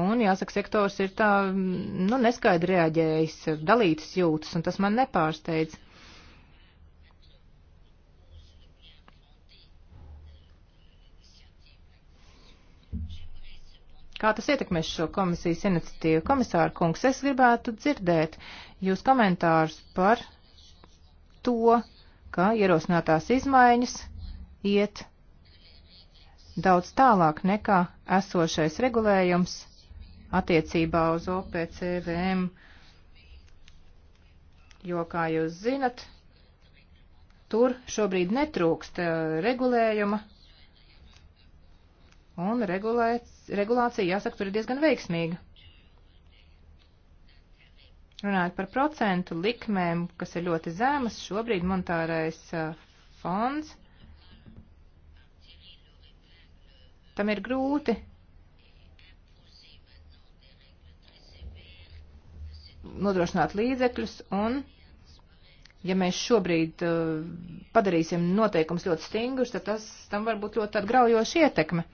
Un jāsaka, sektors ir tā, nu, neskaidri reaģējis, dalītas jūtas, un tas man nepārsteidz. Kā tas ietekmēs šo komisijas iniciatīvu? Komisāra kungs, es gribētu dzirdēt jūs komentārus par to, kā ierosinātās izmaiņas iet daudz tālāk nekā esošais regulējums attiecībā uz OPCVM, jo, kā jūs zinat, tur šobrīd netrūkst eh, regulējuma, un regulēts, regulācija, jāsaka, tur ir diezgan veiksmīga. Runājot par procentu likmēm, kas ir ļoti zemas, šobrīd monetārais eh, fonds Tam ir grūti. nodrošināt līdzekļus un, ja mēs šobrīd uh, padarīsim noteikums ļoti stingrus, tad tas tam var būt ļoti tāda graujoša ietekme.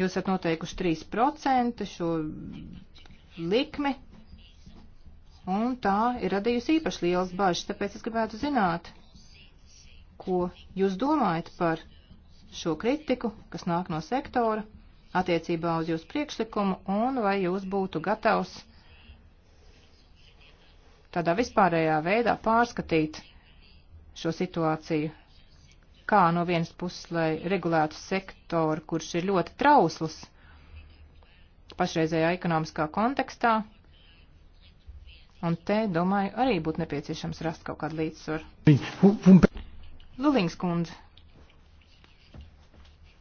Jūs esat noteikuši 3% šo likmi, un tā ir radījusi īpaši liels bažas, tāpēc es gribētu zināt, ko jūs domājat par šo kritiku, kas nāk no sektora, attiecībā uz jūsu priekšlikumu, un vai jūs būtu gatavs tādā vispārējā veidā pārskatīt šo situāciju, kā no vienas puses, lai regulētu sektoru, kurš ir ļoti trausls pašreizējā ekonomiskā kontekstā, un te, domāju, arī būtu nepieciešams rast kaut kādu līdzsvaru. Lulings kundze.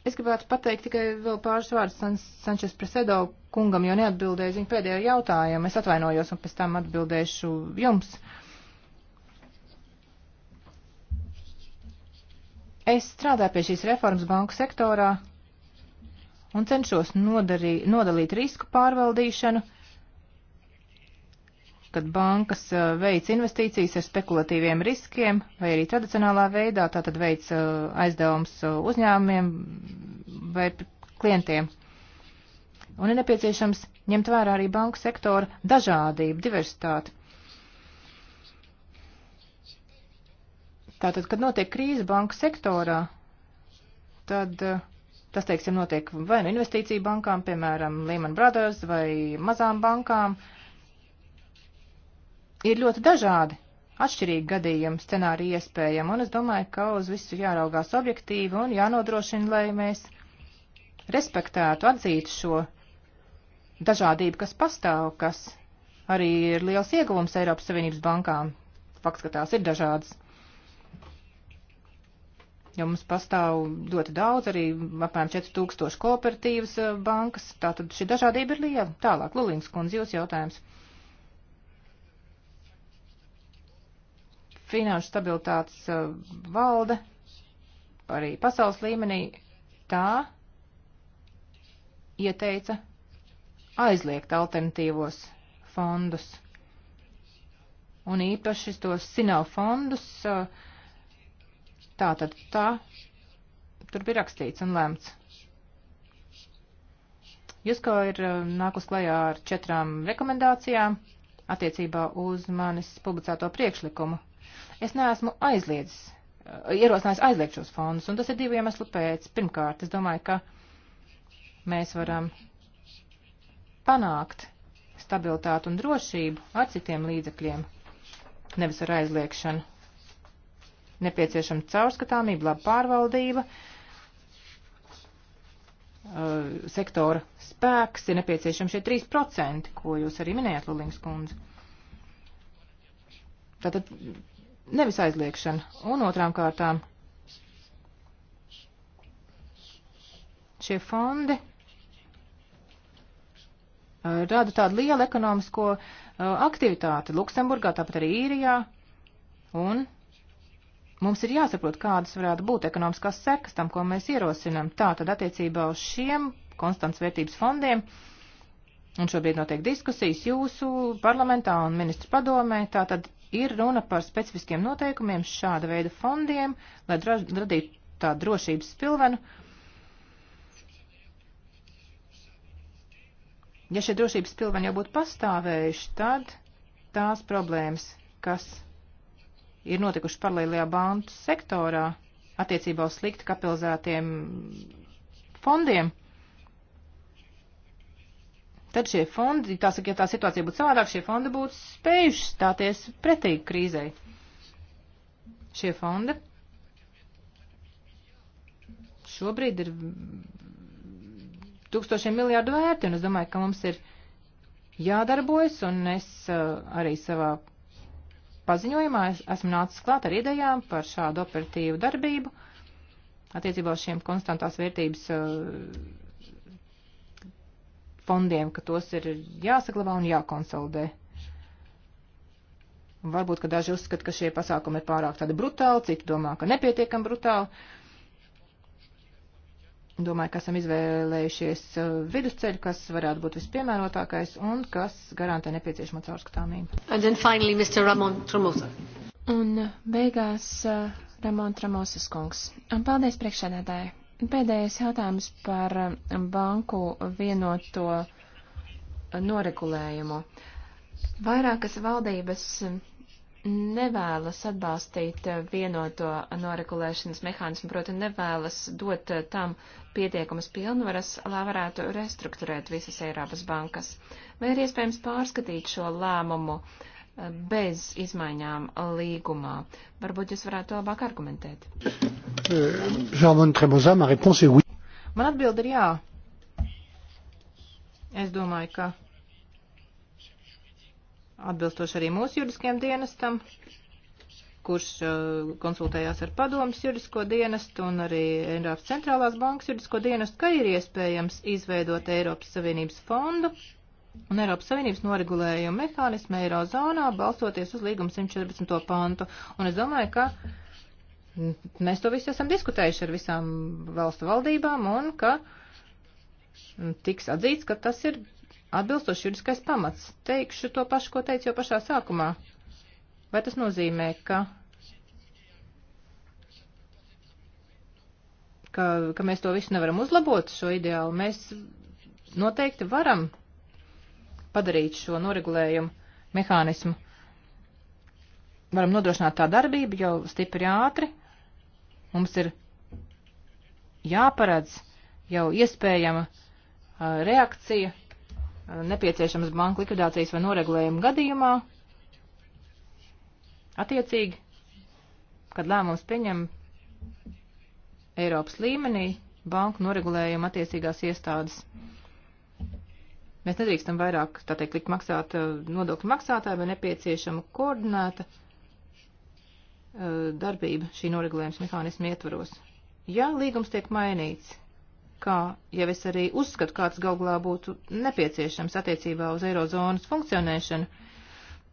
Es gribētu pateikt tikai vēl pāris vārdus San Sančes Presedo kungam, jo neatbildēju viņa pēdējo jautājumu. Es atvainojos un pēc tam atbildēšu jums. Es strādāju pie šīs reformas banku sektorā un cenšos nodarī, nodalīt risku pārvaldīšanu kad bankas uh, veic investīcijas ar spekulatīviem riskiem vai arī tradicionālā veidā, tātad veic uh, aizdevums uh, uzņēmumiem vai klientiem. Un ir nepieciešams ņemt vērā arī banku sektora dažādību, diversitāti. Tātad, kad notiek krīze banku sektorā, tad tas, teiksim, notiek vai nu investīciju bankām, piemēram, Lehman Brothers vai mazām bankām, uh, ir ļoti dažādi, atšķirīgi gadījumi scenāriji iespējami, un es domāju, ka uz visu jāraugās objektīvi un jānodrošina, lai mēs respektētu, atzītu šo dažādību, kas pastāv, kas arī ir liels ieguvums Eiropas Savienības bankām. Fakts, ka tās ir dažādas. Jo mums pastāv ļoti daudz, arī apmēram 4000 kooperatīvas eh, bankas, tātad šī dažādība ir liela. Tālāk, Lulīngas kundze, jūs jautājums. finanšu stabilitātes uh, valde, arī pasaules līmenī, tā ieteica aizliegt alternatīvos fondus. Un īpaši tos sinau fondus, uh, tā tad tā, tur bija rakstīts un lemts. Jusko ir uh, nākus klajā ar četrām rekomendācijām attiecībā uz manis publicēto priekšlikumu Es neesmu aizliedzis, eh, ierosinājis aizliegt šos fondus, un tas ir divi iemesli pēc. Pirmkārt, es domāju, ka mēs varam panākt stabilitātu un drošību ar citiem līdzekļiem, nevis ar aizliekšanu. Nepieciešama caurskatāmība, laba pārvaldība, eh, sektora spēks, ir nepieciešami šie 3%, ko jūs arī minējāt, Lulings kundze. Tātad nevis aizliekšana. Un otrām kārtām šie fondi uh, rada tādu lielu ekonomisko uh, aktivitāti Luksemburgā, tāpat arī īrijā. Un mums ir jāsaprot, kādas varētu būt ekonomiskās sekas tam, ko mēs ierosinam. Tā tad attiecībā uz šiem konstants vērtības fondiem. Un šobrīd notiek diskusijas jūsu parlamentā un ministru padomē. Tātad ir runa par specifiskiem noteikumiem šāda veida fondiem, lai radītu tādu drošības pilvenu. Ja šie drošības pilveni jau būtu pastāvējuši, tad tās problēmas, kas ir notikušas paralēlajā bantu sektorā attiecībā uz slikti kapitalizētiem fondiem, tad šie fondi, tā saka, ja tā situācija būtu savādāk, šie fondi būtu spējuši stāties pretīgi krīzei. Šie fondi šobrīd ir tūkstošiem miljārdu vērti, un es domāju, ka mums ir jādarbojas, un es uh, arī savā paziņojumā es, esmu nācis klāt ar idejām par šādu operatīvu darbību attiecībā uz šiem konstantās vērtības uh, fondiem, ka tos ir jāsaglabā un jākonsolidē. Un varbūt, ka daži uzskata, ka šie pasākumi ir pārāk tādi brutāli, citi domā, ka nepietiekam brutāli. Domāju, ka esam izvēlējušies uh, vidusceļu, kas varētu būt vispiemērotākais un kas garantē nepieciešamo caurskatāmību.
Un uh, beigās uh, Ramon Tramosas kungs. Un paldies priekšsēdētāji. Pēdējais jautājums par banku vienoto noregulējumu. Vairākas valdības nevēlas atbalstīt vienoto noregulēšanas mehānismu, proti nevēlas dot tam pietiekamas pilnvaras, lai varētu restruktūrēt visas Eiropas bankas. Vai ir iespējams pārskatīt šo lēmumu bez izmaiņām līgumā? Varbūt jūs varētu to labāk argumentēt.
Žālman euh, Tremozā, man réponse ir oui.
Man atbild ir jā.
Es domāju, ka atbilstoši arī mūsu juridiskajam dienestam, kurš uh, konsultējās ar padomus juridisko dienestu un arī Eiropas centrālās bankas juridisko dienestu, ka ir iespējams izveidot Eiropas Savienības fondu un Eiropas Savienības noregulējumu mehānismu Eirozonā, balstoties uz līguma 114. pantu. Un es domāju, ka Mēs to visu esam diskutējuši ar visām valstu valdībām un ka tiks atzīts, ka tas ir atbilstoši juridiskais pamats. Teikšu to pašu, ko teicu jau pašā sākumā. Vai tas nozīmē, ka, ka, ka mēs to visu nevaram uzlabot, šo ideālu? Mēs noteikti varam padarīt šo noregulējumu mehānismu. Varam nodrošināt tā darbību jau stipri ātri, Mums ir jāparedz jau iespējama uh, reakcija uh, nepieciešams banku likvidācijas vai noregulējuma gadījumā. Attiecīgi, kad lēmums pieņem Eiropas līmenī banku noregulējuma attiecīgās iestādes. Mēs nedrīkstam vairāk, tā teikt, likt maksāt uh, nodokļu maksātāju, bet nepieciešama koordinēta darbība šī noregulējums mehānismu ietvaros. Ja līgums tiek mainīts, kā jau es arī uzskatu, kāds galvā būtu nepieciešams attiecībā uz eirozonas funkcionēšanu,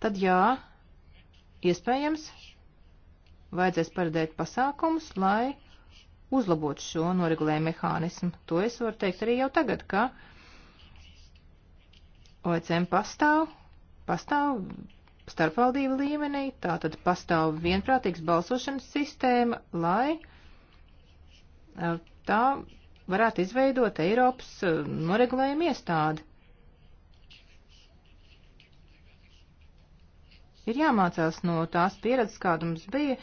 tad jā, iespējams, vajadzēs paredzēt pasākumus, lai uzlabotu šo noregulējumu mehānismu. To es varu teikt arī jau tagad, ka OECM pastāv, pastāv starpvaldību līmenī, tātad pastāv vienprātīgs balsošanas sistēma, lai tā varētu izveidot Eiropas noregulējumu iestādi. Ir jāmācās no tās pieredzes, kāda mums bija.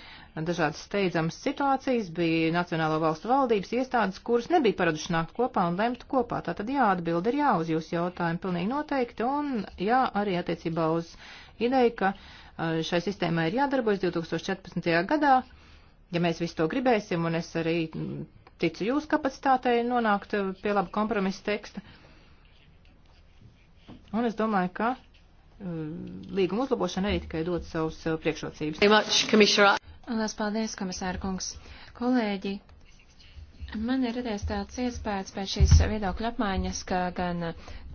Dažādas steidzamas situācijas bija Nacionālo valstu valdības iestādes, kuras nebija paraduši nākt kopā un lemt kopā. Tātad jāatbild ir jā uz jūsu jautājumu pilnīgi noteikti un jā arī attiecībā uz ideja, ka šai sistēmai ir jādarbojas 2014. gadā, ja mēs visu to gribēsim, un es arī ticu jūsu kapacitātei nonākt pie laba kompromisa teksta. Un es domāju, ka līguma uzlabošana arī tikai dod savus priekšrocības. Lielas
paldies, komisāra kungs. Kolēģi, Man ir radies tāds iespējas pēc šīs viedokļa apmaiņas, ka gan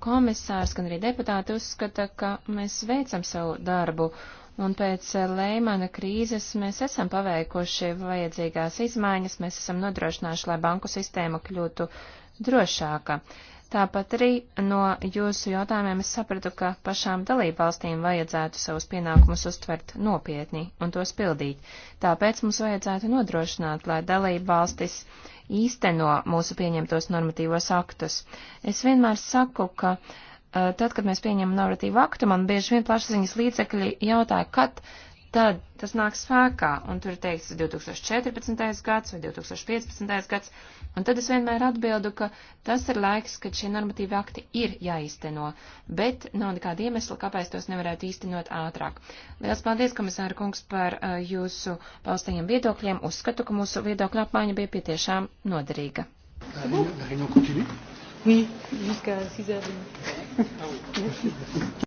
komisārs, gan arī deputāti uzskata, ka mēs veicam savu darbu, un pēc Leimana krīzes mēs esam paveikuši vajadzīgās izmaiņas, mēs esam nodrošinājuši, lai banku sistēma kļūtu drošāka. Uh, Tāpat arī no jūsu jautājumiem es sapratu, ka pašām dalībvalstīm vajadzētu savus pienākumus uztvert nopietni un tos pildīt. Tāpēc mums vajadzētu nodrošināt, lai dalībvalstis īsteno mūsu pieņemtos normatīvos aktus. Es vienmēr saku, ka eh, tad, kad mēs pieņemam normatīvu aktu, man bieži vien plašsaziņas līdzekļi jautāja, kad tad tas nāks spēkā, un tur ir teikts 2014. gads vai 2015. gads, un tad es vienmēr atbildu, ka tas ir laiks, kad šie normatīvi akti ir jāizteno, bet nav nekāda iemesla, kāpēc tos nevarētu īstenot ātrāk. Lielas paldies, komisāra kungs, par uh, jūsu paustajiem viedokļiem. Uzskatu, ka mūsu viedokļa apmaiņa bija pietiešām noderīga. La réunion,
la réunion continue
Oui, jusqu'à 6h30. Ah oui.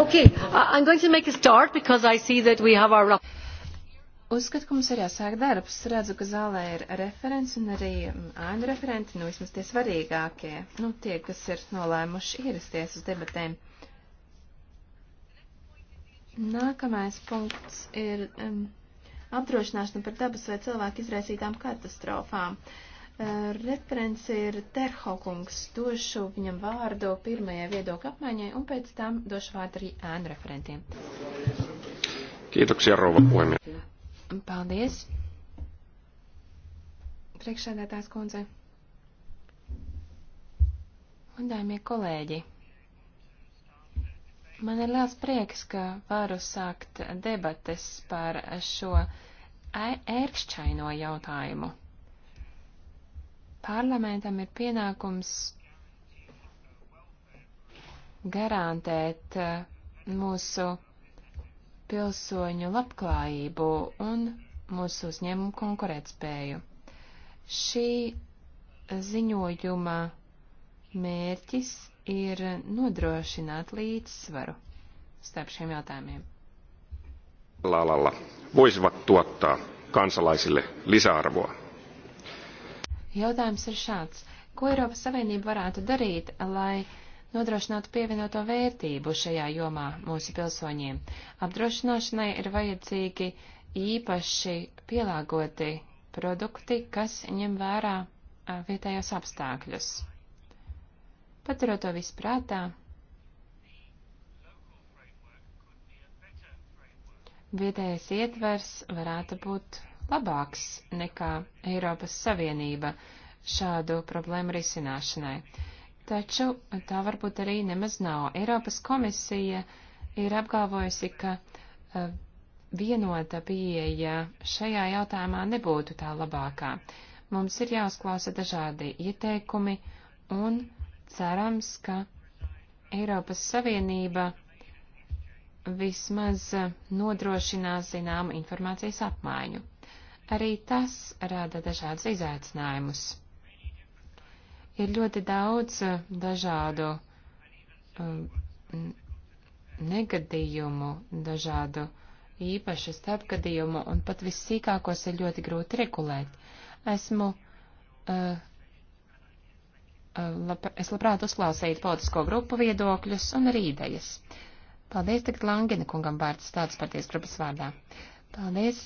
Okay, I'm going to make a start because I see that we have our... Uzskat, ka mums ir jāsāk darbs. Redzu, ka zālē ir referents un arī ānu mm, referenti, nu vismaz tie svarīgākie, nu tie, kas ir nolēmuši ierasties uz debatēm. Nākamais punkts ir um, apdrošināšana par dabas vai cilvēku izraisītām katastrofām. Uh, Eh, referents ir Terhokungs. Došu viņam vārdu pirmajai viedokļa apmaiņai un pēc tam došu vārdu arī ēnu referentiem. Kiitoksia, rouva puhemies. Paldies. Priekšsēdētājs kundze. Godājumie kolēģi. Man ir liels prieks, ka varu sākt debates par šo ērkšķaino jautājumu parlamentam ir pienākums garantēt uh, mūsu pilsoņu labklājību un mūsu uzņēmumu konkurētspēju. Šī ziņojuma mērķis ir nodrošināt līdzsvaru starp šiem jautājumiem.
Alalla voisivat tuottaa kansalaisille lisäarvoa.
Jautājums ir šāds. Ko Eiropas Savienība varētu darīt, lai nodrošinātu pievienoto vērtību šajā jomā mūsu pilsoņiem? Apdrošināšanai ir vajadzīgi īpaši pielāgoti produkti, kas ņem vērā vietējos apstākļus. Paturot to visprātā, vietējais ietvers varētu būt labāks nekā Eiropas Savienība šādu problēmu risināšanai. Taču tā varbūt arī nemaz nav. Eiropas komisija ir apgalvojusi, ka uh, vienota pieeja šajā jautājumā nebūtu tā labākā. Mums ir jāuzklausa dažādi ieteikumi un cerams, ka Eiropas Savienība vismaz nodrošinās zināmu informācijas apmaiņu arī tas rada dažādus izaicinājumus. Ir ļoti daudz eh, dažādu um, negadījumu, dažādu īpašu starpgadījumu, un pat vissīkākos ir ļoti grūti regulēt. Esmu, uh, eh, lab, es labprāt uzklausītu politisko grupu viedokļus un arī idejas. Paldies tagad Langina kungam vārds tāds parties grupas vārdā. Paldies!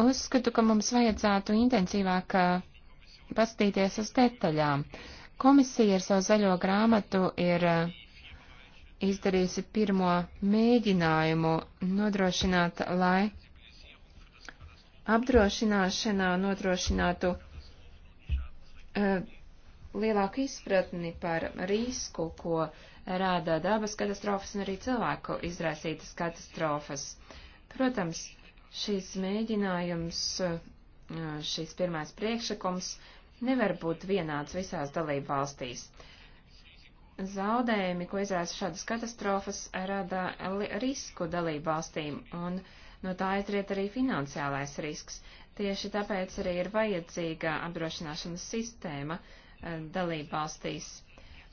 Uzskatu, ka mums vajadzētu intensīvāk eh, paskatīties uz detaļām. Komisija ar savu zaļo grāmatu ir eh, izdarījusi pirmo mēģinājumu nodrošināt, lai apdrošināšanā nodrošinātu uh, lielāku izpratni par risku, ko rāda dabas katastrofas un arī cilvēku izraisītas katastrofas. Protams, Šīs mēģinājums, šīs pirmais priekšakums nevar būt vienāds visās dalību valstīs. Zaudējumi, ko izraisa šādas katastrofas, rada risku dalību valstīm, un no tā izriet arī finansiālais risks. Tieši tāpēc arī ir vajadzīga apdrošināšanas sistēma dalību valstīs.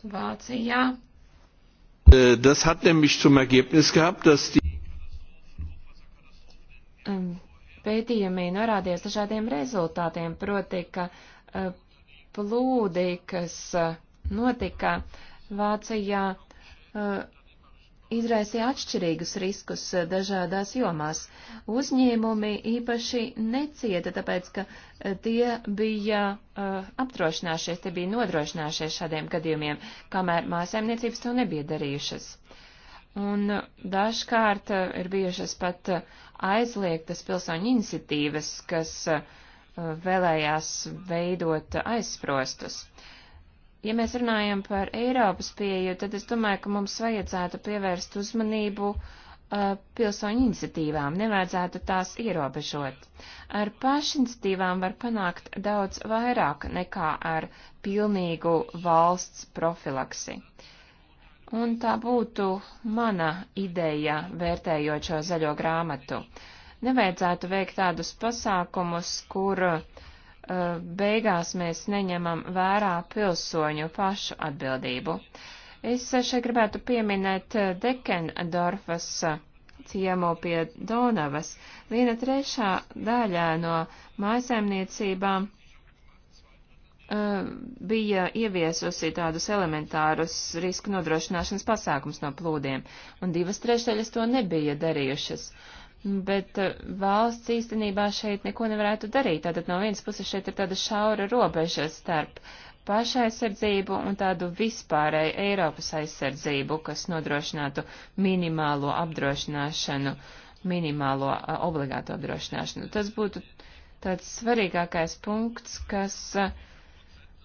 Vācijā. Äh, das hat nämlich zum Ergebnis gehabt, dass die Um, pētījumi norādījis dažādiem rezultātiem, proti, ka uh, plūdi, kas uh, notika Vācijā, uh, izraisīja atšķirīgus riskus dažādās jomās. Uzņēmumi īpaši necieta, tāpēc, ka tie bija uh, apdrošināšies, tie bija nodrošināšies šādiem gadījumiem, kamēr māsēmniecības to nebija darījušas. Uh, Un dažkārt eh, ir bijušas pat eh, aizliegtas pilsoņu iniciatīvas, kas eh, vēlējās veidot aizsprostus. Ja mēs runājam par Eiropas pieeju, tad es domāju, ka mums vajadzētu pievērst uzmanību uh, pilsoņu iniciatīvām, nevajadzētu tās ierobežot. Ar pašiniciatīvām var panākt daudz vairāk nekā ar pilnīgu valsts profilaksi. Uh, Un tā būtu mana ideja, vērtējot šo zaļo grāmatu. Nevajadzētu veikt tādus pasākumus, kur uh, beigās mēs neņemam vērā pilsoņu pašu atbildību. Es šeit gribētu pieminēt eh, Dekendorfas eh, ciemu pie Donavas. Viena trešā daļā no mājasēmniecībām bija ieviesusi tādus elementārus risku nodrošināšanas pasākums no plūdiem, un divas trešdaļas to nebija darījušas. Bet valsts īstenībā šeit neko nevarētu darīt. Tātad no vienas puses šeit ir tāda šaura robeža starp pašaizsardzību un tādu vispārēju Eiropas aizsardzību, kas nodrošinātu minimālo apdrošināšanu, minimālo a, obligātu apdrošināšanu. Tas būtu tāds svarīgākais punkts, kas uh,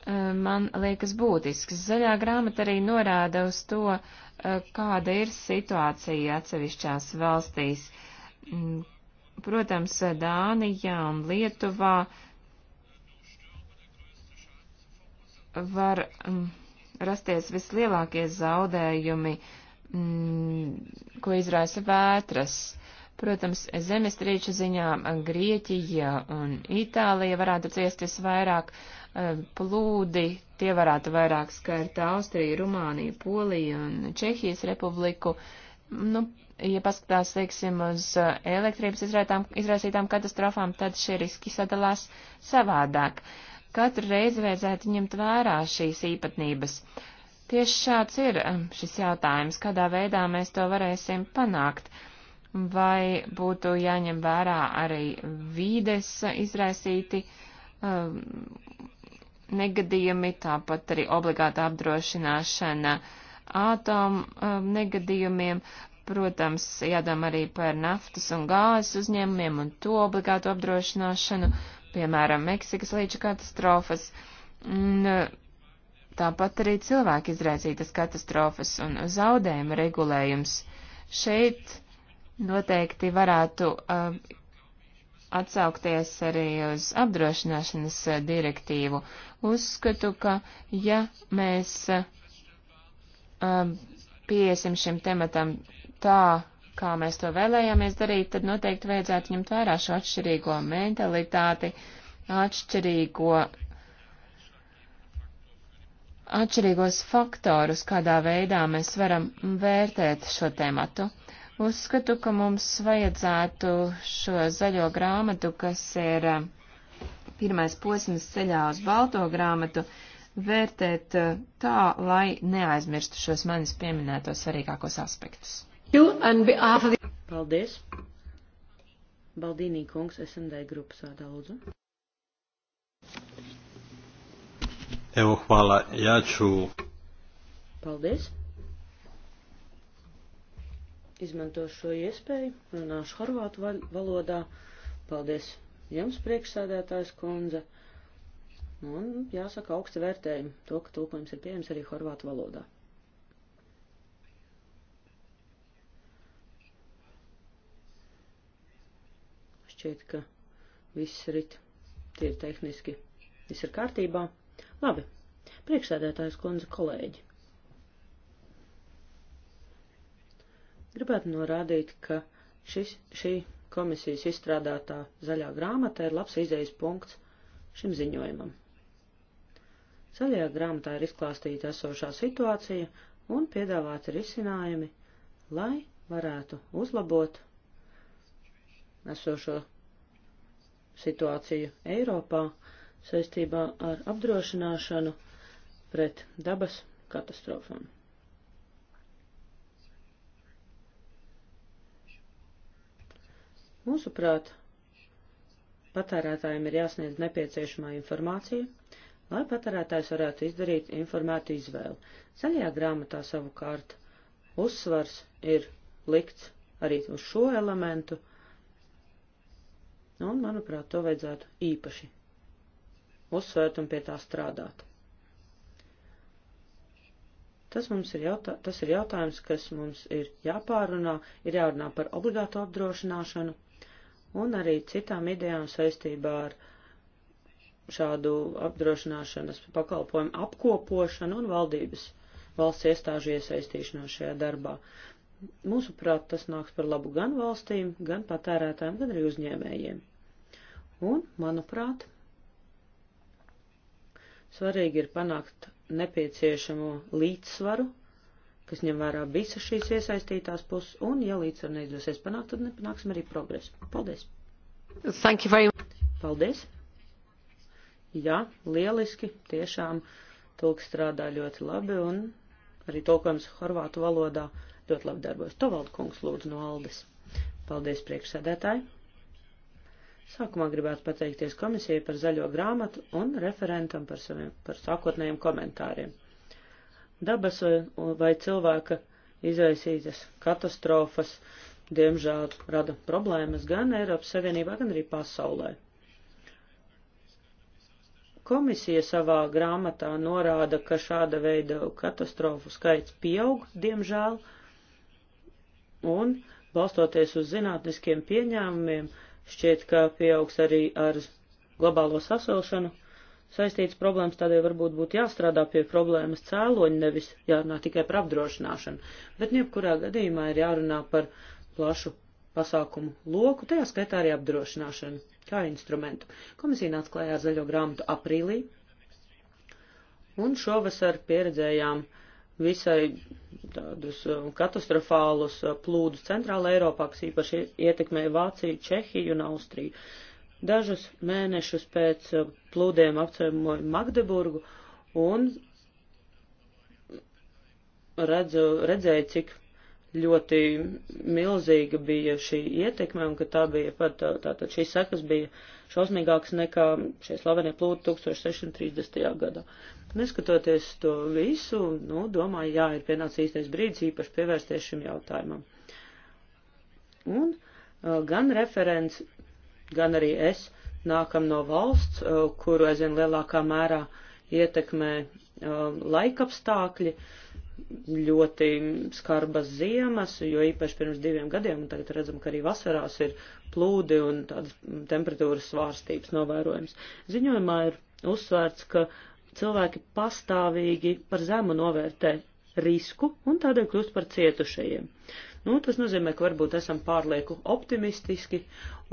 Eh, man liekas būtisks. Zaļā grāmata arī norāda uz to, eh, kāda ir situācija atsevišķās valstīs. Mm, protams, Dānijā un Lietuvā var mm, rasties vislielākie zaudējumi, mm, ko izraisa vētras. Protams, zemestrīču ziņā Grieķija un Itālija varētu ciest visvairāk, vairāk Eh, plūdi, tie varētu vairāk skart Austriju, Rumāniju, Poliju un Čehijas republiku. Nu, ja paskatās, teiksim, uz eh, elektrības izraitām, izraisītām katastrofām, tad šie riski sadalās savādāk. Katru reizi vajadzētu ņemt vērā šīs īpatnības. Tieši šāds ir eh, šis jautājums, kādā veidā mēs to varēsim panākt vai būtu jāņem vērā arī vīdes izraisīti um, negadījumi, tāpat arī obligāta apdrošināšana ātomu um, negadījumiem. Protams, jādomā arī par naftas un gāzes uzņēmumiem un to obligātu apdrošināšanu, piemēram, Meksikas līča katastrofas. Un, uh, tāpat arī cilvēku izraisītas katastrofas un zaudējuma regulējums. Šeit noteikti varētu uh, atsaukties arī uz apdrošināšanas eh, direktīvu. Uzskatu, ka ja mēs eh, um, piesim šim tematam tā, kā mēs to vēlējāmies darīt, tad noteikti vajadzētu ņemt vērā šo atšķirīgo mentalitāti, atšķirīgo atšķirīgos faktorus, kādā veidā mēs varam vērtēt šo tematu. Uzskatu, ka mums vajadzētu šo zaļo grāmatu, kas ir eh, pirmais posms ceļā uz balto grāmatu, vērtēt eh, tā, lai neaizmirstu šos manis pieminētos svarīgākos aspektus.
Paldies! Baldīnī kungs, SND grupas vārdā lūdzu.
Evo, hvala, ja ću...
Paldies! izmantošu šo iespēju, runāšu horvātu valodā. Paldies jums, priekšsādātājs kundze. Un jāsaka augsta vērtējuma to, ka tūkojums ir pieejams arī horvātu valodā. Šķiet, ka viss rit tīri tehniski. Viss ir kārtībā. Labi. Priekšsēdētājs kundze kolēģi. Gribētu norādīt, ka šis, šī komisijas izstrādātā zaļā grāmata ir labs izējas punkts šim ziņojumam. Zaļajā grāmatā ir izklāstīta esošā situācija un piedāvāti risinājumi, lai varētu uzlabot esošo situāciju Eiropā saistībā ar apdrošināšanu pret dabas katastrofām. Mūsuprāt, patērētājiem ir jāsniedz nepieciešamā informācija, lai patērētājs varētu izdarīt informētu izvēli. Zaļajā grāmatā savukārt uzsvars ir likts arī uz šo elementu, un, manuprāt, to vajadzētu īpaši uzsvērt un pie tā strādāt. Tas, mums ir jautā, tas ir jautājums, kas mums ir jāpārunā, ir jārunā par obligātu apdrošināšanu, un arī citām idejām saistībā ar šādu apdrošināšanas pakalpojumu apkopošanu un valdības valsts iestāžu iesaistīšanos šajā darbā. Mūsuprāt, tas nāks par labu gan valstīm, gan patērētājiem, gan arī uzņēmējiem. Un, manuprāt, svarīgi ir panākt nepieciešamo līdzsvaru kas ņem vērā visas šīs iesaistītās puses, un, ja līdzsvaru neizdosies panākt, tad nepanāksim arī progresu. Paldies!
Thank you very much!
Paldies! Jā, lieliski, tiešām tulk strādā ļoti labi, un arī tulkojums horvātu valodā ļoti labi darbojas. Tovald kungs lūdzu no Aldes. Paldies priekšsēdētāji! Sākumā gribētu pateikties komisijai par zaļo grāmatu un referentam par, saviem, par sākotnējiem komentāriem. Dabas vai, vai cilvēka izraisītas katastrofas, diemžēl, rada problēmas gan Eiropas Savienībā, gan arī pasaulē. Komisija savā grāmatā norāda, ka šāda veida katastrofu skaits pieaug, diemžēl, un, balstoties uz zinātniskiem pieņēmumiem, šķiet, ka pieaugs arī ar globālo sasilšanu saistītas problēmas, tādēļ varbūt būtu jāstrādā pie problēmas cēloņa, nevis jārunā tikai par apdrošināšanu. Bet jebkurā gadījumā ir jārunā par plašu pasākumu loku, tajā skaitā arī apdrošināšanu kā instrumentu. Komisija nāca klājā ar zaļo grāmatu aprīlī, un šovasar pieredzējām visai tādus uh, katastrofālus uh, plūdus centrāla Eiropā, kas īpaši ietekmēja Vāciju, Čehiju un Austriju. Uh, Dažus mēnešus pēc uh, plūdiem apceļoju Magdeburgu un redzu, redzēju, cik ļoti milzīga bija šī ietekme un ka tā bija pat, uh, tātad tā, šīs sekas bija šausmīgākas nekā šie slavenie plūdi 1630. gadā. Neskatoties to visu, nu, domāju, jā, ir pienācis īstais brīdis īpaši pievērsties šim jautājumam. Un uh, gan referents, gan arī es nākam no valsts, uh, kuru aizvien lielākā mērā ietekmē uh, laikapstākļi, ļoti skarbas ziemas, jo īpaši pirms diviem gadiem, un tagad redzam, ka arī vasarās ir plūdi un tādas temperatūras svārstības novērojams. Ziņojumā ir uzsvērts, ka cilvēki pastāvīgi par zemu novērtē risku un tādēļ kļūst par cietušajiem. Nu, tas nozīmē, ka varbūt esam pārlieku optimistiski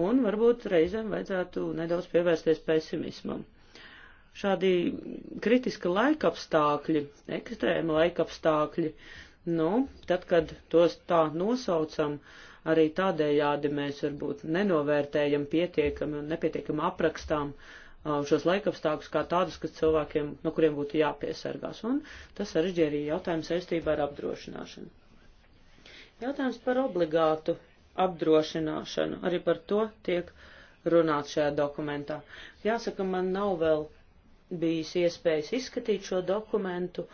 un varbūt reizēm vajadzētu nedaudz pievērsties pesimismam. Šādi kritiska laikapstākļi, ekstrēma laikapstākļi, nu, tad, kad tos tā nosaucam, arī tādējādi mēs varbūt nenovērtējam pietiekami un nepietiekami aprakstām uh, šos laikapstākļus kā tādus, kas cilvēkiem, no kuriem būtu jāpiesargās. Un tas sarežģīja arī jautājums saistībā ar apdrošināšanu. Jautājums par obligātu apdrošināšanu. Arī par to tiek runāts šajā dokumentā. Jāsaka, man nav vēl bijis iespējas izskatīt šo dokumentu.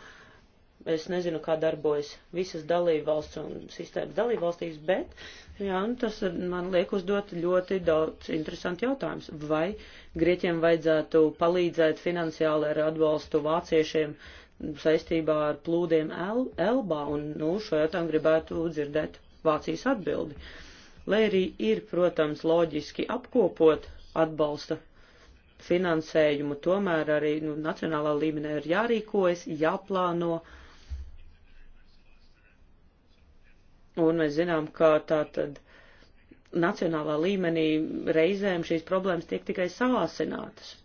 Es nezinu, kā darbojas visas dalībvalsts un sistēmas dalībvalstīs, bet jā, nu, tas man liek uzdot ļoti daudz interesantu jautājumus. Vai Grieķiem vajadzētu palīdzēt finansiāli ar atbalstu vāciešiem saistībā ar plūdiem El Elbā, un, nu, šo jautājumu gribētu dzirdēt Vācijas atbildi. Lai arī ir, protams, loģiski apkopot atbalsta finansējumu, tomēr arī nu, nacionālā līmenī ir jārīkojas, jāplāno. Un mēs zinām, ka tā tad nacionālā līmenī reizēm šīs problēmas tiek tikai sāsinātas.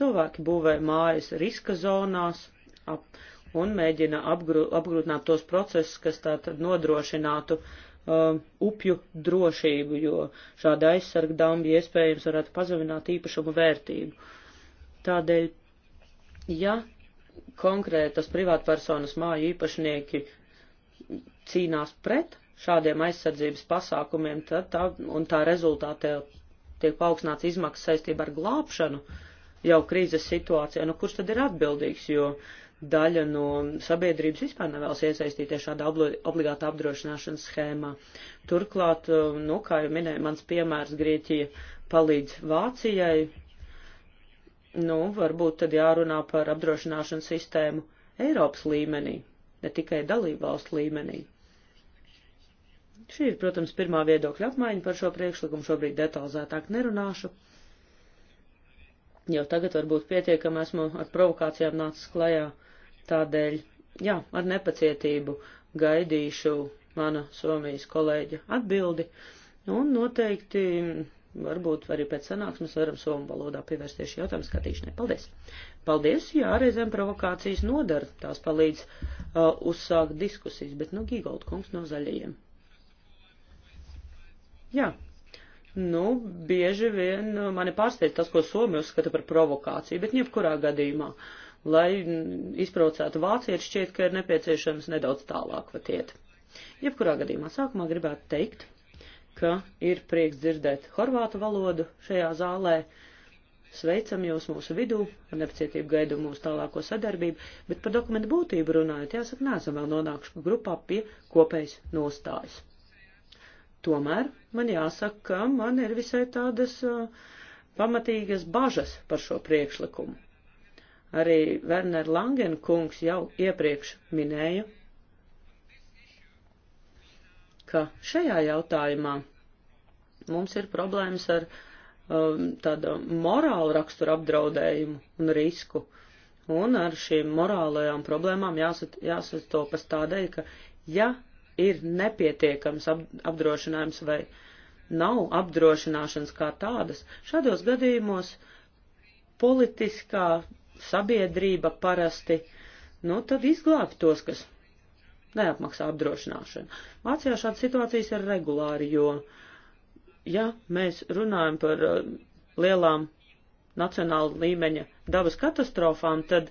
Cilvēki būvē mājas riska zonās, ap, un mēģina apgrū, apgrūtināt tos procesus, kas tātad nodrošinātu uh, upju drošību, jo šāda aizsarga damba iespējams varētu pazemināt īpašumu vērtību. Tādēļ, ja konkrētas privātpersonas māju īpašnieki cīnās pret šādiem aizsardzības pasākumiem, tad tā, un tā rezultātē tiek paaugstināts izmaksas saistībā ar glābšanu jau krīzes situācijā, nu kurš tad ir atbildīgs, jo uh, daļa no sabiedrības vispār nevēlas iesaistīties šādā obligātā apdrošināšanas schēmā. Turklāt, uh, nu, kā jau minēja mans piemērs, Grieķija palīdz Vācijai, nu, varbūt tad jārunā par apdrošināšanas sistēmu Eiropas līmenī, ne tikai dalībvalstu līmenī. Šī ir, protams, pirmā viedokļa apmaiņa par šo priekšlikumu, šobrīd detalizētāk nerunāšu. Jau tagad varbūt pietiekami esmu ar provokācijām nācis klajā. Tādēļ, jā, ar nepacietību gaidīšu mana Somijas kolēģa atbildi, un noteikti varbūt arī pēc sanāksmes varam somu valodā pievērsties šī jautājuma skatīšanai. Paldies! Paldies, jā, reizēm provokācijas nodara, tās palīdz uh, uzsākt diskusijas, bet nu Gīgold kungs no zaļajiem. Jā, nu, bieži vien uh, mani pārsteidz tas, ko Somi uzskata par provokāciju, bet jebkurā gadījumā. Uh, lai izbraucētu vācieši, šķiet, ka ir nepieciešams nedaudz tālāk pat iet. Jebkurā gadījumā sākumā gribētu teikt, ka ir prieks dzirdēt horvātu valodu šajā zālē. Sveicam jūs mūsu vidū, ar nepacietību gaidu mūsu tālāko sadarbību, bet par dokumentu būtību runājot, jāsaka, neesam vēl nonākuši grupā pie kopējas nostājas. Tomēr man jāsaka, ka man ir visai tādas uh, pamatīgas bažas par šo priekšlikumu arī Werner Langen kungs jau iepriekš minēja, ka šajā jautājumā mums ir problēmas ar um, tādu morālu raksturu apdraudējumu un risku. Un ar šīm morālajām problēmām jāsat, jāsastopas tādēļ, ka ja ir nepietiekams ap, apdrošinājums vai nav apdrošināšanas kā tādas, šādos gadījumos politiskā sabiedrība parasti, nu, tad izglābt tos, kas neapmaksā apdrošināšanu. Vācijā šādas situācijas ir regulāri, jo, ja mēs runājam par uh, lielām nacionāla līmeņa dabas katastrofām, tad,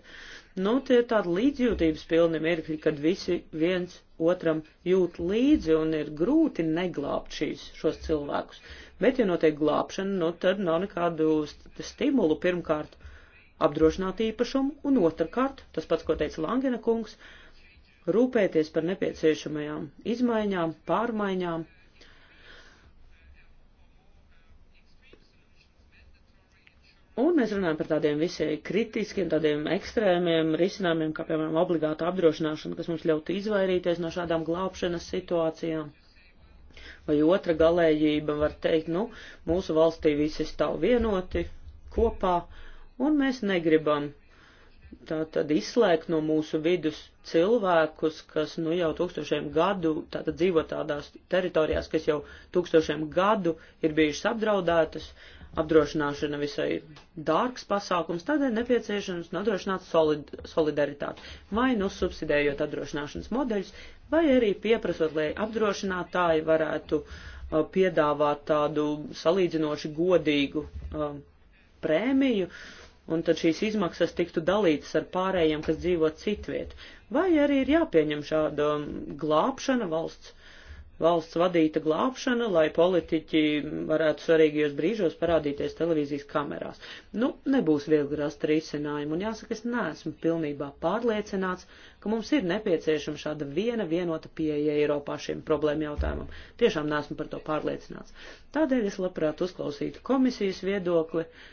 nu, tie ir tādi līdzjūtības pilni mirkļi, kad visi viens otram jūt līdzi un ir grūti neglābt šīs, šos cilvēkus. Bet, ja notiek glābšana, nu, tad nav nekādu stimulu pirmkārt apdrošināt īpašumu, un otrkārt, tas pats, ko teica Langena kungs, rūpēties par nepieciešamajām izmaiņām, pārmaiņām. Un mēs runājam par tādiem visai kritiskiem, tādiem ekstrēmiem risinājumiem, kā piemēram obligāta apdrošināšana, kas mums ļautu izvairīties no šādām glābšanas situācijām. Vai otra galējība var teikt, nu, mūsu valstī visi stāv vienoti, kopā, uh, un mēs negribam tā tad izslēgt no mūsu vidus cilvēkus, kas nu jau tūkstošiem gadu tātad dzīvo tādās teritorijās, kas jau tūkstošiem gadu ir bijušas apdraudētas, apdrošināšana visai dārgs pasākums, tādēļ nepieciešams nodrošināt solid, solidaritāti, vai nu subsidējot apdrošināšanas modeļus, vai arī pieprasot, lai apdrošinātāji varētu uh, piedāvāt tādu salīdzinoši godīgu uh, prēmiju, uh, un tad šīs izmaksas tiktu dalītas ar pārējiem, kas dzīvo citviet. Vai arī ir jāpieņem šāda glābšana valsts, valsts vadīta glābšana, lai politiķi varētu svarīgajos brīžos parādīties televīzijas kamerās. Nu, nebūs viegli rast risinājumu, un jāsaka, es neesmu pilnībā pārliecināts, ka mums ir nepieciešama šāda viena vienota pieeja Eiropā šiem problēmu jautājumam. Tiešām neesmu par to pārliecināts. Tādēļ es labprāt uzklausītu komisijas viedokli. Uh,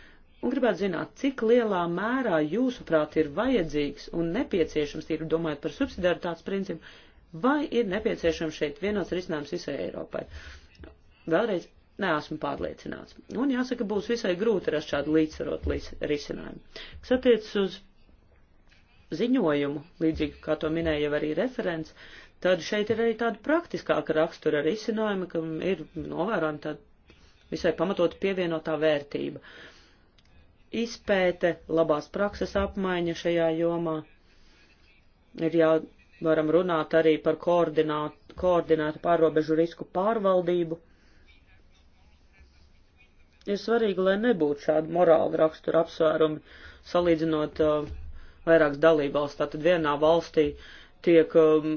Un gribētu zināt, cik lielā mērā jūsuprāt ir vajadzīgs un nepieciešams, tīri domājot par subsidiaritātes principu, vai ir nepieciešams šeit vienots risinājums visai Eiropai. Vēlreiz neesmu pārliecināts. Un jāsaka, būs visai grūti rast šādu līdzsvarot risinājumu. Kas attiecas uz ziņojumu, līdzīgi kā to minēja arī referents, tad šeit ir arī tāda praktiskāka rakstura risinājuma, kam ir novērojama tāda visai pamatot pievienotā vērtība. Uh, izpēte, labās prakses apmaiņa šajā jomā. Ir jā, varam runāt arī par koordinētu pārobežu risku pārvaldību. Ir svarīgi, lai nebūtu šādi morāla rakstura apsvērumi, salīdzinot uh, vairākas dalībvalsts. Tātad vienā valstī tiek, um,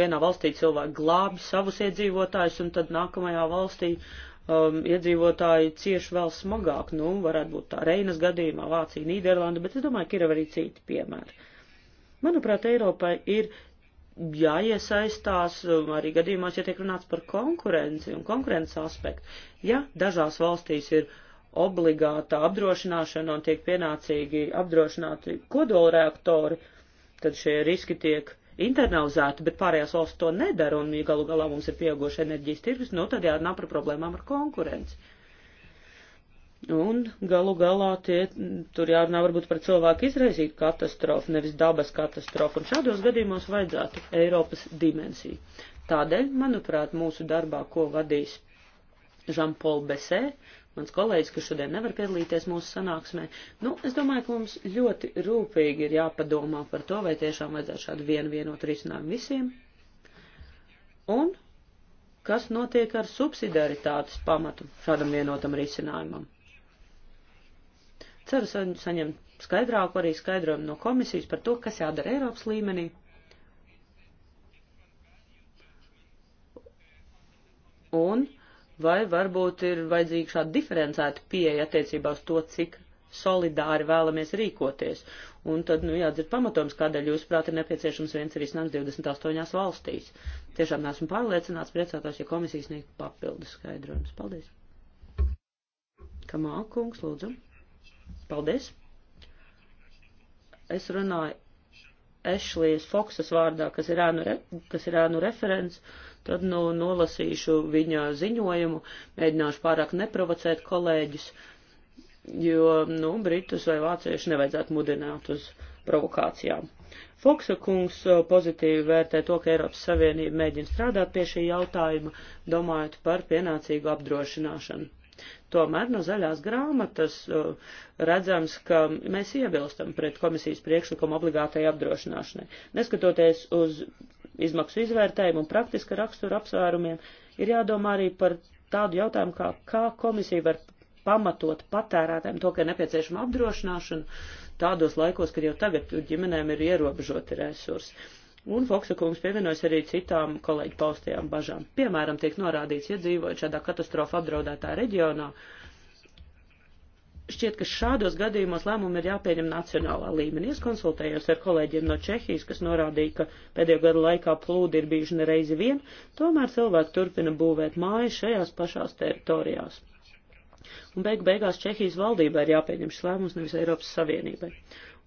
vienā valstī cilvēki glābi savus iedzīvotājus, un tad nākamajā valstī uh, um, iedzīvotāji cieši vēl smagāk, nu, varētu būt tā Reinas gadījumā, Vācija, Nīderlanda, bet es domāju, ka ir arī citi piemēri. Manuprāt, Eiropai ir jāiesaistās um, arī gadījumos, ja tiek runāts par konkurenci un konkurences aspektu. Ja dažās valstīs ir obligātā apdrošināšana un tiek pienācīgi apdrošināti kodolreaktori, tad šie riski tiek internalizēti, bet pārējās valsts to nedara, un ja galu galā mums ir pieauguši enerģijas tirgus, nu tad jārunā par problēmām ar konkurenci. Un galu galā tie, tur jārunā varbūt par cilvēku izraisītu katastrofu, nevis dabas katastrofu, un šādos gadījumos vajadzētu Eiropas dimensiju. Tādēļ, manuprāt, mūsu darbā, ko vadīs Žanpola Besē, mans kolēģis, kas šodien nevar piedalīties mūsu sanāksmē. Nu, es domāju, ka mums ļoti rūpīgi ir jāpadomā par to, vai tiešām vajadzētu šādu vienu vienotu risinājumu visiem. Un kas notiek ar subsidiaritātes pamatu šādam vienotam risinājumam. Ceru saņemt skaidrāku arī skaidrojumu no komisijas par to, kas jādara Eiropas līmenī. Un uh, vai varbūt ir vajadzīga šāda diferencēta pieeja attiecībā uz to, cik solidāri vēlamies rīkoties. Un tad, nu, jādzird pamatojums, kādēļ jūs prāt ir nepieciešams viens arī snaks 28 valstīs. Tiešām neesmu pārliecināts, priecātos, ja komisijas sniegt papildus skaidrojumus. Paldies. Kamā, kungs, lūdzu. Paldies. Es runāju Ešlijas Foksas vārdā, kas ir ēnu, re, kas ir ēnu referents, tad nu nolasīšu viņa ziņojumu, mēģināšu pārāk neprovocēt kolēģis, jo, nu, Britus vai vācieši nevajadzētu mudināt uz provokācijām. Foksa kungs eh, pozitīvi vērtē to, ka Eiropas Savienība mēģina strādāt pie šī jautājuma, domājot par pienācīgu apdrošināšanu. Tomēr no zaļās grāmatas uh, redzams, ka mēs iebilstam pret komisijas priekšlikumu obligātai apdrošināšanai. Neskatoties uz izmaksu izvērtējumu un praktiska rakstura apsvērumiem, ir jādomā arī par tādu jautājumu, kā, kā komisija var pamatot patērētājiem to, ka ir nepieciešama apdrošināšana tādos laikos, kad jau tagad ģimenēm ir ierobežoti resursi. Un Foksa kungs pievienojas arī citām kolēģi paustajām bažām. Piemēram, tiek norādīts, ja dzīvojat šādā katastrofa apdraudētā reģionā, šķiet, ka šādos gadījumos lēmumi ir jāpieņem nacionālā līmenī. Es konsultējos ar kolēģiem no Čehijas, kas norādīja, ka pēdējo gadu laikā plūdi ir bijuši nereizi vien, tomēr cilvēki turpina būvēt mājas šajās pašās teritorijās. Un beig beigās Čehijas valdībai ir jāpieņem šis lēmums, nevis Eiropas Savienībai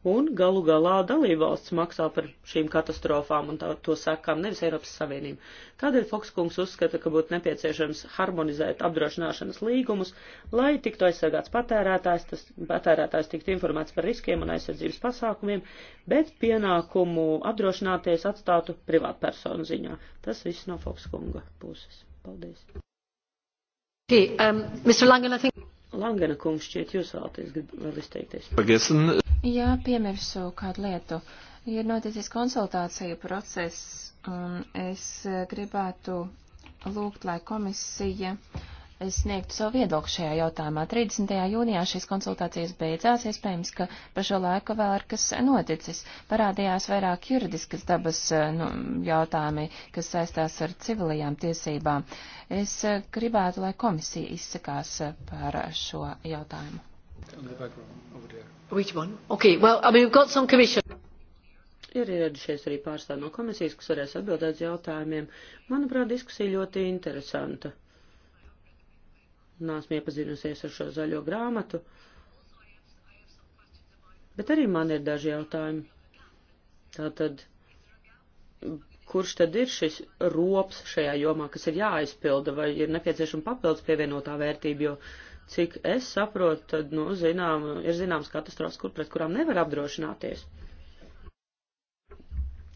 un galu galā dalībvalsts maksā par šīm katastrofām un tā, to sekām, nevis Eiropas Savienība. Tādēļ Fokskungs uzskata, ka būtu nepieciešams harmonizēt apdrošināšanas līgumus, lai tiktu aizsargāts patērētājs, tas patērētājs tiktu informēts par riskiem un aizsardzības pasākumiem, bet pienākumu apdrošināties atstātu privātpersonu ziņā. Tas viss no Fokskunga puses. Paldies. Okay, um, Mr. Langen, I think... Langana kungs, šķiet, jūs vēlaties vēl izteikties. Pagesen.
Jā, piemirsu kādu lietu. Ir noticis konsultāciju process, un es gribētu lūgt, lai komisija uh, sniegtu savu viedokli šajā jautājumā. 30. jūnijā šīs konsultācijas beidzās, iespējams, ka pa šo laiku vēl ir kas noticis. Parādījās vairāk juridiskas dabas eh, nu, jautājumi, kas saistās ar civilajām tiesībām. Es eh, gribētu, lai komisija izsakās eh, par šo jautājumu. Okay, well, I mean,
ir ieradušies arī pārstāv no komisijas, kas varēs atbildēt uz jautājumiem. Manuprāt, diskusija ļoti interesanta. Nāsmu iepazinusies ar šo zaļo grāmatu, bet arī man ir daži jautājumi. Tātad, kurš tad ir šis rops šajā jomā, kas ir jāaizpilda, vai ir nepieciešama papildus pievienotā vērtība, jo, cik es saprotu, tad, nu, zinām, ir zināms katastrofas, kur pret kurām nevar apdrošināties.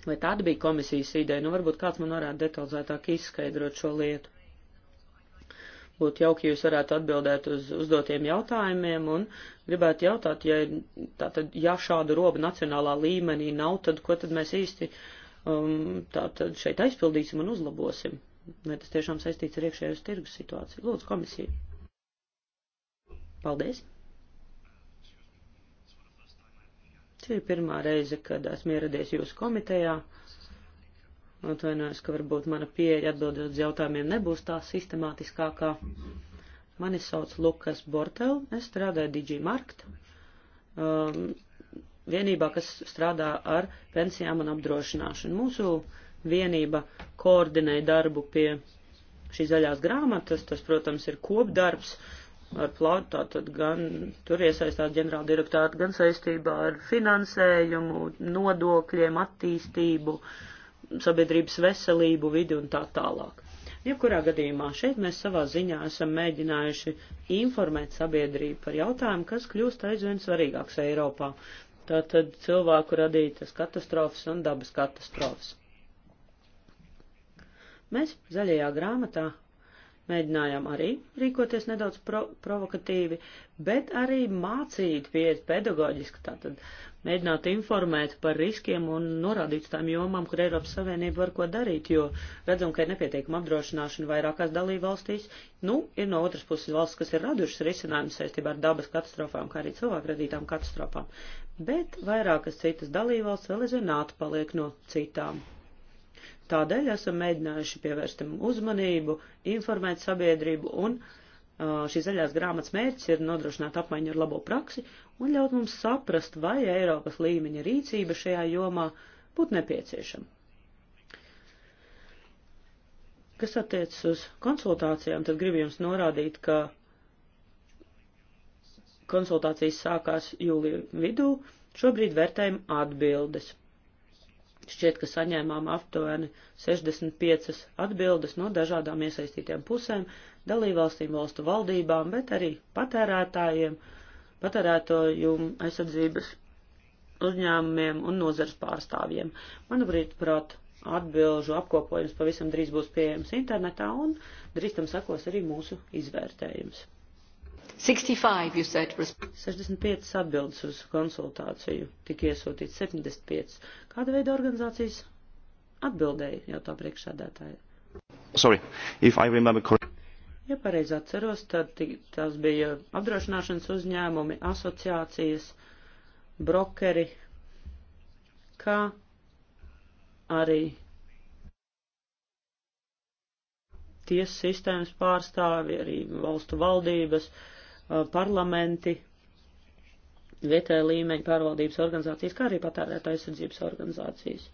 Vai tāda bija komisijas ideja? Nu, varbūt kāds man varētu detalizētāk izskaidrot šo lietu. Būtu jauki, ja jūs varētu atbildēt uz uzdotiem jautājumiem un gribētu jautāt, ja, tātad, ja šāda roba nacionālā līmenī nav, tad ko tad mēs īsti um, tātad šeit aizpildīsim un uzlabosim? Vai tas tiešām saistīts ar iekšējos tirgus situāciju? Lūdzu, komisija. Paldies. Šī ir pirmā reize, kad esmu ieradies jūsu komitejā. Uh, Atvainojos, ka varbūt mana pieeja atbildot uz jautājumiem nebūs tā sistemātiskākā. Mani sauc Lukas Bortel, es strādāju Digimarkt, um, vienībā, kas strādā ar pensijām un apdrošināšanu. Mūsu vienība koordinē darbu pie šīs zaļās grāmatas, tas, protams, ir kopdarbs ar plātu, tātad gan tur iesaistās ģenerāla direktāta, gan saistībā ar finansējumu, nodokļiem, attīstību, uh, sabiedrības veselību, vidi un tā tālāk. Jebkurā gadījumā šeit mēs savā ziņā esam mēģinājuši informēt sabiedrību par jautājumu, kas kļūst aizvien svarīgāks Eiropā. Tātad cilvēku radītas katastrofas un dabas katastrofas. Mēs zaļajā grāmatā mēģinājām arī rīkoties nedaudz pro provokatīvi, bet arī mācīt pieejas pedagoģiski, tātad mēģināt informēt par riskiem un norādīt tām jomām, kur Eiropas Savienība var ko darīt, jo redzam, ka ir nepietiekama apdrošināšana vairākās dalībvalstīs. Nu, ir no otras puses valsts, kas ir radušas risinājumus saistībā ar dabas katastrofām, kā arī cilvēku radītām katastrofām. Bet vairākas citas dalībvalsts vēl aizvien atpaliek no citām. Tādēļ esam mēģinājuši pievērstam uzmanību, informēt sabiedrību un uh, šīs zaļās grāmatas mērķis ir nodrošināt apmaiņu ar labo praksi un ļaut mums saprast, vai Eiropas līmeņa rīcība šajā jomā būtu nepieciešama. Kas attiecas uz konsultācijām, tad gribu jums norādīt, ka konsultācijas sākās jūlija vidū, šobrīd vērtējam atbildes. Šķiet, ka saņēmām aptuveni 65 atbildes no dažādām iesaistītiem pusēm, dalībvalstīm, valstu valdībām, bet arī patērētājiem, patērētoju aizsardzības uzņēmumiem un nozars pārstāvjiem. Manuprāt, prāt, atbilžu apkopojums pavisam drīz būs pieejams internetā un drīz tam sakos arī mūsu izvērtējums. 65, said, 65 atbildes uz konsultāciju, tika iesūtīts 75. Kāda veida organizācijas atbildēja jautā priekšsēdētāja? Sorry, if I remember correctly. Ja pareizi atceros, tad tās bija apdrošināšanas uzņēmumi, asociācijas, brokeri, kā arī tiesu sistēmas pārstāvi, arī valstu valdības, parlamenti, vietēja līmeņa pārvaldības organizācijas, kā arī patērētāja aizsardzības organizācijas.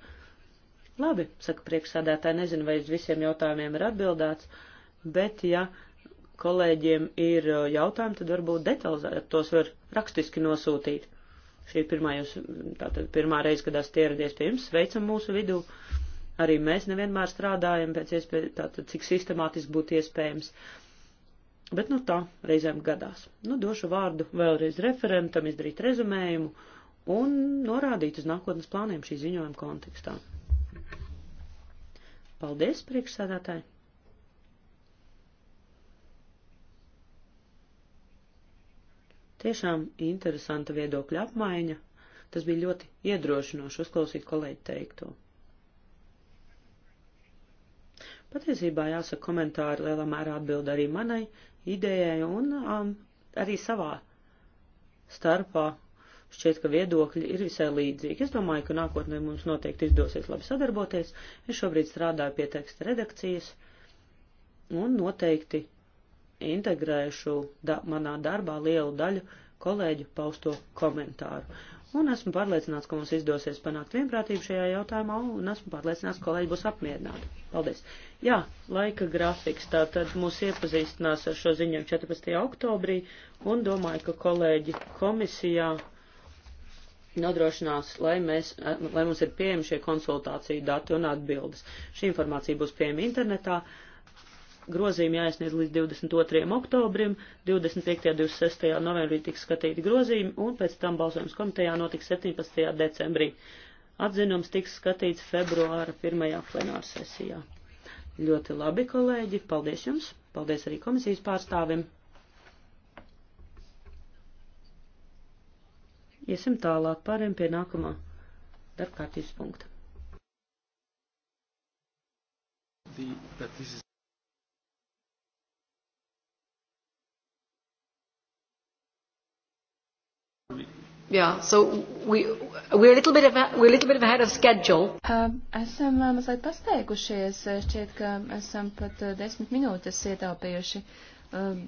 Labi, saka priekšsādētāji, nezinu, vai uz visiem jautājumiem ir atbildēts. Uh, bet ja kolēģiem ir uh, jautājumi, tad varbūt detalizēt tos var rakstiski nosūtīt. Šī ir pirmā, jūs, tātad pirmā reize, kad esat ieradies pie jums, sveicam mūsu vidū. Arī mēs nevienmēr strādājam pēc iespējas, tātad cik sistemātiski būtu iespējams. Bet nu tā, reizēm gadās. Nu došu vārdu vēlreiz referentam, izdarīt rezumējumu un norādīt uz nākotnes plāniem šī ziņojuma kontekstā. Paldies, priekšsēdētāji! Tiešām interesanta viedokļa apmaiņa. Tas bija ļoti iedrošinoši uzklausīt kolēģi teikto. Patiesībā jāsaka komentāri lielā mērā atbild arī manai idejai un um, arī savā starpā šķiet, ka viedokļi ir visai līdzīgi. Es domāju, ka nākotnē mums noteikti izdosies labi sadarboties. Es šobrīd strādāju pie teksta redakcijas un noteikti integrēšu da manā darbā lielu daļu kolēģu pausto komentāru. Un esmu pārliecināts, ka mums izdosies panākt vienprātību šajā jautājumā, un esmu pārliecināts, ka kolēģi būs apmierināti. Paldies. Jā, laika grafiks. Tātad mūs iepazīstinās ar šo ziņojumu 14. oktobrī, un domāju, ka kolēģi komisijā nodrošinās, lai, mēs, lai mums ir pieejami šie konsultāciju dati un atbildes. Šī informācija būs pieejama internetā. Uh, grozījumi jāiesniedz līdz 22. oktobrim, 25. un 26. novembrī tiks skatīti grozījumi, un pēc tam balsojums komitejā notiks 17. decembrī. Atzinums tiks skatīts februāra pirmajā plenāra sesijā. Ļoti labi, kolēģi, paldies jums, paldies arī komisijas pārstāvim. Iesim tālāk, pāriem pie nākamā darbkārtības punkta.
The, but this is
Jā, so
we, we're, a little bit of, we're a little bit of ahead of schedule. Uh, esam uh, mazliet pasteigušies, šķiet, ka esam pat uh, desmit minūtes ietaupījuši. Uh,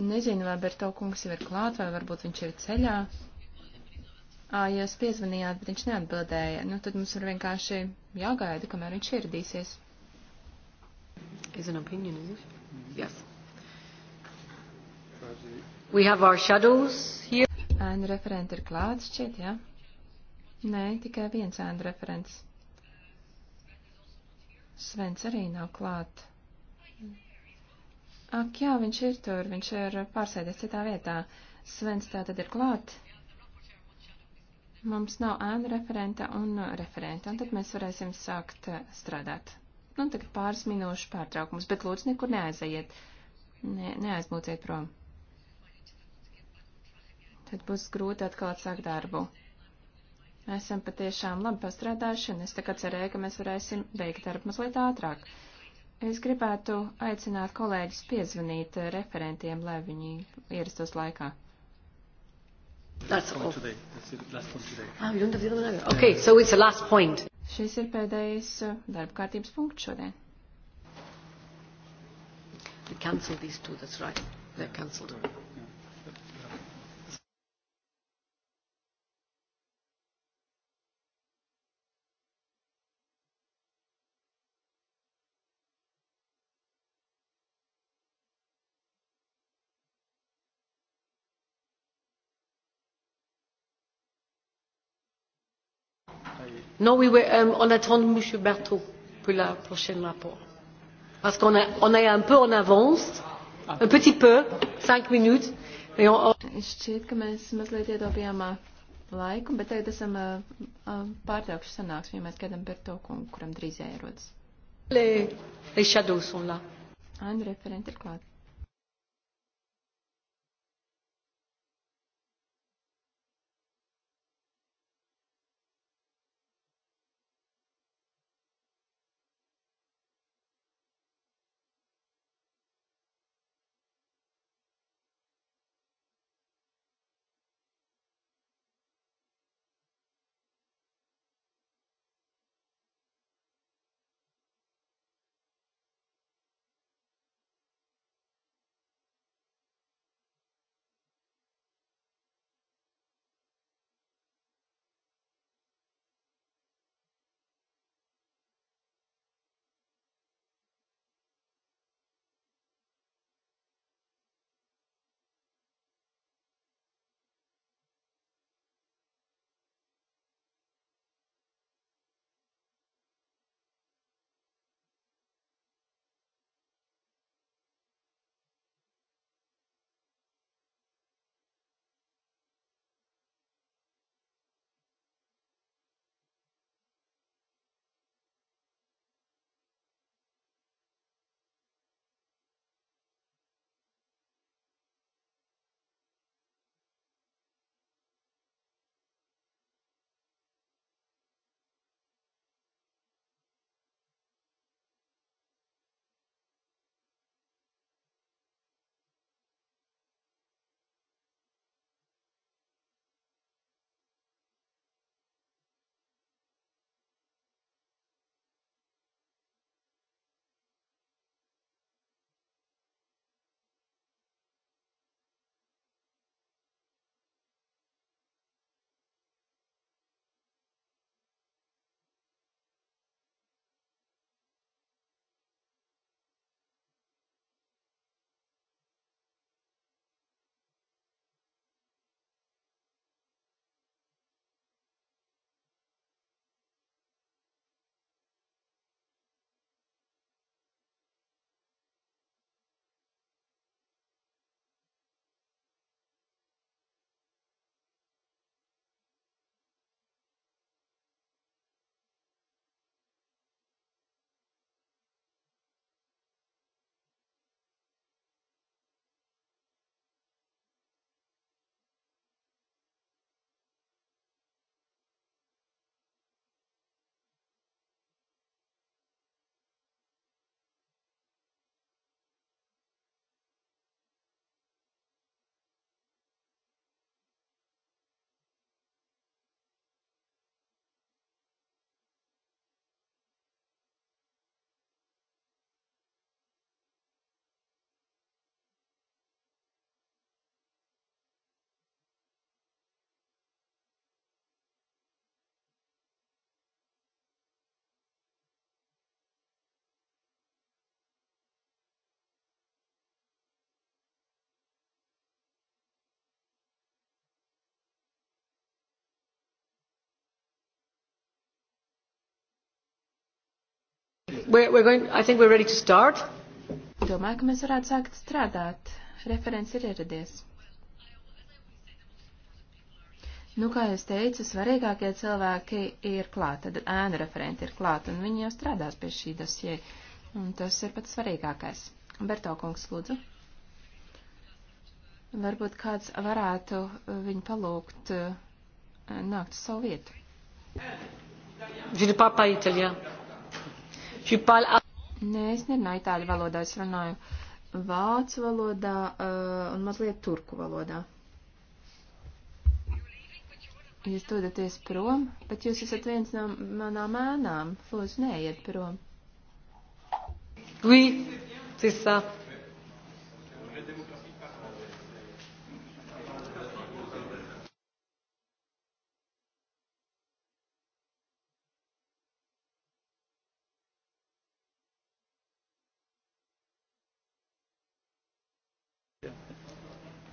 nezinu, vai Berto kungs jau ir klāt, vai varbūt viņš ir ceļā. Ā, uh, jūs piezvanījāt, bet viņš neatbildēja. Nu, tad mums ir vienkārši jāgaida, kamēr viņš ieradīsies. Is an opinion, is it? Yes.
We have our shadows
here. Ēnu referenti ir klāts šķiet, jā? Ja? Nē, tikai viens ēnu referents. Svens arī nav klāt. Ak, jā, viņš ir tur, viņš ir pārsēdies citā vietā. Svens tā tad ir klāt. Mums nav ēnu referenta un referenta, un tad mēs varēsim sākt eh, strādāt. Nu, tagad pāris minūšu pārtraukums, bet lūdzu nekur neaizajiet. Ne, neaizmūciet prom tad būs grūti atkal atsākt darbu. Mēs esam patiešām labi pastrādājuši, un es tā kā cerēju, ka mēs varēsim beigt darbu mazliet ātrāk. Es gribētu aicināt kolēģis piezvanīt referentiem, lai viņi ierastos laikā. That's all. Today.
That's the last one today.
Ah, you don't have the other one. Okay, so it's the last point. Šis ir pēdējais uh, darba kārtības punkts šodien. They cancelled these two, that's right. They're cancelled. Yeah.
Non, oui, oui, euh, on attend M. Berthaud
pour le prochain rapport. Parce qu'on on est un peu en avance, un petit peu, cinq minutes. Mais on, on... Šķiet, ka mēs mazliet ietaupījām uh, laiku, bet tagad esam uh, uh pārtraukšu sanāksmi, ja mēs gaidām Berthaud kungu, kuram drīz jāierodas. Les, les shadows sont là. Un referent ir klāt. We're, we're going, I think we're ready to start. Domāju, ka mēs varētu sākt strādāt. Referents ir ieradies. Nu, kā jūs teicu, svarīgākie cilvēki ir klāt, tad ēna referenti ir klāt, un viņi jau strādās pie šī dosie, un tas ir pats svarīgākais. Berto kungs, lūdzu. Varbūt kāds varētu uh, viņu palūgt uh, nākt uz savu vietu. Žinu papa Itālijā. Nē, es nerunāju itāļu valodā, es runāju vācu valodā uh, un mazliet turku valodā. Jūs dodaties prom, bet jūs esat viens no manām ēnām. Lūdzu, neiet prom.
Oui, c'est ça.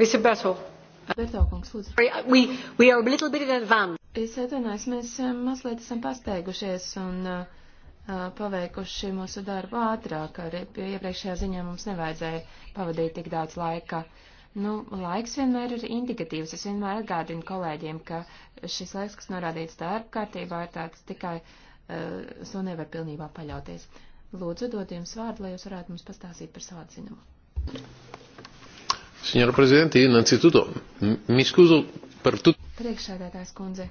Mr. Berto. Berto, kungs, lūdzu. Uh, we, we are a little bit in advance. Es atvainojos, mēs uh, mazliet esam pasteigušies un uh, uh, paveikuši mūsu darbu ātrāk, arī pie iepriekšējā ziņā mums nevajadzēja pavadīt tik daudz laika. Nu, laiks vienmēr ir indikatīvs, es vienmēr atgādinu kolēģiem, ka šis laiks, kas norādīts darba kārtībā, ir tāds tikai, uh, uz to nevar pilnībā paļauties. Lūdzu, dod jums vārdu, lai jūs varētu mums pastāstīt par savu atzinumu.
Signora Presidente, io innanzitutto mi scuso par tutto.
Priekšsēdētājs kundze.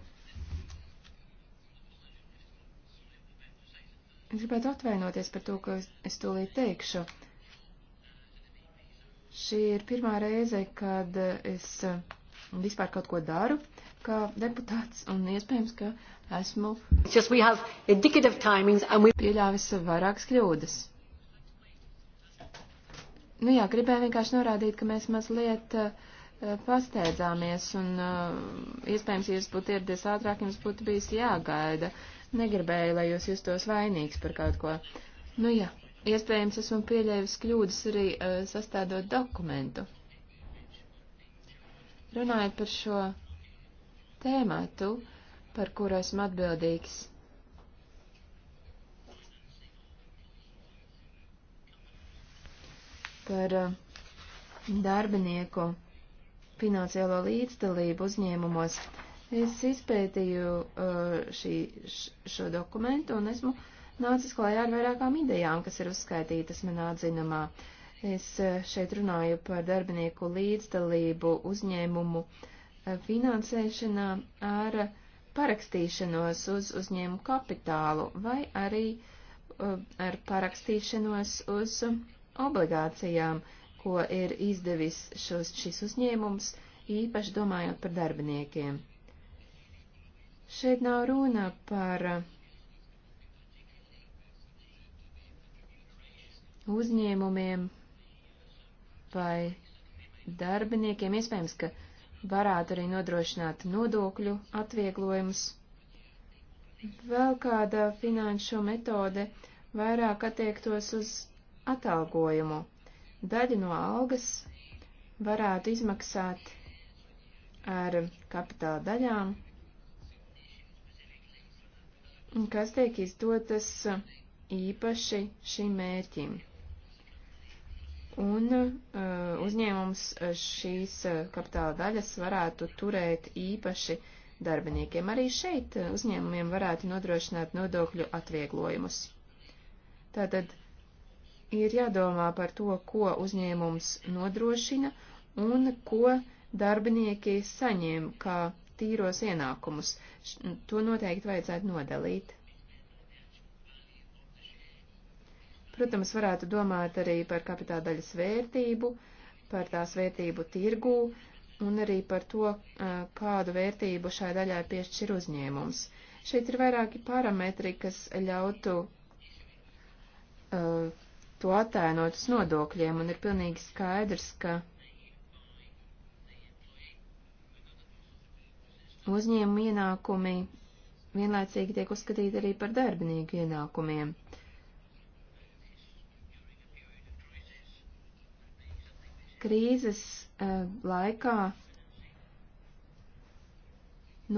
Es gribētu atvainoties par to, ko es tūlīt teikšu. Šī ir pirmā reize, kad es eh, vispār kaut ko daru kā deputāts un iespējams, ka esmu pieļāvis vairākas kļūdas. Nu jā, gribēju vienkārši norādīt, ka mēs mazliet uh, pasteidzāmies un uh, iespējams, ja jūs būtu ieradies ātrāk, jums būtu bijis jāgaida. Negribēju, lai jūs justos vainīgs par kaut ko. Nu jā, iespējams, esmu pieļēvis kļūdas arī uh, sastādot dokumentu. Runājot par šo tēmatu, par kuru esmu atbildīgs. par eh, darbinieku finansiālo līdzdalību uzņēmumos. Es izpētīju eh, šī, šo dokumentu un esmu nācis klājā ar vairākām idejām, kas ir uzskaitītas manā atzinumā. Es eh, šeit runāju par darbinieku līdzdalību uzņēmumu finansēšanā ar parakstīšanos uz uzņēmumu kapitālu vai arī ar parakstīšanos uz obligācijām, ko ir izdevis šos, šis uzņēmums, īpaši domājot par darbiniekiem. Šeit nav runa par uzņēmumiem vai darbiniekiem. Iespējams, ka varētu arī nodrošināt nodokļu atvieglojumus. Vēl kāda finanšu metode vairāk attiektos uz atalgojumu. Daļu no algas varētu izmaksāt ar kapitāla daļām, kas tiek izdotas īpaši šim mērķim. Un uh, uzņēmums šīs uh, kapitāla daļas varētu turēt īpaši darbiniekiem. Arī šeit uzņēmumiem varētu nodrošināt nodokļu atvieglojumus. Tātad ir jādomā par to, ko uzņēmums nodrošina un ko darbinieki saņem kā tīros ienākumus. To noteikti vajadzētu nodalīt. Protams, varētu domāt arī par kapitāla daļas vērtību, par tās vērtību tirgū un arī par to, kādu vērtību šai daļai piešķir uzņēmums. Šeit ir vairāki parametri, kas ļautu uh, to attēnotas nodokļiem, un ir pilnīgi skaidrs, ka uzņēmuma ienākumi vienlaicīgi tiek uzskatīti arī par darbinieku ienākumiem. Krīzes uh, laikā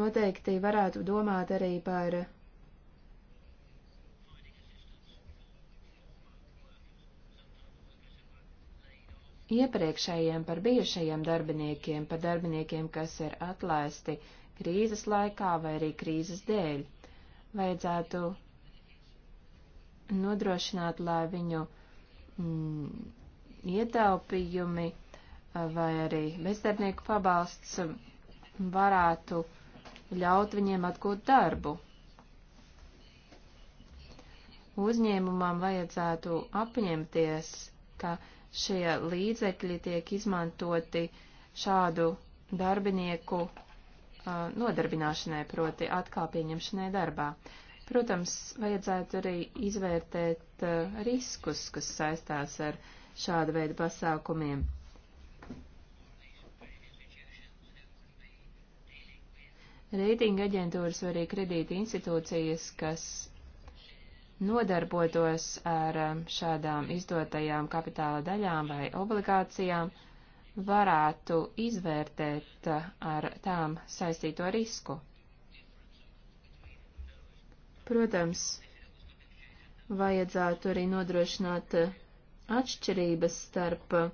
noteikti varētu domāt arī par iepriekšējiem par bijušajiem darbiniekiem, par darbiniekiem, kas ir atlaisti krīzes laikā vai arī krīzes dēļ. Vajadzētu nodrošināt, lai viņu mm, ietaupījumi vai arī bezdarbnieku pabalsts varētu ļaut viņiem atgūt darbu. Uzņēmumam vajadzētu apņemties, ka šie līdzekļi tiek izmantoti šādu darbinieku uh, nodarbināšanai, proti atkal pieņemšanai darbā. Protams, vajadzētu arī izvērtēt uh, riskus, kas saistās ar šādu veidu pasākumiem. Reitinga aģentūras vai arī kredīti institūcijas, kas nodarbotos ar um, šādām izdotajām kapitāla daļām vai obligācijām, varētu izvērtēt uh, ar tām saistīto risku. Protams, vajadzētu arī nodrošināt uh, atšķirības starp uh,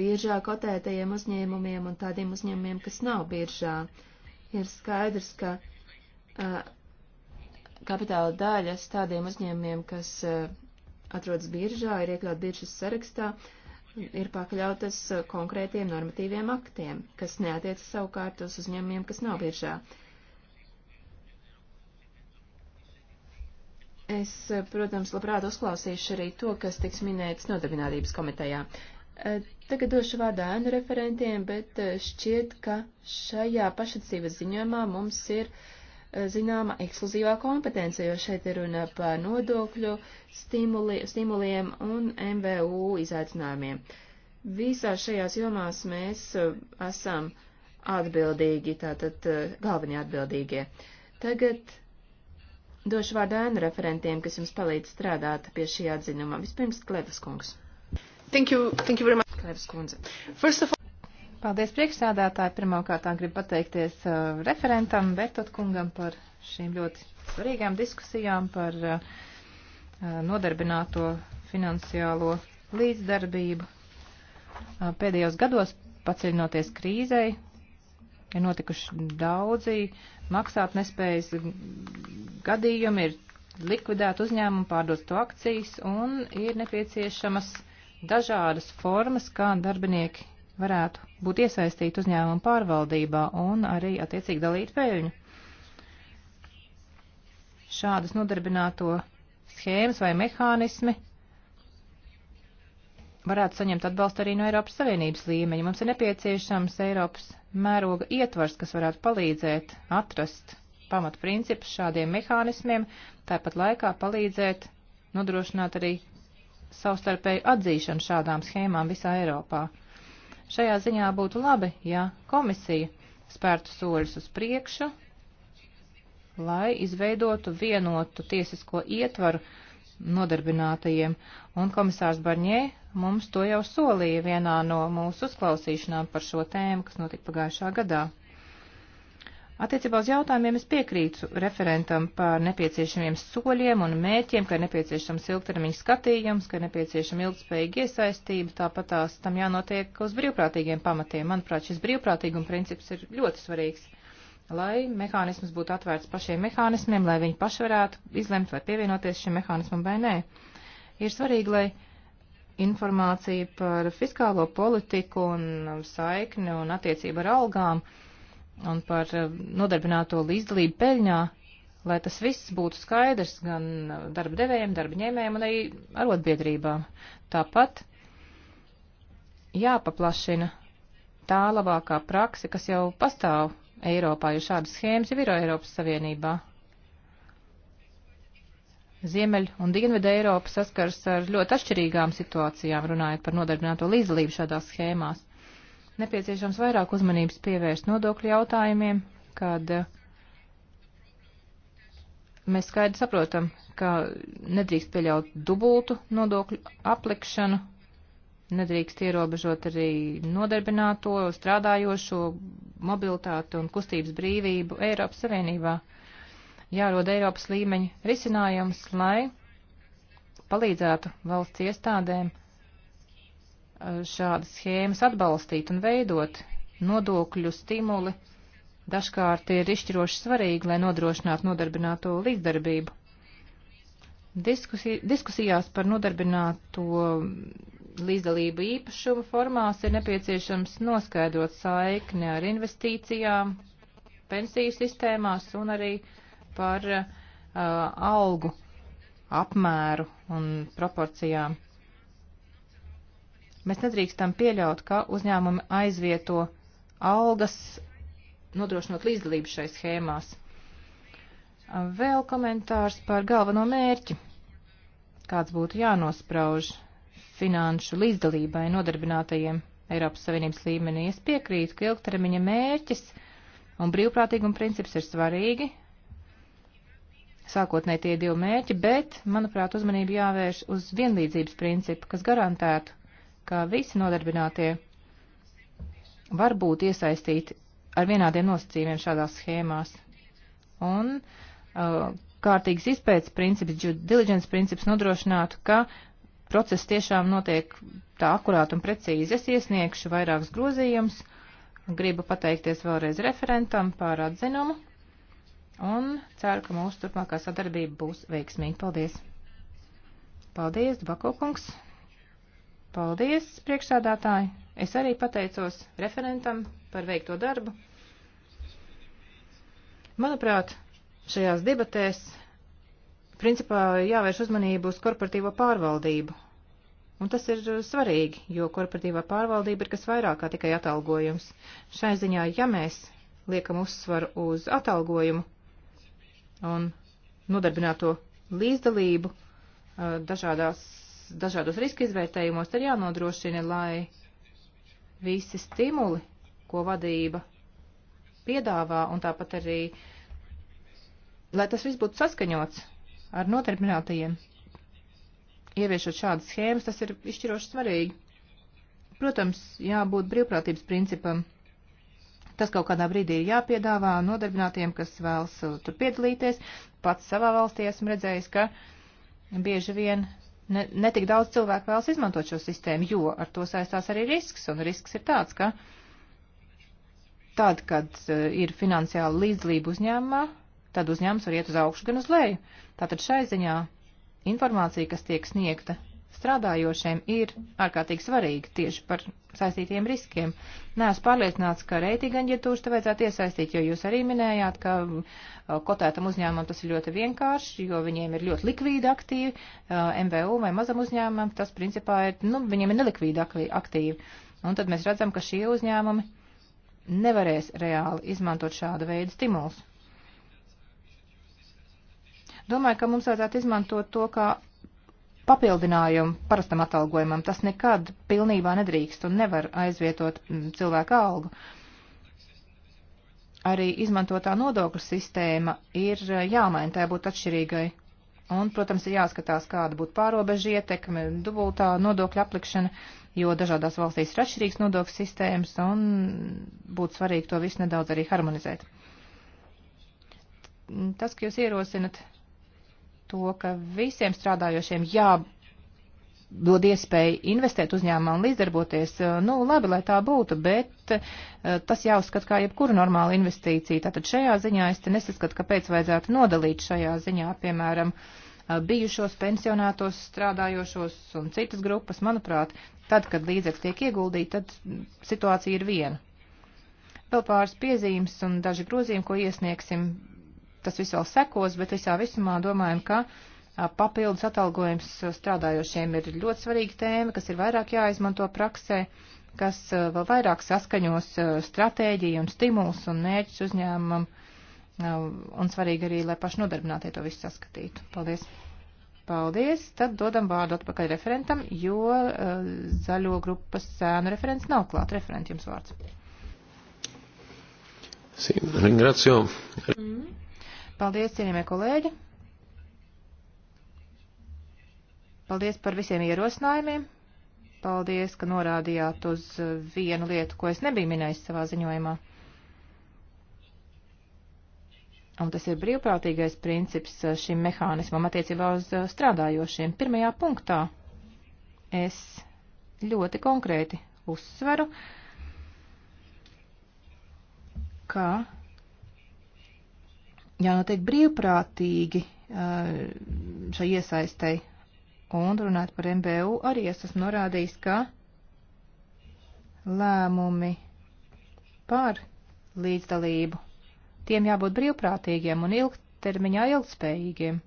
biežāk kotētajiem uzņēmumiem un tādiem uzņēmumiem, kas nav biežā. Ir skaidrs, ka uh, kapitāla daļas tādiem uzņēmumiem, kas eh, atrodas biržā, ir iekļaut biržas sarakstā, ir pakļautas eh, konkrētiem normatīviem aktiem, kas neatiecas savukārt uz uzņēmumiem, kas nav biržā. Es, eh, protams, labprāt uzklausīšu arī to, kas tiks minēts nodarbinātības komitejā. Tagad došu vārdu ēnu referentiem, bet šķiet, ka šajā pašacības ziņojumā mums ir uh, zināma ekskluzīvā kompetence, jo šeit ir runa par nodokļu stimuli, stimuliem un MVU izaicinājumiem. Visās šajās jomās mēs uh, esam atbildīgi, tātad uh, galvenie atbildīgie. Tagad došu vārdu ēnu referentiem, kas jums palīdz strādāt pie šī atzinuma. Vispirms Klevas kungs. Thank you, thank you very much. Klevas kundze.
First of all... Paldies priekšsādātāji. Pirmkārtām gribu pateikties uh, referentam Betotkungam par šīm ļoti svarīgām diskusijām par uh, uh, nodarbināto finansiālo līdzdarbību. Uh, pēdējos gados, paceļinoties krīzei, ir notikuši daudzi maksātnespējas gadījumi, ir likvidēta uzņēmuma, pārdot to akcijas un ir nepieciešamas dažādas formas, kā darbinieki varētu būt iesaistīti uzņēmumu pārvaldībā un arī attiecīgi dalīt peļņu. Šādas nodarbināto schēmas vai mehānismi varētu saņemt atbalstu arī no Eiropas Savienības līmeņa. Mums ir nepieciešams Eiropas mēroga ietvars, kas varētu palīdzēt atrast pamatprincipus šādiem mehānismiem, tāpat laikā palīdzēt nodrošināt arī savstarpēju atzīšanu šādām schēmām visā Eiropā. Šajā ziņā būtu labi, ja komisija spērtu soļus uz priekšu, lai izveidotu vienotu tiesisko ietvaru nodarbinātajiem, un komisārs Barņē mums to jau solīja vienā no mūsu uzklausīšanām par šo tēmu, kas notika pagājušā gadā. Attiecībā uz jautājumiem es piekrītu referentam par nepieciešamiem soļiem un mērķiem, ka ir nepieciešams ilgtermiņa skatījums, ka ir nepieciešama ilgspējīga iesaistība, tāpat tās tam jānotiek uz brīvprātīgiem pamatiem. Manuprāt, šis brīvprātīguma princips ir ļoti svarīgs, lai mehānisms būtu atvērts pašiem mehānismiem, lai viņi paši varētu izlemt, vai pievienoties šim mehānismam vai nē. Ir svarīgi, lai informācija par fiskālo politiku un saikni un attiecību ar algām uh, un par eh, nodarbināto līdzdalību peļņā, lai tas viss būtu skaidrs gan eh, darba devējiem, darba ņēmējiem un arī arotbiedrībām. Tāpat jāpaplašina tā labākā prakse, kas jau pastāv Eiropā, jo šādas schēmas jau ir Eiropas Savienībā. Ziemeļ un Dienvidu Eiropa saskars ar ļoti atšķirīgām situācijām, runājot par nodarbināto līdzdalību šādās schēmās nepieciešams vairāk uzmanības pievērst nodokļu jautājumiem, kad eh, mēs skaidri saprotam, ka nedrīkst pieļaut dubultu nodokļu aplikšanu, nedrīkst ierobežot arī nodarbināto, strādājošo mobilitāti un kustības brīvību Eiropas Savienībā. Jārod Eiropas līmeņa risinājums, lai palīdzētu valsts iestādēm šādas schēmas atbalstīt un veidot. Nodokļu stimuli dažkārt ir izšķiroši svarīgi, lai nodrošinātu nodarbināto līdzdarbību. Diskusij, diskusijās par nodarbināto līdzdalību īpašumu formās ir nepieciešams noskaidrot saikni ar investīcijām, pensiju sistēmās un arī par uh, algu apmēru un proporcijām. Mēs nedrīkstam pieļaut, ka uzņēmumi aizvieto algas, nodrošinot līdzdalību šai schēmās. Vēl komentārs par galveno mērķi. Kāds būtu jānosprauž finanšu līdzdalībai nodarbinātajiem Eiropas Savienības līmenī? Es piekrītu, ka ilgtermiņa mērķis un brīvprātīguma princips ir svarīgi. Sākotnēji tie divi mērķi, bet, manuprāt, uzmanību jāvērš uz vienlīdzības principu, kas garantētu ka visi nodarbinātie var būt iesaistīti ar vienādiem nosacījumiem šādās schēmās. Un uh, kārtīgs izpētes princips, due diligence princips nodrošinātu, ka process tiešām notiek tā akurāt un precīzi. Es iesniegšu vairākus grozījumus, gribu pateikties vēlreiz referentam par atzinumu un ceru, ka mūsu turpmākā sadarbība būs veiksmīga. Paldies! Paldies, Bakokungs! Paldies, priekšsādātāji! Es arī pateicos referentam par veikto darbu. Manuprāt, šajās debatēs principā jāvērš uzmanību uz korporatīvo pārvaldību. Un tas ir svarīgi, jo korporatīvā pārvaldība ir kas vairāk kā tikai atalgojums. Šai ziņā, ja mēs liekam uzsvaru uz atalgojumu un nodarbināto līdzdalību eh, dažādās dažādos riska izvērtējumos, tad jānodrošina, lai visi stimuli, ko vadība piedāvā, un tāpat arī, lai tas viss būtu saskaņots ar notarpinātajiem. Ieviešot šādas schēmas, tas ir izšķiroši svarīgi. Protams, jābūt brīvprātības principam. Tas kaut kādā brīdī ir jāpiedāvā nodarbinātiem, kas vēlas uh, tur piedalīties. Pats savā valstī esmu redzējis, ka bieži vien ne, netik daudz cilvēku vēlas izmantot šo sistēmu, jo ar to saistās arī risks, un risks ir tāds, ka tad, kad eh, ir finansiāla līdzlība uzņēmumā, tad uzņēmums var iet uz augšu gan uz leju. Tātad šai ziņā informācija, kas tiek sniegta strādājošiem ir ārkārtīgi svarīgi tieši par saistītiem riskiem. Nē, es pārliecināts, ka reitinga aģentūrs te vajadzētu iesaistīt, jo jūs arī minējāt, ka uh, kotētam uzņēmumam tas ir ļoti vienkārši, jo viņiem ir ļoti likvīda aktīva, uh, MVU vai mazam uzņēmumam tas principā ir, nu, viņiem ir nelikvīda aktīva. Un tad mēs redzam, ka šie uzņēmumi nevarēs reāli izmantot šāda veida stimulus. Domāju, ka mums vajadzētu izmantot to kā papildinājumu parastam atalgojumam. Tas nekad pilnībā nedrīkst un nevar aizvietot mm, cilvēku algu. Arī izmantotā nodokļu sistēma ir eh, jāmaina, tai būtu atšķirīgai. Un, protams, ir jāskatās, kāda būtu pārobeža ietekme, dubultā nodokļa aplikšana, jo dažādās valstīs ir atšķirīgs nodokļu sistēmas un būtu svarīgi to visu nedaudz arī harmonizēt. Mm, tas, ka jūs ierosinat to, ka visiem strādājošiem jā dod iespēju investēt uzņēmumā un līdzdarboties, uh, nu, labi, lai tā būtu, bet uh, tas jāuzskata kā jebkura normāla investīcija. Tātad šajā ziņā es te nesaskatu, kāpēc vajadzētu nodalīt šajā ziņā, piemēram, uh, bijušos pensionētos strādājošos un citas grupas. Manuprāt, tad, kad līdzekļi tiek ieguldīti, tad situācija ir viena. Vēl pāris piezīmes un daži grozījumi, ko iesniegsim tas viss vēl sekos, bet visā visumā domājam, ka papildus atalgojums strādājošiem ir ļoti svarīga tēma, kas ir vairāk jāizmanto praksē, kas vēl vairāk saskaņos stratēģiju un stimulus un mērķus uzņēmumam, un svarīgi arī, lai paši nodarbinātie to visu saskatītu. Paldies! Paldies! Tad dodam vārdu atpakaļ referentam, jo uh, zaļo grupas sēnu referents nav klāt. Referent jums vārds.
Sī, ringrazio.
Mm. Paldies, cienījamie kolēģi! Paldies par visiem ierosinājumiem! Paldies, ka norādījāt uz uh, vienu lietu, ko es nebiju minējis savā ziņojumā. Un tas ir brīvprātīgais princips uh, šim mehānismam attiecībā uz uh, strādājošiem. Pirmajā punktā es ļoti konkrēti uzsveru, ka jānotiek brīvprātīgi šai iesaistei. Un runāt par MBU arī es esmu norādījis, ka lēmumi par līdzdalību tiem jābūt brīvprātīgiem un ilgtermiņā ilgspējīgiem.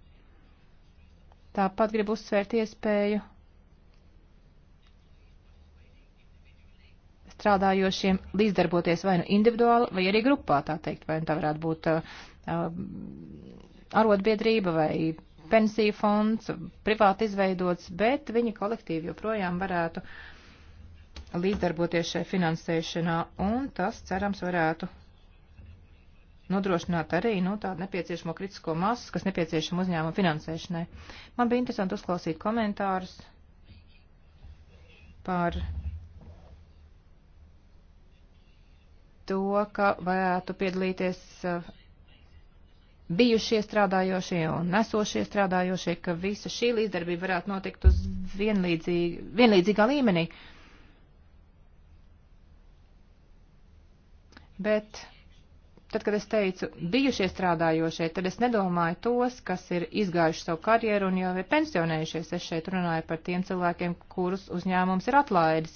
Tāpat gribu uzsvērt iespēju strādājošiem līdzdarboties vai nu individuāli, vai arī grupā, tā teikt, vai nu tā varētu būt uh, Um, arotbiedrība vai pensiju fonds, privāti izveidots, bet viņi kolektīvi joprojām varētu līdzdarboties šai finansēšanā, un tas, cerams, varētu nodrošināt arī nu, tādu nepieciešamo kritisko masu, kas nepieciešama uzņēmuma finansēšanai. Man bija interesanti uzklausīt komentārus par to, ka varētu piedalīties uh, bijušie strādājošie un nesošie strādājošie, ka visa šī līdzdarbība varētu notikt uz vienlīdzīgi, vienlīdzīgā līmenī. Bet tad, kad es teicu bijušie strādājošie, tad es nedomāju tos, kas ir izgājuši savu karjeru un jau ir pensionējušies. Es šeit runāju par tiem cilvēkiem, kurus uzņēmums ir atlaidis.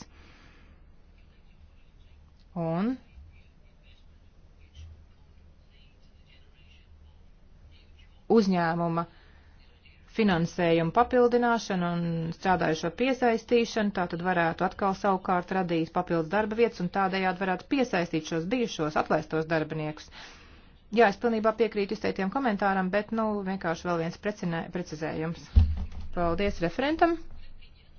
Un uzņēmuma finansējumu papildināšanu un strādājušo piesaistīšanu, tā tad varētu atkal savukārt radīt papildus darba vietas un tādējādi varētu piesaistīt šos bijušos atlaistos darbiniekus. Jā, es pilnībā piekrītu izteiktiem komentāram, bet, nu, vienkārši vēl viens precinē, precizējums. Paldies referentam.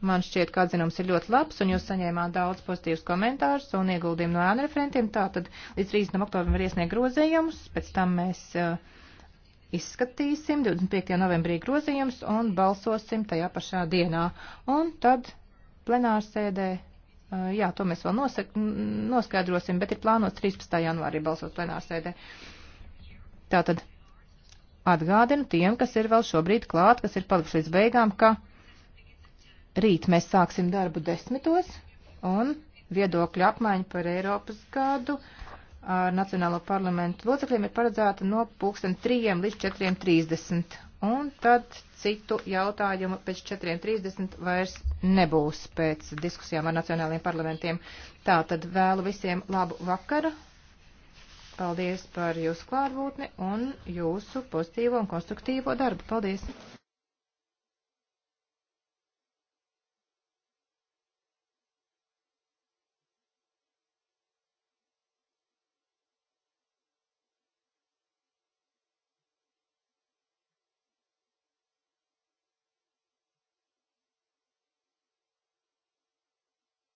Man šķiet, ka atzinums ir ļoti labs, un jūs saņēmāt daudz pozitīvus komentārus un ieguldījumu no ēnu referentiem. Tātad līdz 30. oktobrim var iesniegt grozījumus, pēc tam mēs uh, izskatīsim 25. novembrī grozījums un balsosim tajā pašā dienā. Un tad plenārsēdē, jā, to mēs vēl nosak, noskaidrosim, bet ir plānots 13. janvārī balsot plenārsēdē. Tātad atgādinu tiem, kas ir vēl šobrīd klāt, kas ir palikuši līdz beigām, ka rīt mēs sāksim darbu desmitos un viedokļu apmaiņu par Eiropas gadu ar Nacionālo parlamentu locekļiem ir paredzēta no 2003 līdz 4.30. Un tad citu jautājumu pēc 4.30 vairs nebūs pēc diskusijām ar Nacionālajiem parlamentiem. Tā tad vēlu visiem labu vakaru. Paldies par jūsu klātbūtni un jūsu pozitīvo un konstruktīvo darbu. Paldies!